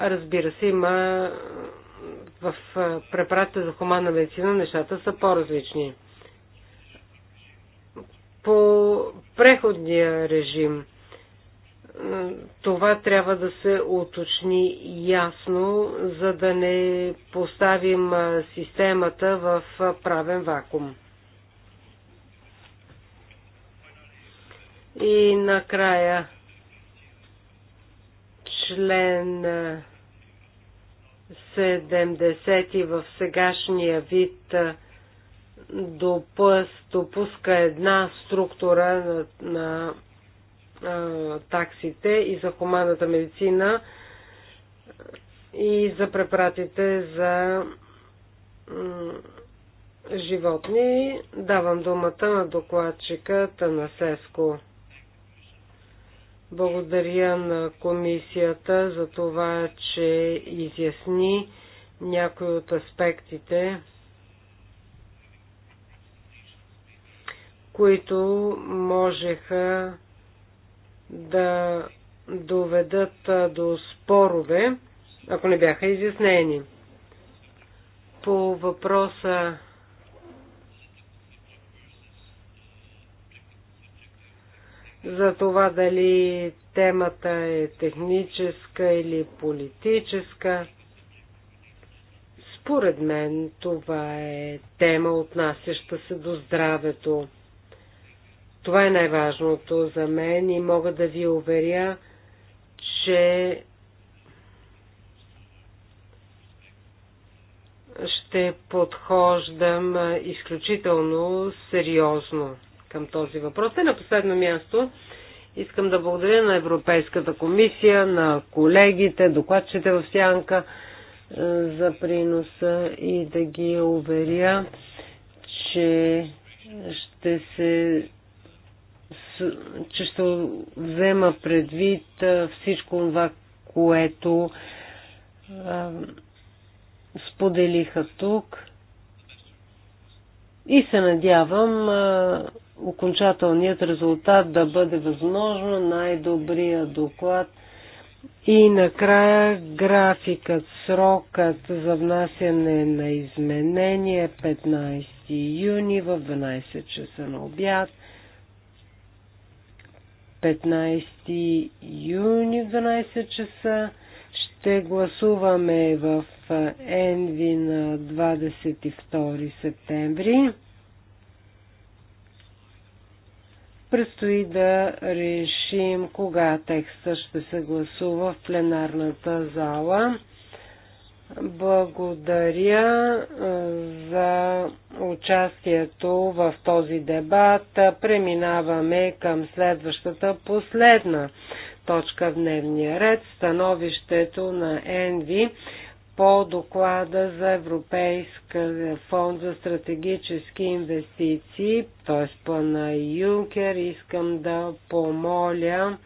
Разбира се, има в препарата за хуманна медицина нещата са по-различни по преходния режим. Това трябва да се уточни ясно, за да не поставим системата в правен вакуум. И накрая член 70 в сегашния вид допуска една структура на, на а, таксите и за хуманната медицина и за препратите за животни. Давам думата на докладчика Танасеско. Благодаря на комисията за това, че изясни някои от аспектите които можеха да доведат до спорове, ако не бяха изяснени. По въпроса за това дали темата е техническа или политическа. Според мен това е тема, отнасяща се до здравето. Това е най-важното за мен и мога да ви уверя, че ще подхождам изключително сериозно към този въпрос. И на последно място искам да благодаря на Европейската комисия, на колегите, докладчите в Сянка за приноса и да ги уверя, че ще се че ще взема предвид всичко това, което а, споделиха тук. И се надявам а, окончателният резултат да бъде възможно най-добрия доклад. И накрая графикът, срокът за внасяне на изменение 15 е юни в 12 часа на обяд. 15 юни в 12 часа. Ще гласуваме в Енви на 22 септември. Предстои да решим кога текста ще се гласува в пленарната зала. Благодаря за участието в този дебат. Преминаваме към следващата последна точка в дневния ред. Становището на ЕНВИ по доклада за Европейска фонд за стратегически инвестиции, т.е. плана Юнкер, искам да помоля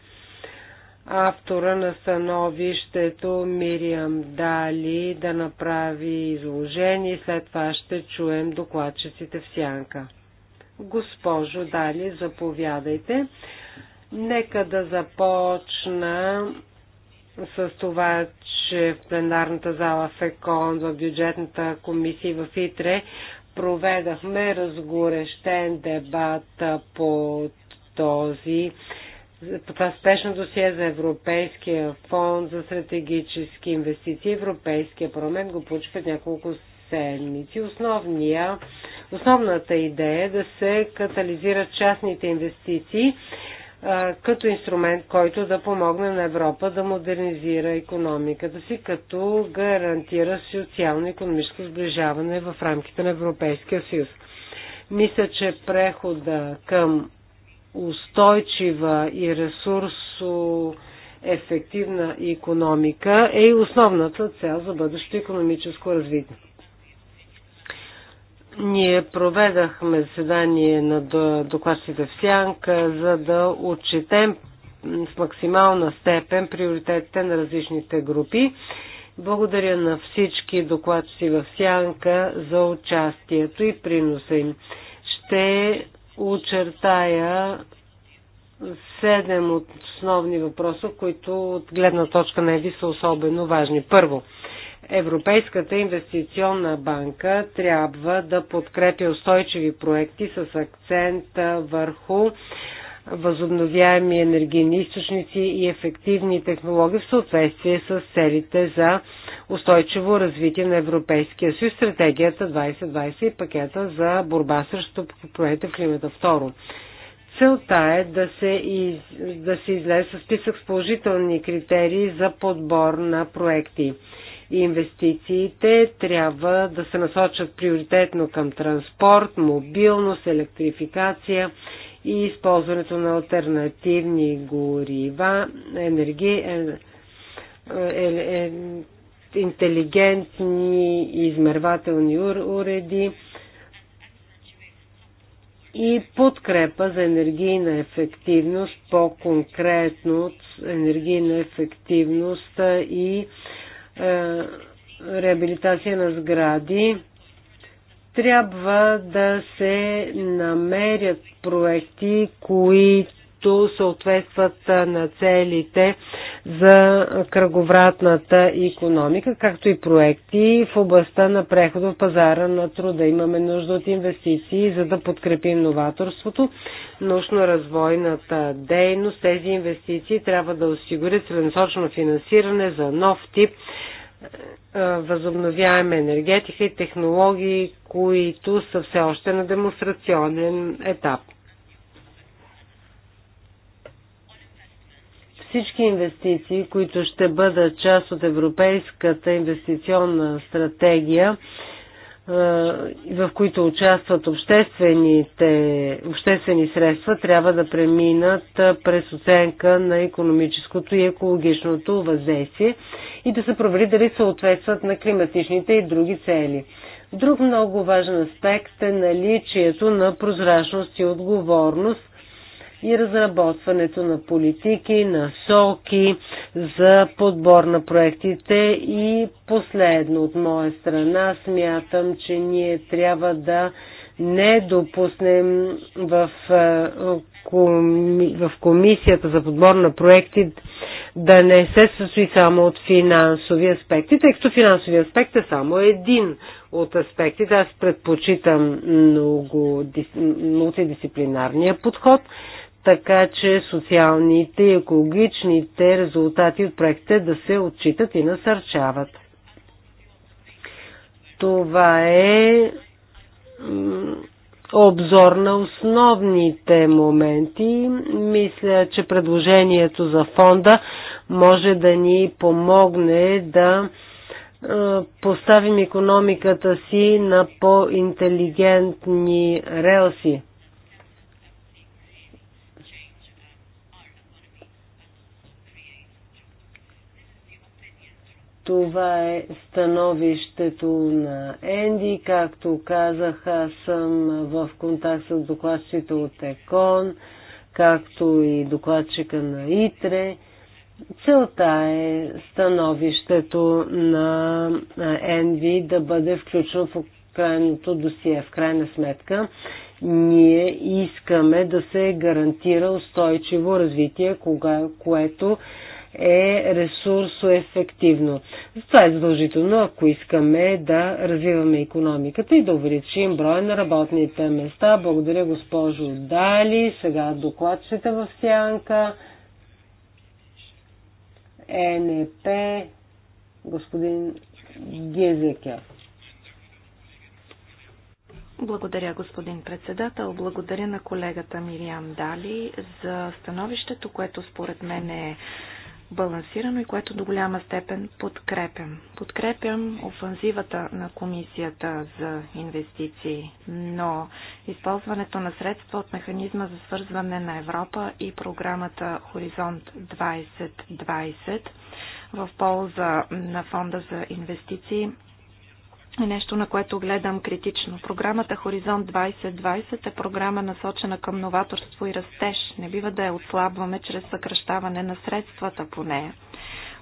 автора на становището Мириам Дали да направи изложение и след това ще чуем докладчиците в сянка. Госпожо Дали, заповядайте. Нека да започна с това, че в пленарната зала в ЕКОН, в бюджетната комисия в ИТРЕ проведахме разгорещен дебат по този по това спешно досие за Европейския фонд за стратегически инвестиции. Европейския парламент го получи пред няколко седмици. Основния, основната идея е да се катализират частните инвестиции а, като инструмент, който да помогне на Европа да модернизира економиката си, като гарантира социално-економическо сближаване в рамките на Европейския съюз. Мисля, че прехода към устойчива и ресурсо ефективна економика е и основната цел за бъдещето економическо развитие. Ние проведахме заседание на докладчите в Сянка, за да отчетем с максимална степен приоритетите на различните групи. Благодаря на всички докладчици в Сянка за участието и приноса им. Ще очертая седем от основни въпроса, които от гледна точка на ЕВИ са особено важни. Първо, Европейската инвестиционна банка трябва да подкрепя устойчиви проекти с акцент върху възобновяеми енергийни източници и ефективни технологии в съответствие с целите за устойчиво развитие на Европейския съюз, стратегията 2020 и пакета за борба срещу проекта в климата. Второ, целта е да се, из, да се излезе с списък с положителни критерии за подбор на проекти. Инвестициите трябва да се насочат приоритетно към транспорт, мобилност, електрификация, и използването на альтернативни горива, енерги, е, е, е, интелигентни измервателни ур, уреди и подкрепа за енергийна ефективност, по-конкретно енергийна ефективност и е, реабилитация на сгради. Трябва да се намерят проекти, които съответстват на целите за кръговратната економика, както и проекти в областта на прехода в пазара на труда. Имаме нужда от инвестиции, за да подкрепим новаторството, научно-развойната дейност. Тези инвестиции трябва да осигурят целенасочено финансиране за нов тип възобновяема енергетика и технологии, които са все още на демонстрационен етап. Всички инвестиции, които ще бъдат част от Европейската инвестиционна стратегия, е, в които участват обществените, обществени средства, трябва да преминат е, през оценка на економическото и екологичното въздействие и да се провери дали съответстват на климатичните и други цели. Друг много важен аспект е наличието на прозрачност и отговорност и разработването на политики, насоки за подбор на проектите и последно от моя страна смятам, че ние трябва да не допуснем в, е, в комисията за подбор на проекти да не се състои само от финансови аспекти, тъй като финансови аспект е само един от аспектите. Аз предпочитам много мултидисциплинарния подход – така че социалните и екологичните резултати от проекта да се отчитат и насърчават. Това е обзор на основните моменти. Мисля, че предложението за фонда може да ни помогне да поставим економиката си на по-интелигентни релси. Това е становището на Енди. Както казах, аз съм в контакт с докладчите от ЕКОН, както и докладчика на ИТРЕ. Целта е становището на Енди да бъде включено в крайното досие. В крайна сметка, ние искаме да се гарантира устойчиво развитие, кога, което е ресурсоефективно. Затова е задължително, ако искаме да развиваме економиката и да увеличим броя на работните места. Благодаря госпожо Дали. Сега докладчета в сянка. ЕНП. Господин Гезекя. Благодаря, господин председател. Благодаря на колегата Мириам Дали за становището, което според мен е балансирано и което до голяма степен подкрепям. Подкрепям офанзивата на комисията за инвестиции, но използването на средства от механизма за свързване на Европа и програмата Хоризонт 2020 в полза на фонда за инвестиции нещо, на което гледам критично. Програмата Хоризонт 2020 е програма насочена към новаторство и растеж. Не бива да я отслабваме чрез съкръщаване на средствата по нея.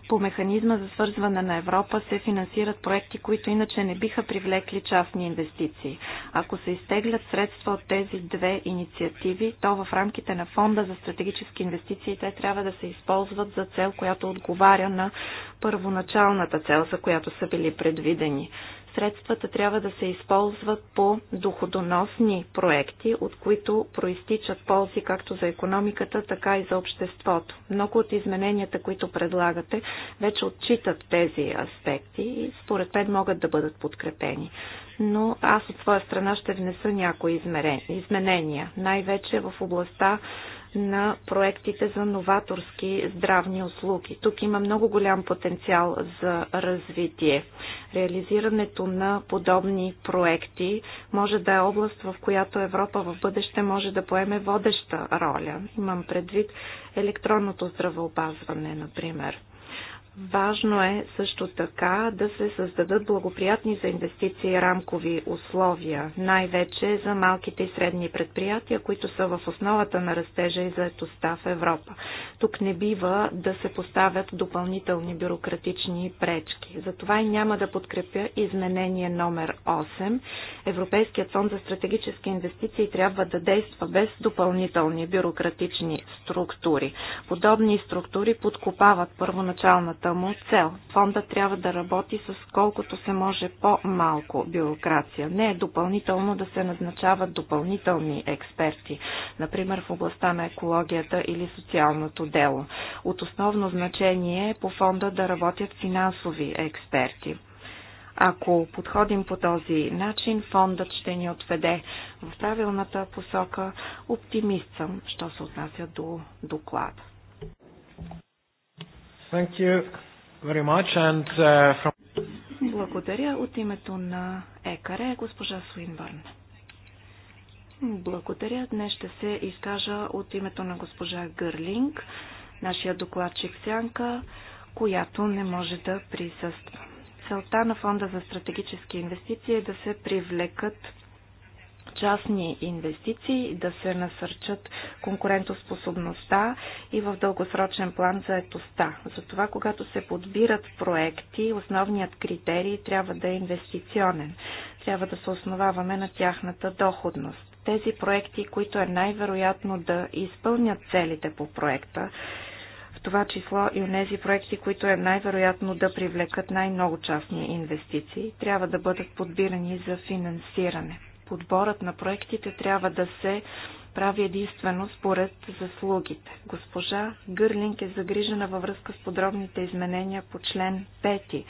По механизма за свързване на Европа се финансират проекти, които иначе не биха привлекли частни инвестиции. Ако се изтеглят средства от тези две инициативи, то в рамките на фонда за стратегически инвестиции те трябва да се използват за цел, която отговаря на първоначалната цел, за която са били предвидени средствата трябва да се използват по доходоносни проекти, от които проистичат ползи както за економиката, така и за обществото. Много от измененията, които предлагате, вече отчитат тези аспекти и според мен могат да бъдат подкрепени. Но аз от своя страна ще внеса някои измерения, изменения, най-вече в областта на проектите за новаторски здравни услуги. Тук има много голям потенциал за развитие. Реализирането на подобни проекти може да е област, в която Европа в бъдеще може да поеме водеща роля. Имам предвид електронното здравеопазване, например. Важно е също така да се създадат благоприятни за инвестиции рамкови условия, най-вече за малките и средни предприятия, които са в основата на растежа и заетостта в Европа. Тук не бива да се поставят допълнителни бюрократични пречки. Затова и няма да подкрепя изменение номер 8. Европейският фонд за стратегически инвестиции трябва да действа без допълнителни бюрократични структури. Подобни структури подкопават първоначалната общата му цел. Фонда трябва да работи с колкото се може по-малко бюрокрация. Не е допълнително да се назначават допълнителни експерти, например в областта на екологията или социалното дело. От основно значение е по фонда да работят финансови експерти. Ако подходим по този начин, фондът ще ни отведе в правилната посока. Оптимист съм, що се отнася до доклада. Thank you very much and, uh, from... Благодаря от името на ЕКАРЕ, госпожа Суинбърн. Благодаря. Днес ще се изкажа от името на госпожа Гърлинг, нашия докладчик Сянка, която не може да присъства. Целта на Фонда за стратегически инвестиции е да се привлекат частни инвестиции, да се насърчат конкурентоспособността и в дългосрочен план заетостта. Затова, когато се подбират проекти, основният критерий трябва да е инвестиционен. Трябва да се основаваме на тяхната доходност. Тези проекти, които е най-вероятно да изпълнят целите по проекта, в това число и нези проекти, които е най-вероятно да привлекат най-много частни инвестиции, трябва да бъдат подбирани за финансиране подборът на проектите трябва да се прави единствено според заслугите. Госпожа Гърлинг е загрижена във връзка с подробните изменения по член 5 и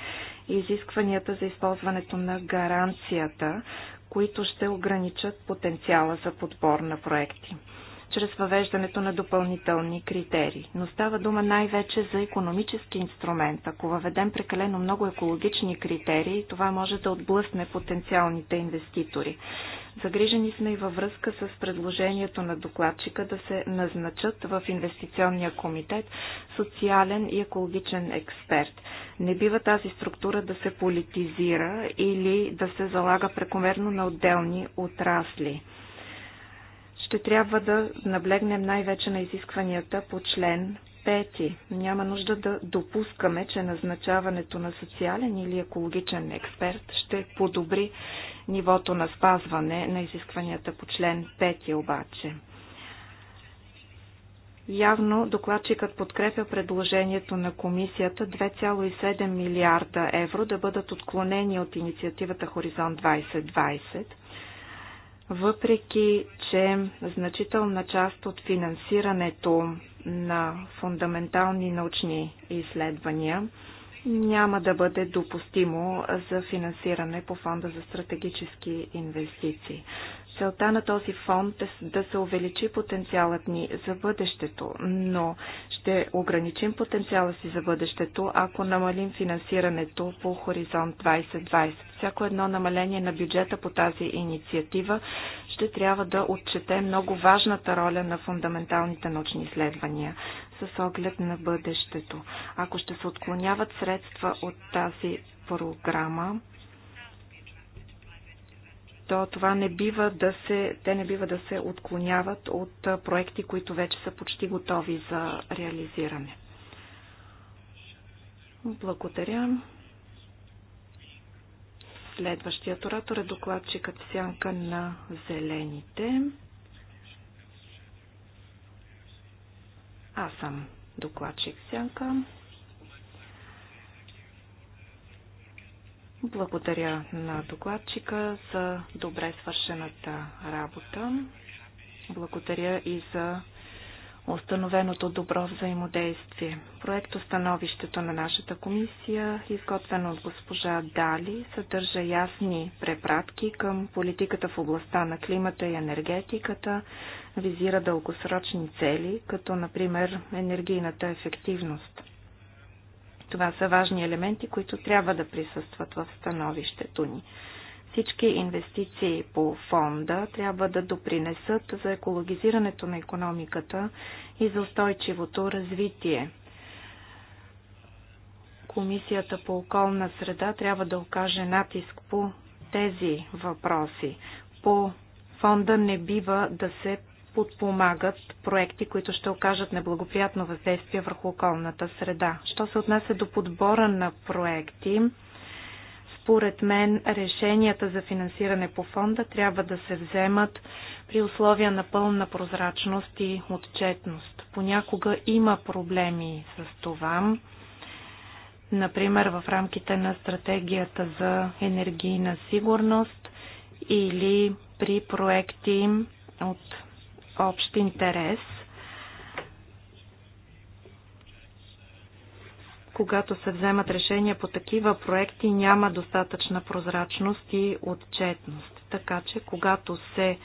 изискванията за използването на гаранцията, които ще ограничат потенциала за подбор на проекти чрез въвеждането на допълнителни критерии. Но става дума най-вече за економически инструмент. Ако въведем прекалено много екологични критерии, това може да отблъсне потенциалните инвеститори. Загрижени сме и във връзка с предложението на докладчика да се назначат в инвестиционния комитет социален и екологичен експерт. Не бива тази структура да се политизира или да се залага прекомерно на отделни отрасли ще трябва да наблегнем най-вече на изискванията по член 5. Няма нужда да допускаме, че назначаването на социален или екологичен експерт ще подобри нивото на спазване на изискванията по член 5 обаче. Явно докладчикът подкрепя предложението на комисията 2,7 милиарда евро да бъдат отклонени от инициативата Хоризонт 2020 въпреки че значителна част от финансирането на фундаментални научни изследвания няма да бъде допустимо за финансиране по фонда за стратегически инвестиции. Целта на този фонд е да се увеличи потенциалът ни за бъдещето, но ще ограничим потенциала си за бъдещето, ако намалим финансирането по Хоризонт 2020. Всяко едно намаление на бюджета по тази инициатива ще трябва да отчете много важната роля на фундаменталните научни изследвания с оглед на бъдещето. Ако ще се отклоняват средства от тази програма, то това не бива да се, те не бива да се отклоняват от проекти, които вече са почти готови за реализиране. Благодаря. Следващият оратор е докладчикът Сянка на Зелените. Аз съм докладчик Сянка. Благодаря на докладчика за добре свършената работа. Благодаря и за установеното добро взаимодействие. Проект становището на нашата комисия, изготвено от госпожа Дали, съдържа ясни препратки към политиката в областта на климата и енергетиката, визира дългосрочни цели, като например енергийната ефективност. Това са важни елементи, които трябва да присъстват в становището ни. Всички инвестиции по фонда трябва да допринесат за екологизирането на економиката и за устойчивото развитие. Комисията по околна среда трябва да окаже натиск по тези въпроси. По фонда не бива да се подпомагат проекти, които ще окажат неблагоприятно въздействие върху околната среда. Що се отнася до подбора на проекти, според мен решенията за финансиране по фонда трябва да се вземат при условия на пълна прозрачност и отчетност. Понякога има проблеми с това. Например, в рамките на стратегията за енергийна сигурност или при проекти от общ интерес, когато се вземат решения по такива проекти, няма достатъчна прозрачност и отчетност. Така че, когато се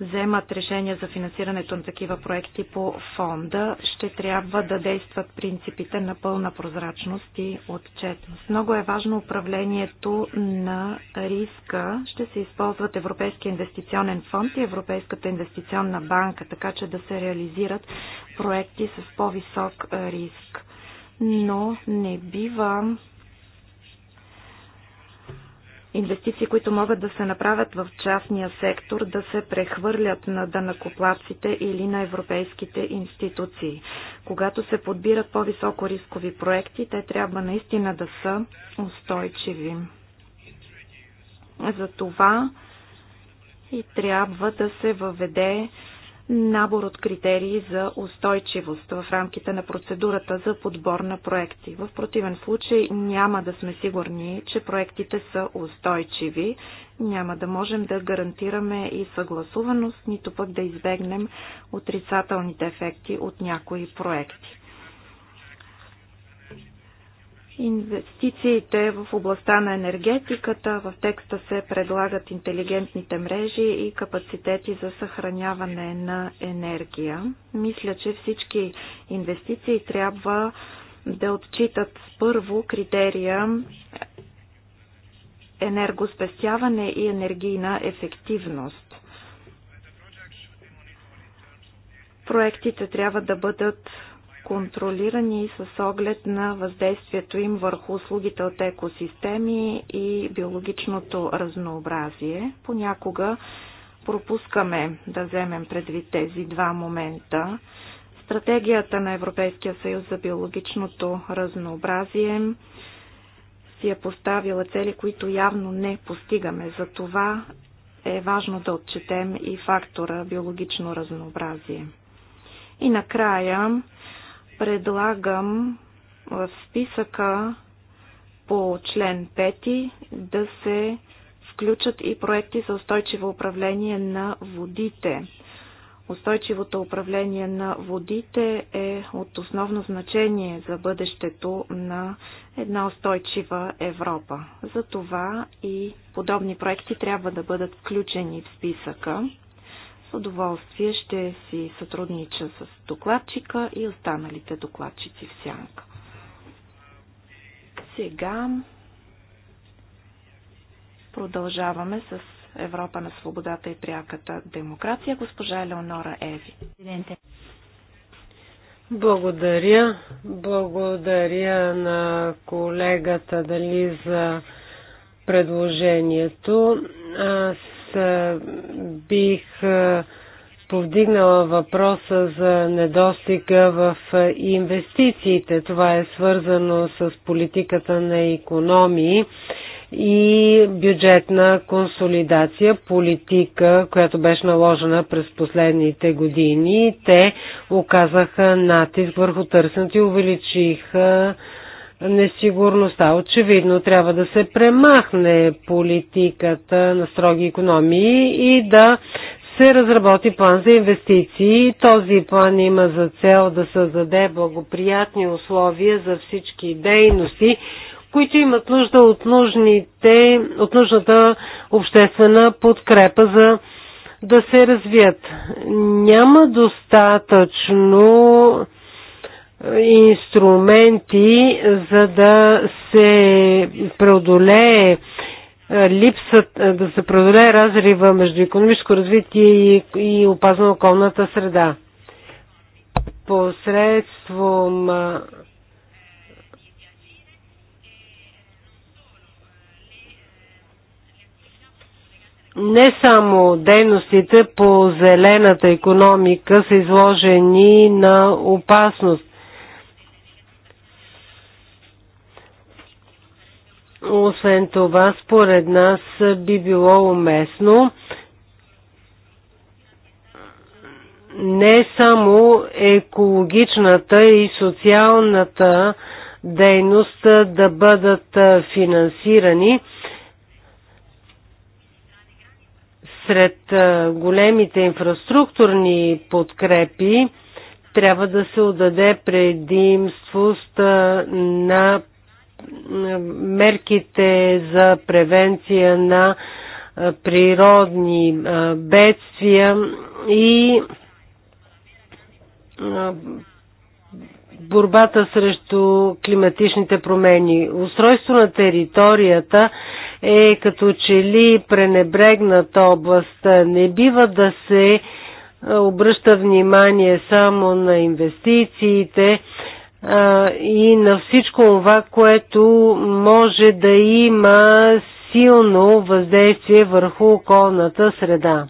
вземат решения за финансирането на такива проекти по фонда, ще трябва да действат принципите на пълна прозрачност и отчетност. Много е важно управлението на риска. Ще се използват Европейския инвестиционен фонд и Европейската инвестиционна банка, така че да се реализират проекти с по-висок риск. Но не бива инвестиции, които могат да се направят в частния сектор, да се прехвърлят на данакоплаците или на европейските институции. Когато се подбират по-високо рискови проекти, те трябва наистина да са устойчиви. За това и трябва да се въведе набор от критерии за устойчивост в рамките на процедурата за подбор на проекти. В противен случай няма да сме сигурни, че проектите са устойчиви, няма да можем да гарантираме и съгласуваност, нито пък да избегнем отрицателните ефекти от някои проекти. Инвестициите в областта на енергетиката, в текста се предлагат интелигентните мрежи и капацитети за съхраняване на енергия. Мисля, че всички инвестиции трябва да отчитат първо критерия енергоспестяване и енергийна ефективност. Проектите трябва да бъдат контролирани с оглед на въздействието им върху услугите от екосистеми и биологичното разнообразие. Понякога пропускаме да вземем предвид тези два момента. Стратегията на Европейския съюз за биологичното разнообразие си е поставила цели, които явно не постигаме. За това е важно да отчетем и фактора биологично разнообразие. И накрая Предлагам в списъка по член 5 да се включат и проекти за устойчиво управление на водите. Устойчивото управление на водите е от основно значение за бъдещето на една устойчива Европа. Затова и подобни проекти трябва да бъдат включени в списъка. С удоволствие ще си сътруднича с докладчика и останалите докладчици в сянка. Сега продължаваме с Европа на свободата и пряката демокрация. Госпожа Елеонора Еви. Благодаря. Благодаря на колегата Дали за предложението. Аз е, бих е, повдигнала въпроса за недостига в е, инвестициите. Това е свързано с политиката на економии и бюджетна консолидация, политика, която беше наложена през последните години. Те оказаха натиск върху търсенето и увеличиха несигурността. Очевидно трябва да се премахне политиката на строги економии и да се разработи план за инвестиции. Този план има за цел да създаде благоприятни условия за всички дейности, които имат нужда от, нужните, от нужната обществена подкрепа за да се развият. Няма достатъчно инструменти, за да се преодолее е, липсата, е, да се преодолее разрива между економическо развитие и, и опазна околната среда. Посредством е, не само дейностите по зелената економика са изложени на опасност. Освен това, според нас би било уместно не само екологичната и социалната дейност да бъдат финансирани. Сред големите инфраструктурни подкрепи трябва да се отдаде предимство на мерките за превенция на природни бедствия и борбата срещу климатичните промени. Устройство на територията е като че ли пренебрегната област. Не бива да се обръща внимание само на инвестициите, и на всичко това, което може да има силно въздействие върху околната среда.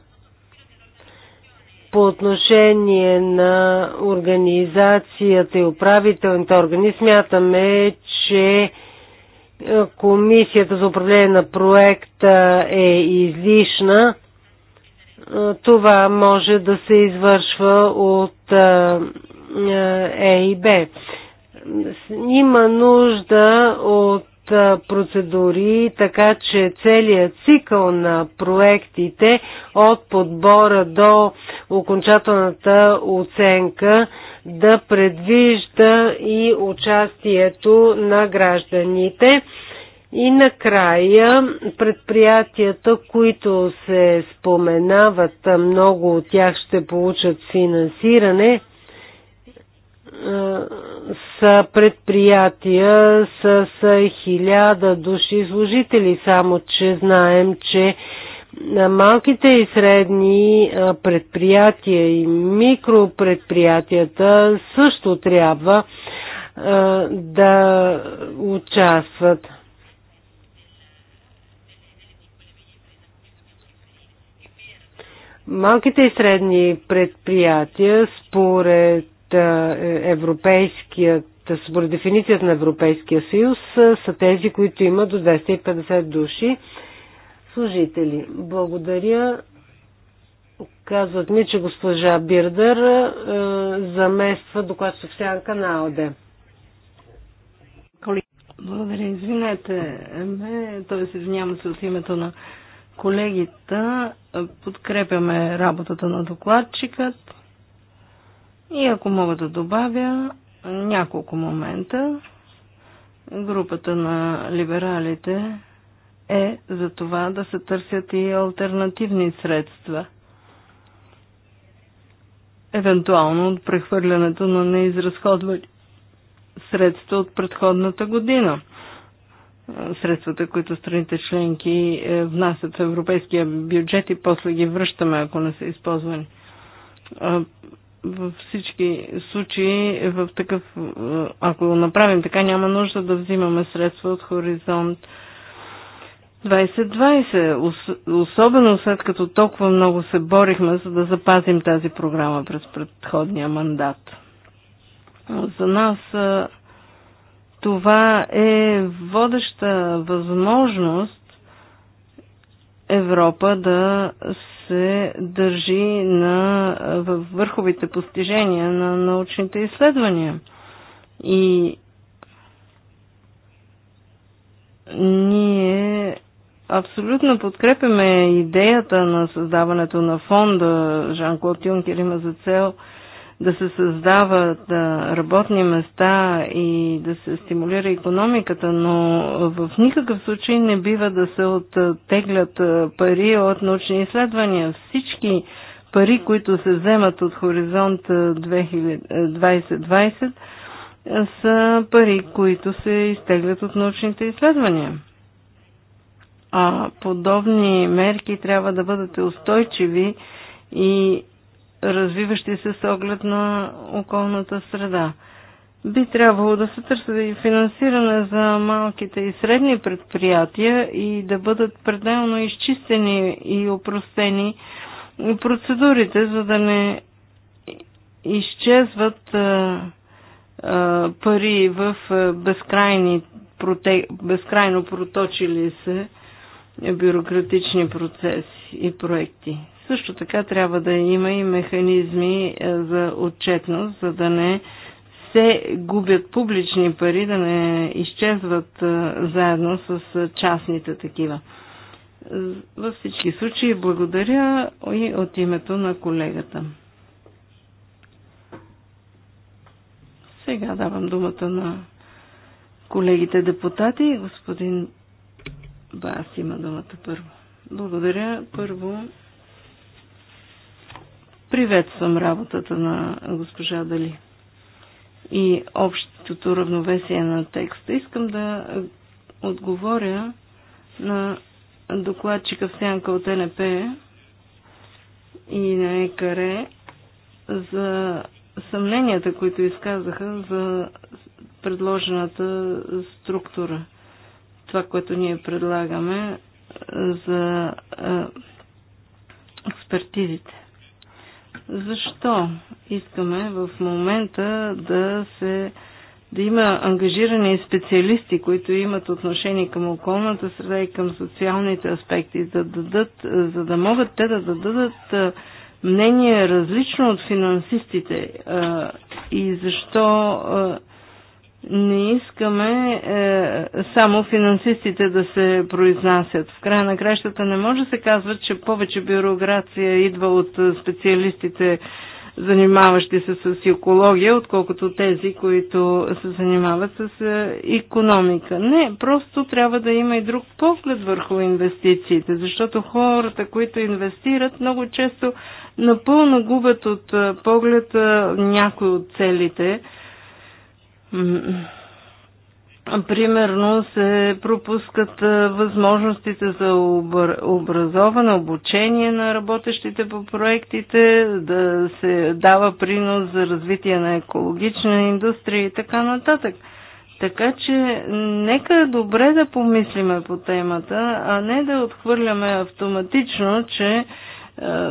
По отношение на организацията и управителните органи смятаме, че Комисията за управление на проекта е излишна. Това може да се извършва от е и Б. Има нужда от процедури, така че целият цикъл на проектите от подбора до окончателната оценка да предвижда и участието на гражданите. И накрая предприятията, които се споменават, много от тях ще получат финансиране е, са предприятия с хиляда души служители, само че знаем, че малките и средни е, предприятия и микропредприятията също трябва е, да участват. Малките и средни предприятия, според е, европейският, според дефиницията на Европейския съюз, е, са тези, които имат до 250 души служители. Благодаря. Казват ми, че госпожа Бирдър е, замества доклад Сянка на ОДЕ. Благодаря. Извинете ме, т.е. извинявам се от името на колегите. Подкрепяме работата на докладчикът и ако мога да добавя няколко момента, групата на либералите е за това да се търсят и альтернативни средства. Евентуално от прехвърлянето на неизразходвани средства от предходната година. Средствата, които страните членки е, внасят в европейския бюджет и после ги връщаме, ако не са използвани във всички случаи, в такъв, ако го направим така, няма нужда да взимаме средства от хоризонт 2020. Особено след като толкова много се борихме, за да запазим тази програма през предходния мандат. За нас това е водеща възможност Европа да се държи на върховите постижения на научните изследвания. И ние абсолютно подкрепяме идеята на създаването на фонда. Жан-Клод Юнкер има за цел да се създават работни места и да се стимулира економиката, но в никакъв случай не бива да се оттеглят пари от научни изследвания. Всички пари, които се вземат от Хоризонт 2020, са пари, които се изтеглят от научните изследвания. А подобни мерки трябва да бъдат устойчиви и развиващи се с оглед на околната среда. Би трябвало да се търси и финансиране за малките и средни предприятия и да бъдат пределно изчистени и опростени процедурите, за да не изчезват пари в безкрайни, безкрайно проточили се бюрократични процеси и проекти. Също така трябва да има и механизми е, за отчетност, за да не се губят публични пари, да не изчезват е, заедно с е, частните такива. Във всички случаи благодаря и от името на колегата. Сега давам думата на колегите депутати. Господин Бас има думата първо. Благодаря. Първо приветствам работата на госпожа Дали и общото равновесие на текста. Искам да отговоря на докладчика в сянка от НП и на ЕКР за съмненията, които изказаха за предложената структура. Това, което ние предлагаме за експертизите. Защо искаме в момента да се да има ангажирани специалисти, които имат отношение към околната среда и към социалните аспекти, да дадат, за да могат те да дадат мнение различно от финансистите и защо не искаме е, само финансистите да се произнасят. В края на кращата не може да се казва, че повече бюрокрация идва от е, специалистите, занимаващи се с екология, отколкото тези, които се занимават с економика. Не, просто трябва да има и друг поглед върху инвестициите, защото хората, които инвестират, много често напълно губят от е, поглед е, някои от целите, Примерно се пропускат възможностите за образоване, обучение на работещите по проектите, да се дава принос за развитие на екологична индустрия и така нататък. Така че нека добре да помислиме по темата, а не да отхвърляме автоматично, че е,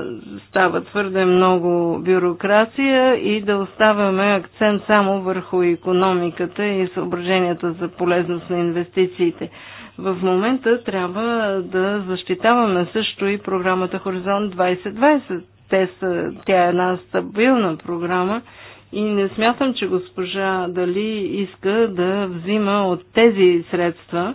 става твърде много бюрокрация и да оставяме акцент само върху економиката и съображенията за полезност на инвестициите. В момента трябва да защитаваме също и програмата Хоризонт 2020. Те са, тя е една стабилна програма и не смятам, че госпожа Дали иска да взима от тези средства,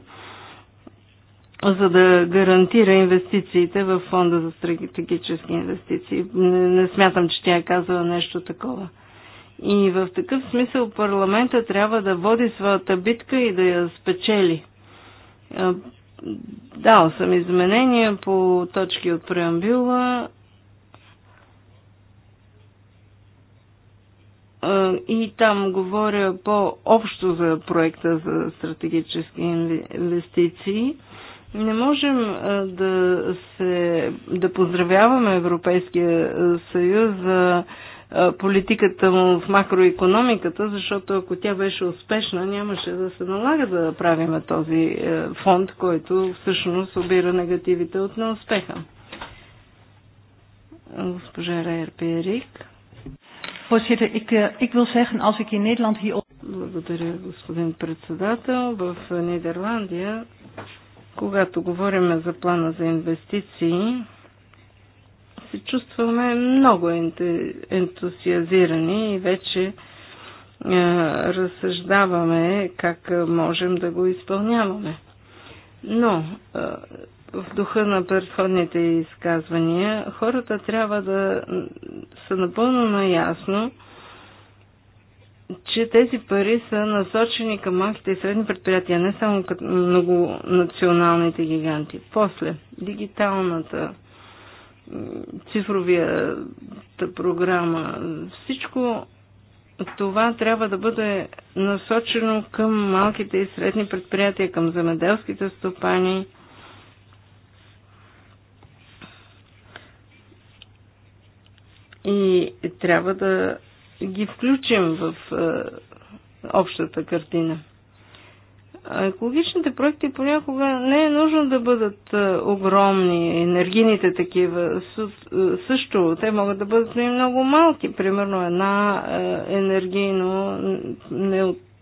за да гарантира инвестициите в фонда за стратегически инвестиции. Не, не смятам, че тя е казала нещо такова. И в такъв смисъл парламента трябва да води своята битка и да я спечели. Дал съм изменения по точки от преамбюла. И там говоря по-общо за проекта за стратегически инвестиции не можем да, се, да поздравяваме Европейския съюз за политиката му в макроекономиката, защото ако тя беше успешна, нямаше да се налага да правиме този фонд, който всъщност обира негативите от неуспеха. Госпожа Рейер Пиерик. Voorzitter, ik, eh, ik wil zeggen, als ik in Nederland hier... Благодаря, господин председател. В Нидерландия когато говорим за плана за инвестиции, се чувстваме много ентусиазирани и вече е, разсъждаваме как можем да го изпълняваме. Но е, в духа на предходните изказвания, хората трябва да са напълно наясно, че тези пари са насочени към малките и средни предприятия, не само като многонационалните гиганти. После, дигиталната, цифровията програма, всичко това трябва да бъде насочено към малките и средни предприятия, към земеделските стопани. И трябва да ги включим в е, общата картина. Екологичните проекти понякога не е нужно да бъдат е, огромни, енергийните такива е, също, те могат да бъдат и много малки, примерно една енергийно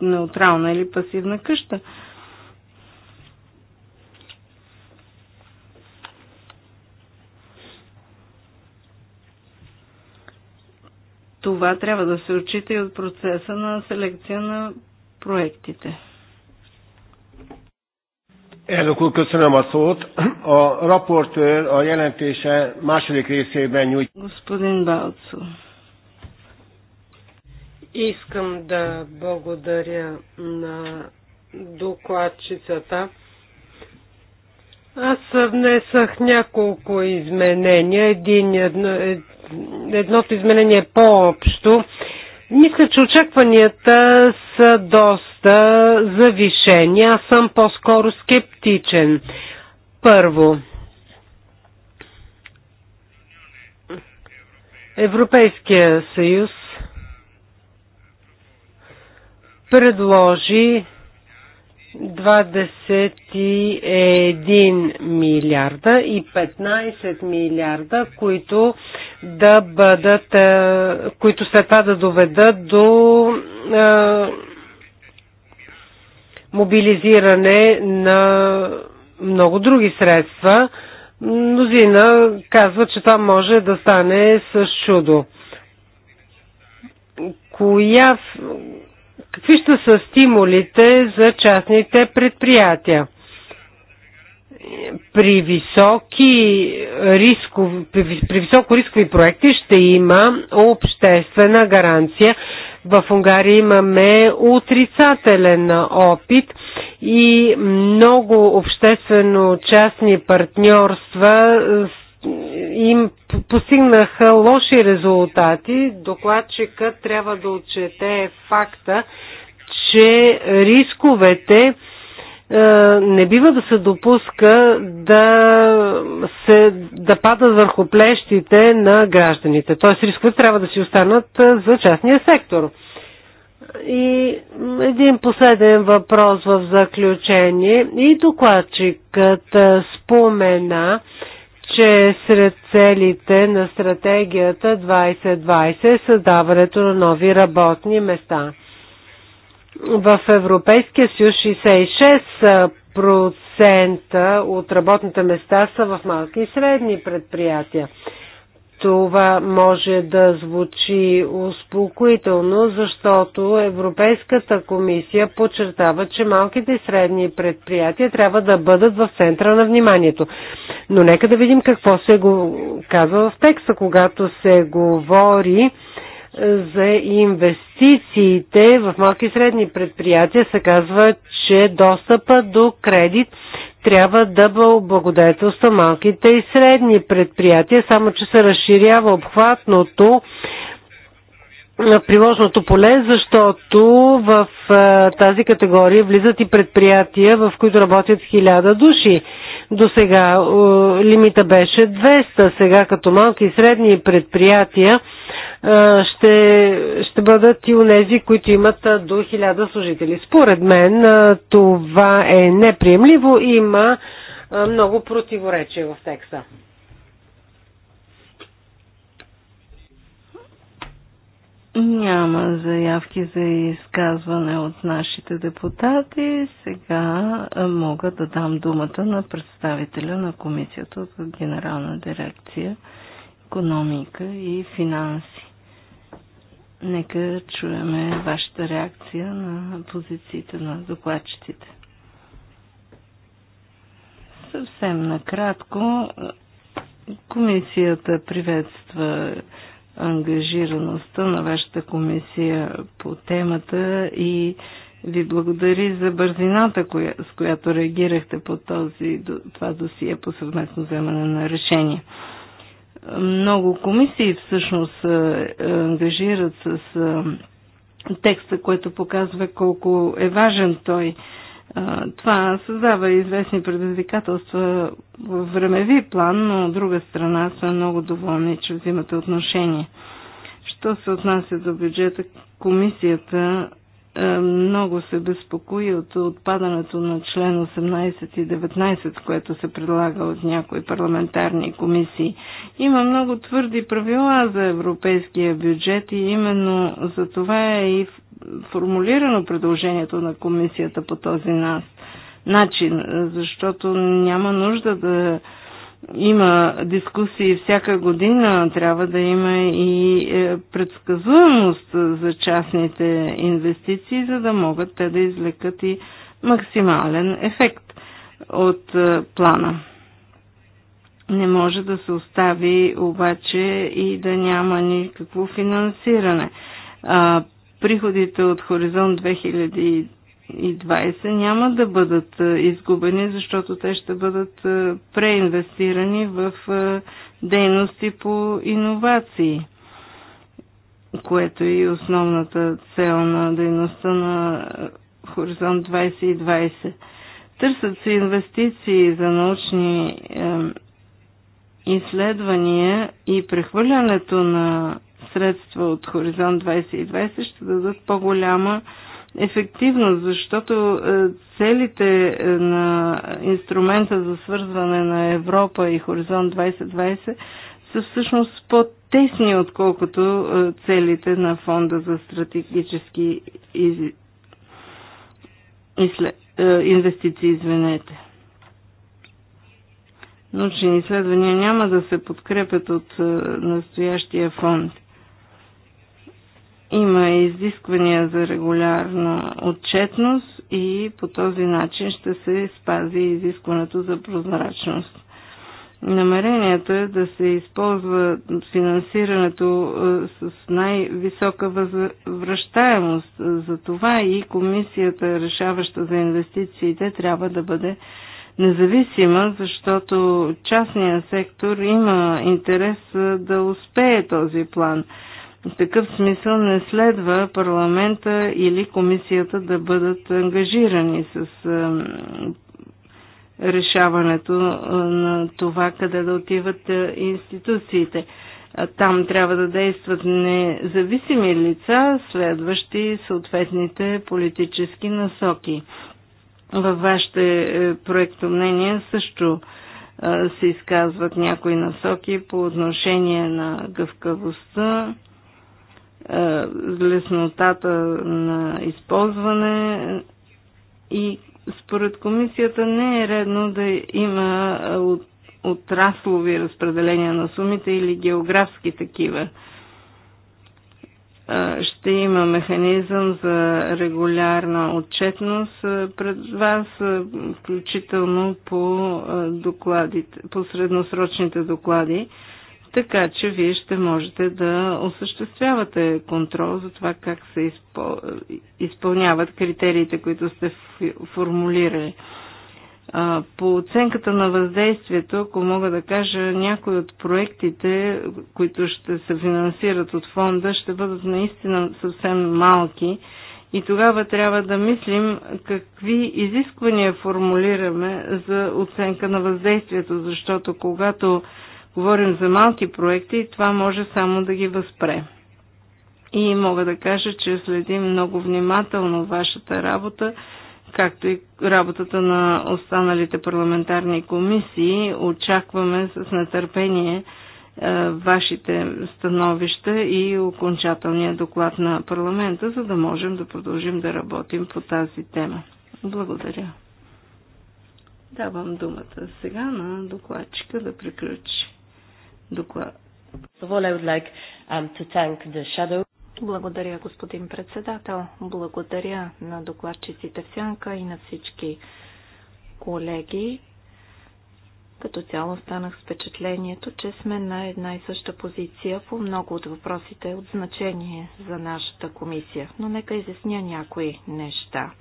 неутрална или пасивна къща това трябва да се отчита и от процеса на селекция на проектите. Elnök köszönöm a szót. A raportőr a jelentése második részében nyújt. Господин Балцо. Искам да благодаря на докладчицата аз внесах няколко изменения. Един, едно, едното изменение е по-общо. Мисля, че очакванията са доста завишени. Аз съм по-скоро скептичен. Първо, Европейския съюз предложи 21 милиарда и 15 милиарда, които да бъдат, е, които след това да доведат до е, мобилизиране на много други средства. Мнозина казва, че това може да стане с чудо. Коя Какви ще са стимулите за частните предприятия? При, високи рисков, при, при високо рискови проекти ще има обществена гаранция. В Унгария имаме отрицателен опит и много обществено-частни партньорства им постигнаха лоши резултати, докладчика трябва да отчете факта, че рисковете е, не бива да се допуска да, се, да падат върху плещите на гражданите. Т.е. рисковете трябва да си останат е, за частния сектор. И един последен въпрос в заключение. И докладчикът е, спомена, че сред целите на стратегията 2020 е създаването на нови работни места. В Европейския съюз 66% от работните места са в малки и средни предприятия. Това може да звучи успокоително, защото Европейската комисия подчертава, че малките и средни предприятия трябва да бъдат в центъра на вниманието. Но нека да видим какво се го казва в текста, когато се говори за инвестициите в малки и средни предприятия се казва, че достъпа до кредит трябва да благодетелства малките и средни предприятия, само че се разширява обхватното приложното поле, защото в тази категория влизат и предприятия, в които работят хиляда души. До сега лимита беше 200, сега като малки и средни предприятия ще, ще бъдат и унези, които имат до 1000 служители. Според мен това е неприемливо и има много противоречия в текста. Няма заявки за изказване от нашите депутати. Сега мога да дам думата на представителя на комисията от Генерална дирекция економика и финанси. Нека чуеме вашата реакция на позициите на докладчетите. Съвсем накратко, комисията приветства ангажираността на вашата комисия по темата и ви благодари за бързината, коя, с която реагирахте по този, това досие по съвместно вземане на решение. Много комисии всъщност се е, ангажират с е, текста, което показва колко е важен той. Е, това създава известни предизвикателства в времеви план, но от друга страна сме много доволни, че взимате отношение. Що се отнася до бюджета, комисията е, много се безпокои от отпадането на член 18 и 19, което се предлага от някои парламентарни комисии. Има много твърди правила за европейския бюджет и именно за това е и формулирано предложението на комисията по този нас, начин, защото няма нужда да има дискусии всяка година, трябва да има и е, предсказуемост за частните инвестиции, за да могат те да извлекат и максимален ефект от е, плана. Не може да се остави обаче и да няма никакво финансиране. Приходите от Хоризонт 2020 и 20 няма да бъдат е, изгубени, защото те ще бъдат е, преинвестирани в е, дейности по иновации, което е и основната цел на дейността на Хоризонт 2020. Търсят се инвестиции за научни изследвания и прехвърлянето на средства от Хоризонт 2020 ще дадат по-голяма ефективно, защото е, целите е, на инструмента за свързване на Европа и Хоризонт 2020 са всъщност по-тесни, отколкото е, целите на Фонда за стратегически из... изле... инвестиции. Извинете. Научни изследвания няма да се подкрепят от настоящия фонд. Има изисквания за регулярна отчетност и по този начин ще се спази изискването за прозрачност. Намерението е да се използва финансирането е, с най-висока възвръщаемост. това и комисията, решаваща за инвестициите, трябва да бъде независима, защото частният сектор има интерес е, да успее този план – в такъв смисъл не следва парламента или комисията да бъдат ангажирани с решаването на това къде да отиват институциите. Там трябва да действат независими лица, следващи съответните политически насоки. Във вашите е, мнение също се изказват някои насоки по отношение на гъвкавостта, е, леснотата на използване и според комисията не е редно да има отраслови разпределения на сумите или географски такива. Е, ще има механизъм за регулярна отчетност е, пред вас, включително по, докладите, по средносрочните доклади така че вие ще можете да осъществявате контрол за това как се изпъл... изпълняват критериите, които сте формулирали. По оценката на въздействието, ако мога да кажа, някои от проектите, които ще се финансират от фонда, ще бъдат наистина съвсем малки. И тогава трябва да мислим какви изисквания формулираме за оценка на въздействието, защото когато Говорим за малки проекти и това може само да ги възпре. И мога да кажа, че следим много внимателно вашата работа, както и работата на останалите парламентарни комисии. Очакваме с нетърпение е, вашите становища и окончателния доклад на парламента, за да можем да продължим да работим по тази тема. Благодаря. Давам думата сега на докладчика да приключи доклад. Um, Благодаря, господин председател. Благодаря на докладчиците в Сянка и на всички колеги. Като цяло станах с впечатлението, че сме на една и съща позиция по много от въпросите от значение за нашата комисия. Но нека изясня някои неща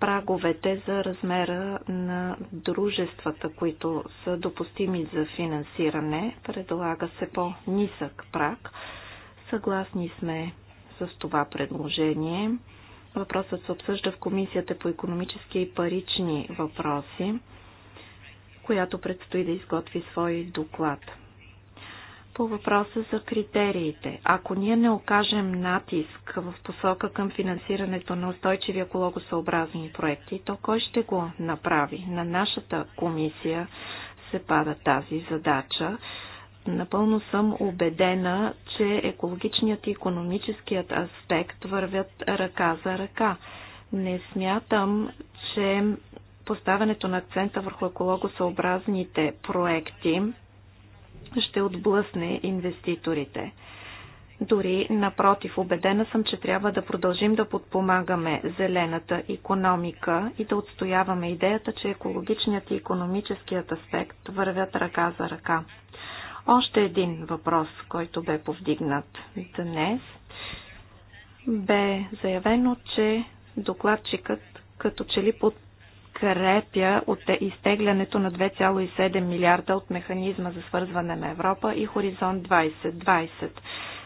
праговете за размера на дружествата, които са допустими за финансиране. Предлага се по-нисък праг. Съгласни сме с това предложение. Въпросът се обсъжда в Комисията по економически и парични въпроси, която предстои да изготви свой доклад по въпроса за критериите. Ако ние не окажем натиск в посока към финансирането на устойчиви екологосъобразни проекти, то кой ще го направи? На нашата комисия се пада тази задача. Напълно съм убедена, че екологичният и економическият аспект вървят ръка за ръка. Не смятам, че поставянето на акцента върху екологосъобразните проекти ще отблъсне инвеститорите. Дори, напротив, убедена съм, че трябва да продължим да подпомагаме зелената економика и да отстояваме идеята, че екологичният и економическият аспект вървят ръка за ръка. Още един въпрос, който бе повдигнат днес, бе заявено, че докладчикът като че ли под подкрепя от изтеглянето на 2,7 милиарда от механизма за свързване на Европа и Хоризонт 2020.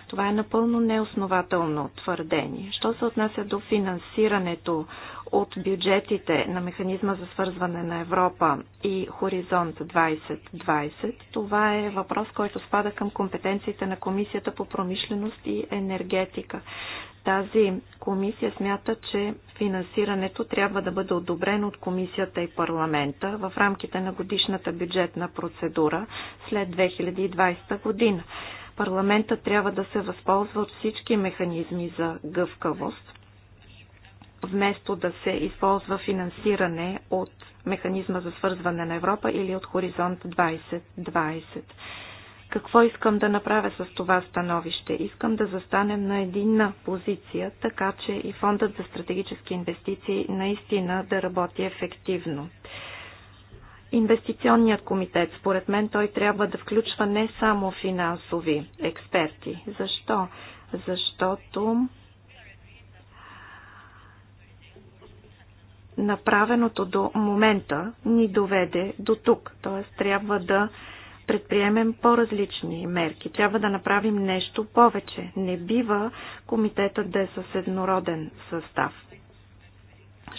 Това е напълно неоснователно твърдение. Що се отнася до финансирането от бюджетите на механизма за свързване на Европа и Хоризонт 2020, това е въпрос, който спада към компетенциите на Комисията по промишленост и енергетика. Тази комисия смята, че финансирането трябва да бъде одобрено от комисията и парламента в рамките на годишната бюджетна процедура след 2020 година. Парламента трябва да се възползва от всички механизми за гъвкавост, вместо да се използва финансиране от механизма за свързване на Европа или от Хоризонт 2020. Какво искам да направя с това становище? Искам да застанем на единна позиция, така че и фондът за стратегически инвестиции наистина да работи ефективно. Инвестиционният комитет, според мен, той трябва да включва не само финансови експерти. Защо? Защото направеното до момента ни доведе до тук. Т.е. трябва да предприемем по-различни мерки. Трябва да направим нещо повече. Не бива комитетът да е с еднороден състав.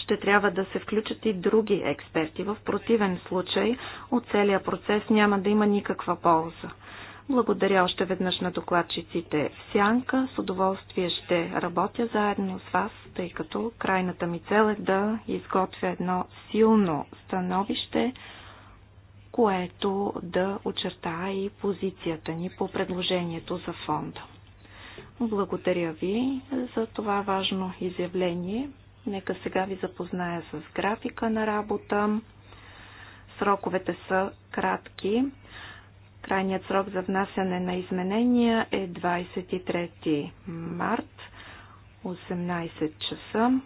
Ще трябва да се включат и други експерти. В противен случай от целият процес няма да има никаква полза. Благодаря още веднъж на докладчиците в Сянка. С удоволствие ще работя заедно с вас, тъй като крайната ми цел е да изготвя едно силно становище, което да очерта и позицията ни по предложението за фонда. Благодаря ви за това важно изявление. Нека сега ви запозная с графика на работа. Сроковете са кратки. Крайният срок за внасяне на изменения е 23 март, 18 часа.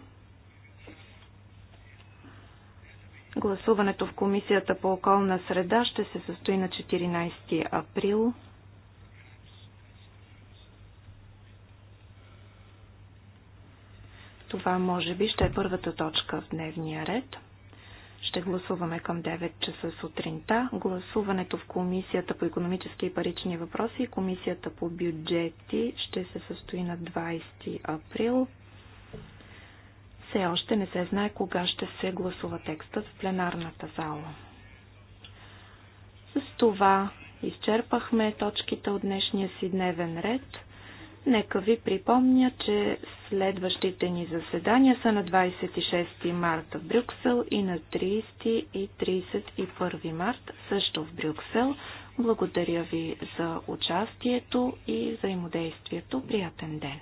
Гласуването в Комисията по околна среда ще се състои на 14 април. Това може би ще е първата точка в дневния ред. Ще гласуваме към 9 часа сутринта. Гласуването в Комисията по економически и парични въпроси и Комисията по бюджети ще се състои на 20 април. Все още не се знае кога ще се гласува текстът в пленарната зала. С това изчерпахме точките от днешния си дневен ред. Нека ви припомня, че следващите ни заседания са на 26 марта в Брюксел и на 30 и 31 март също в Брюксел. Благодаря ви за участието и взаимодействието. Приятен ден!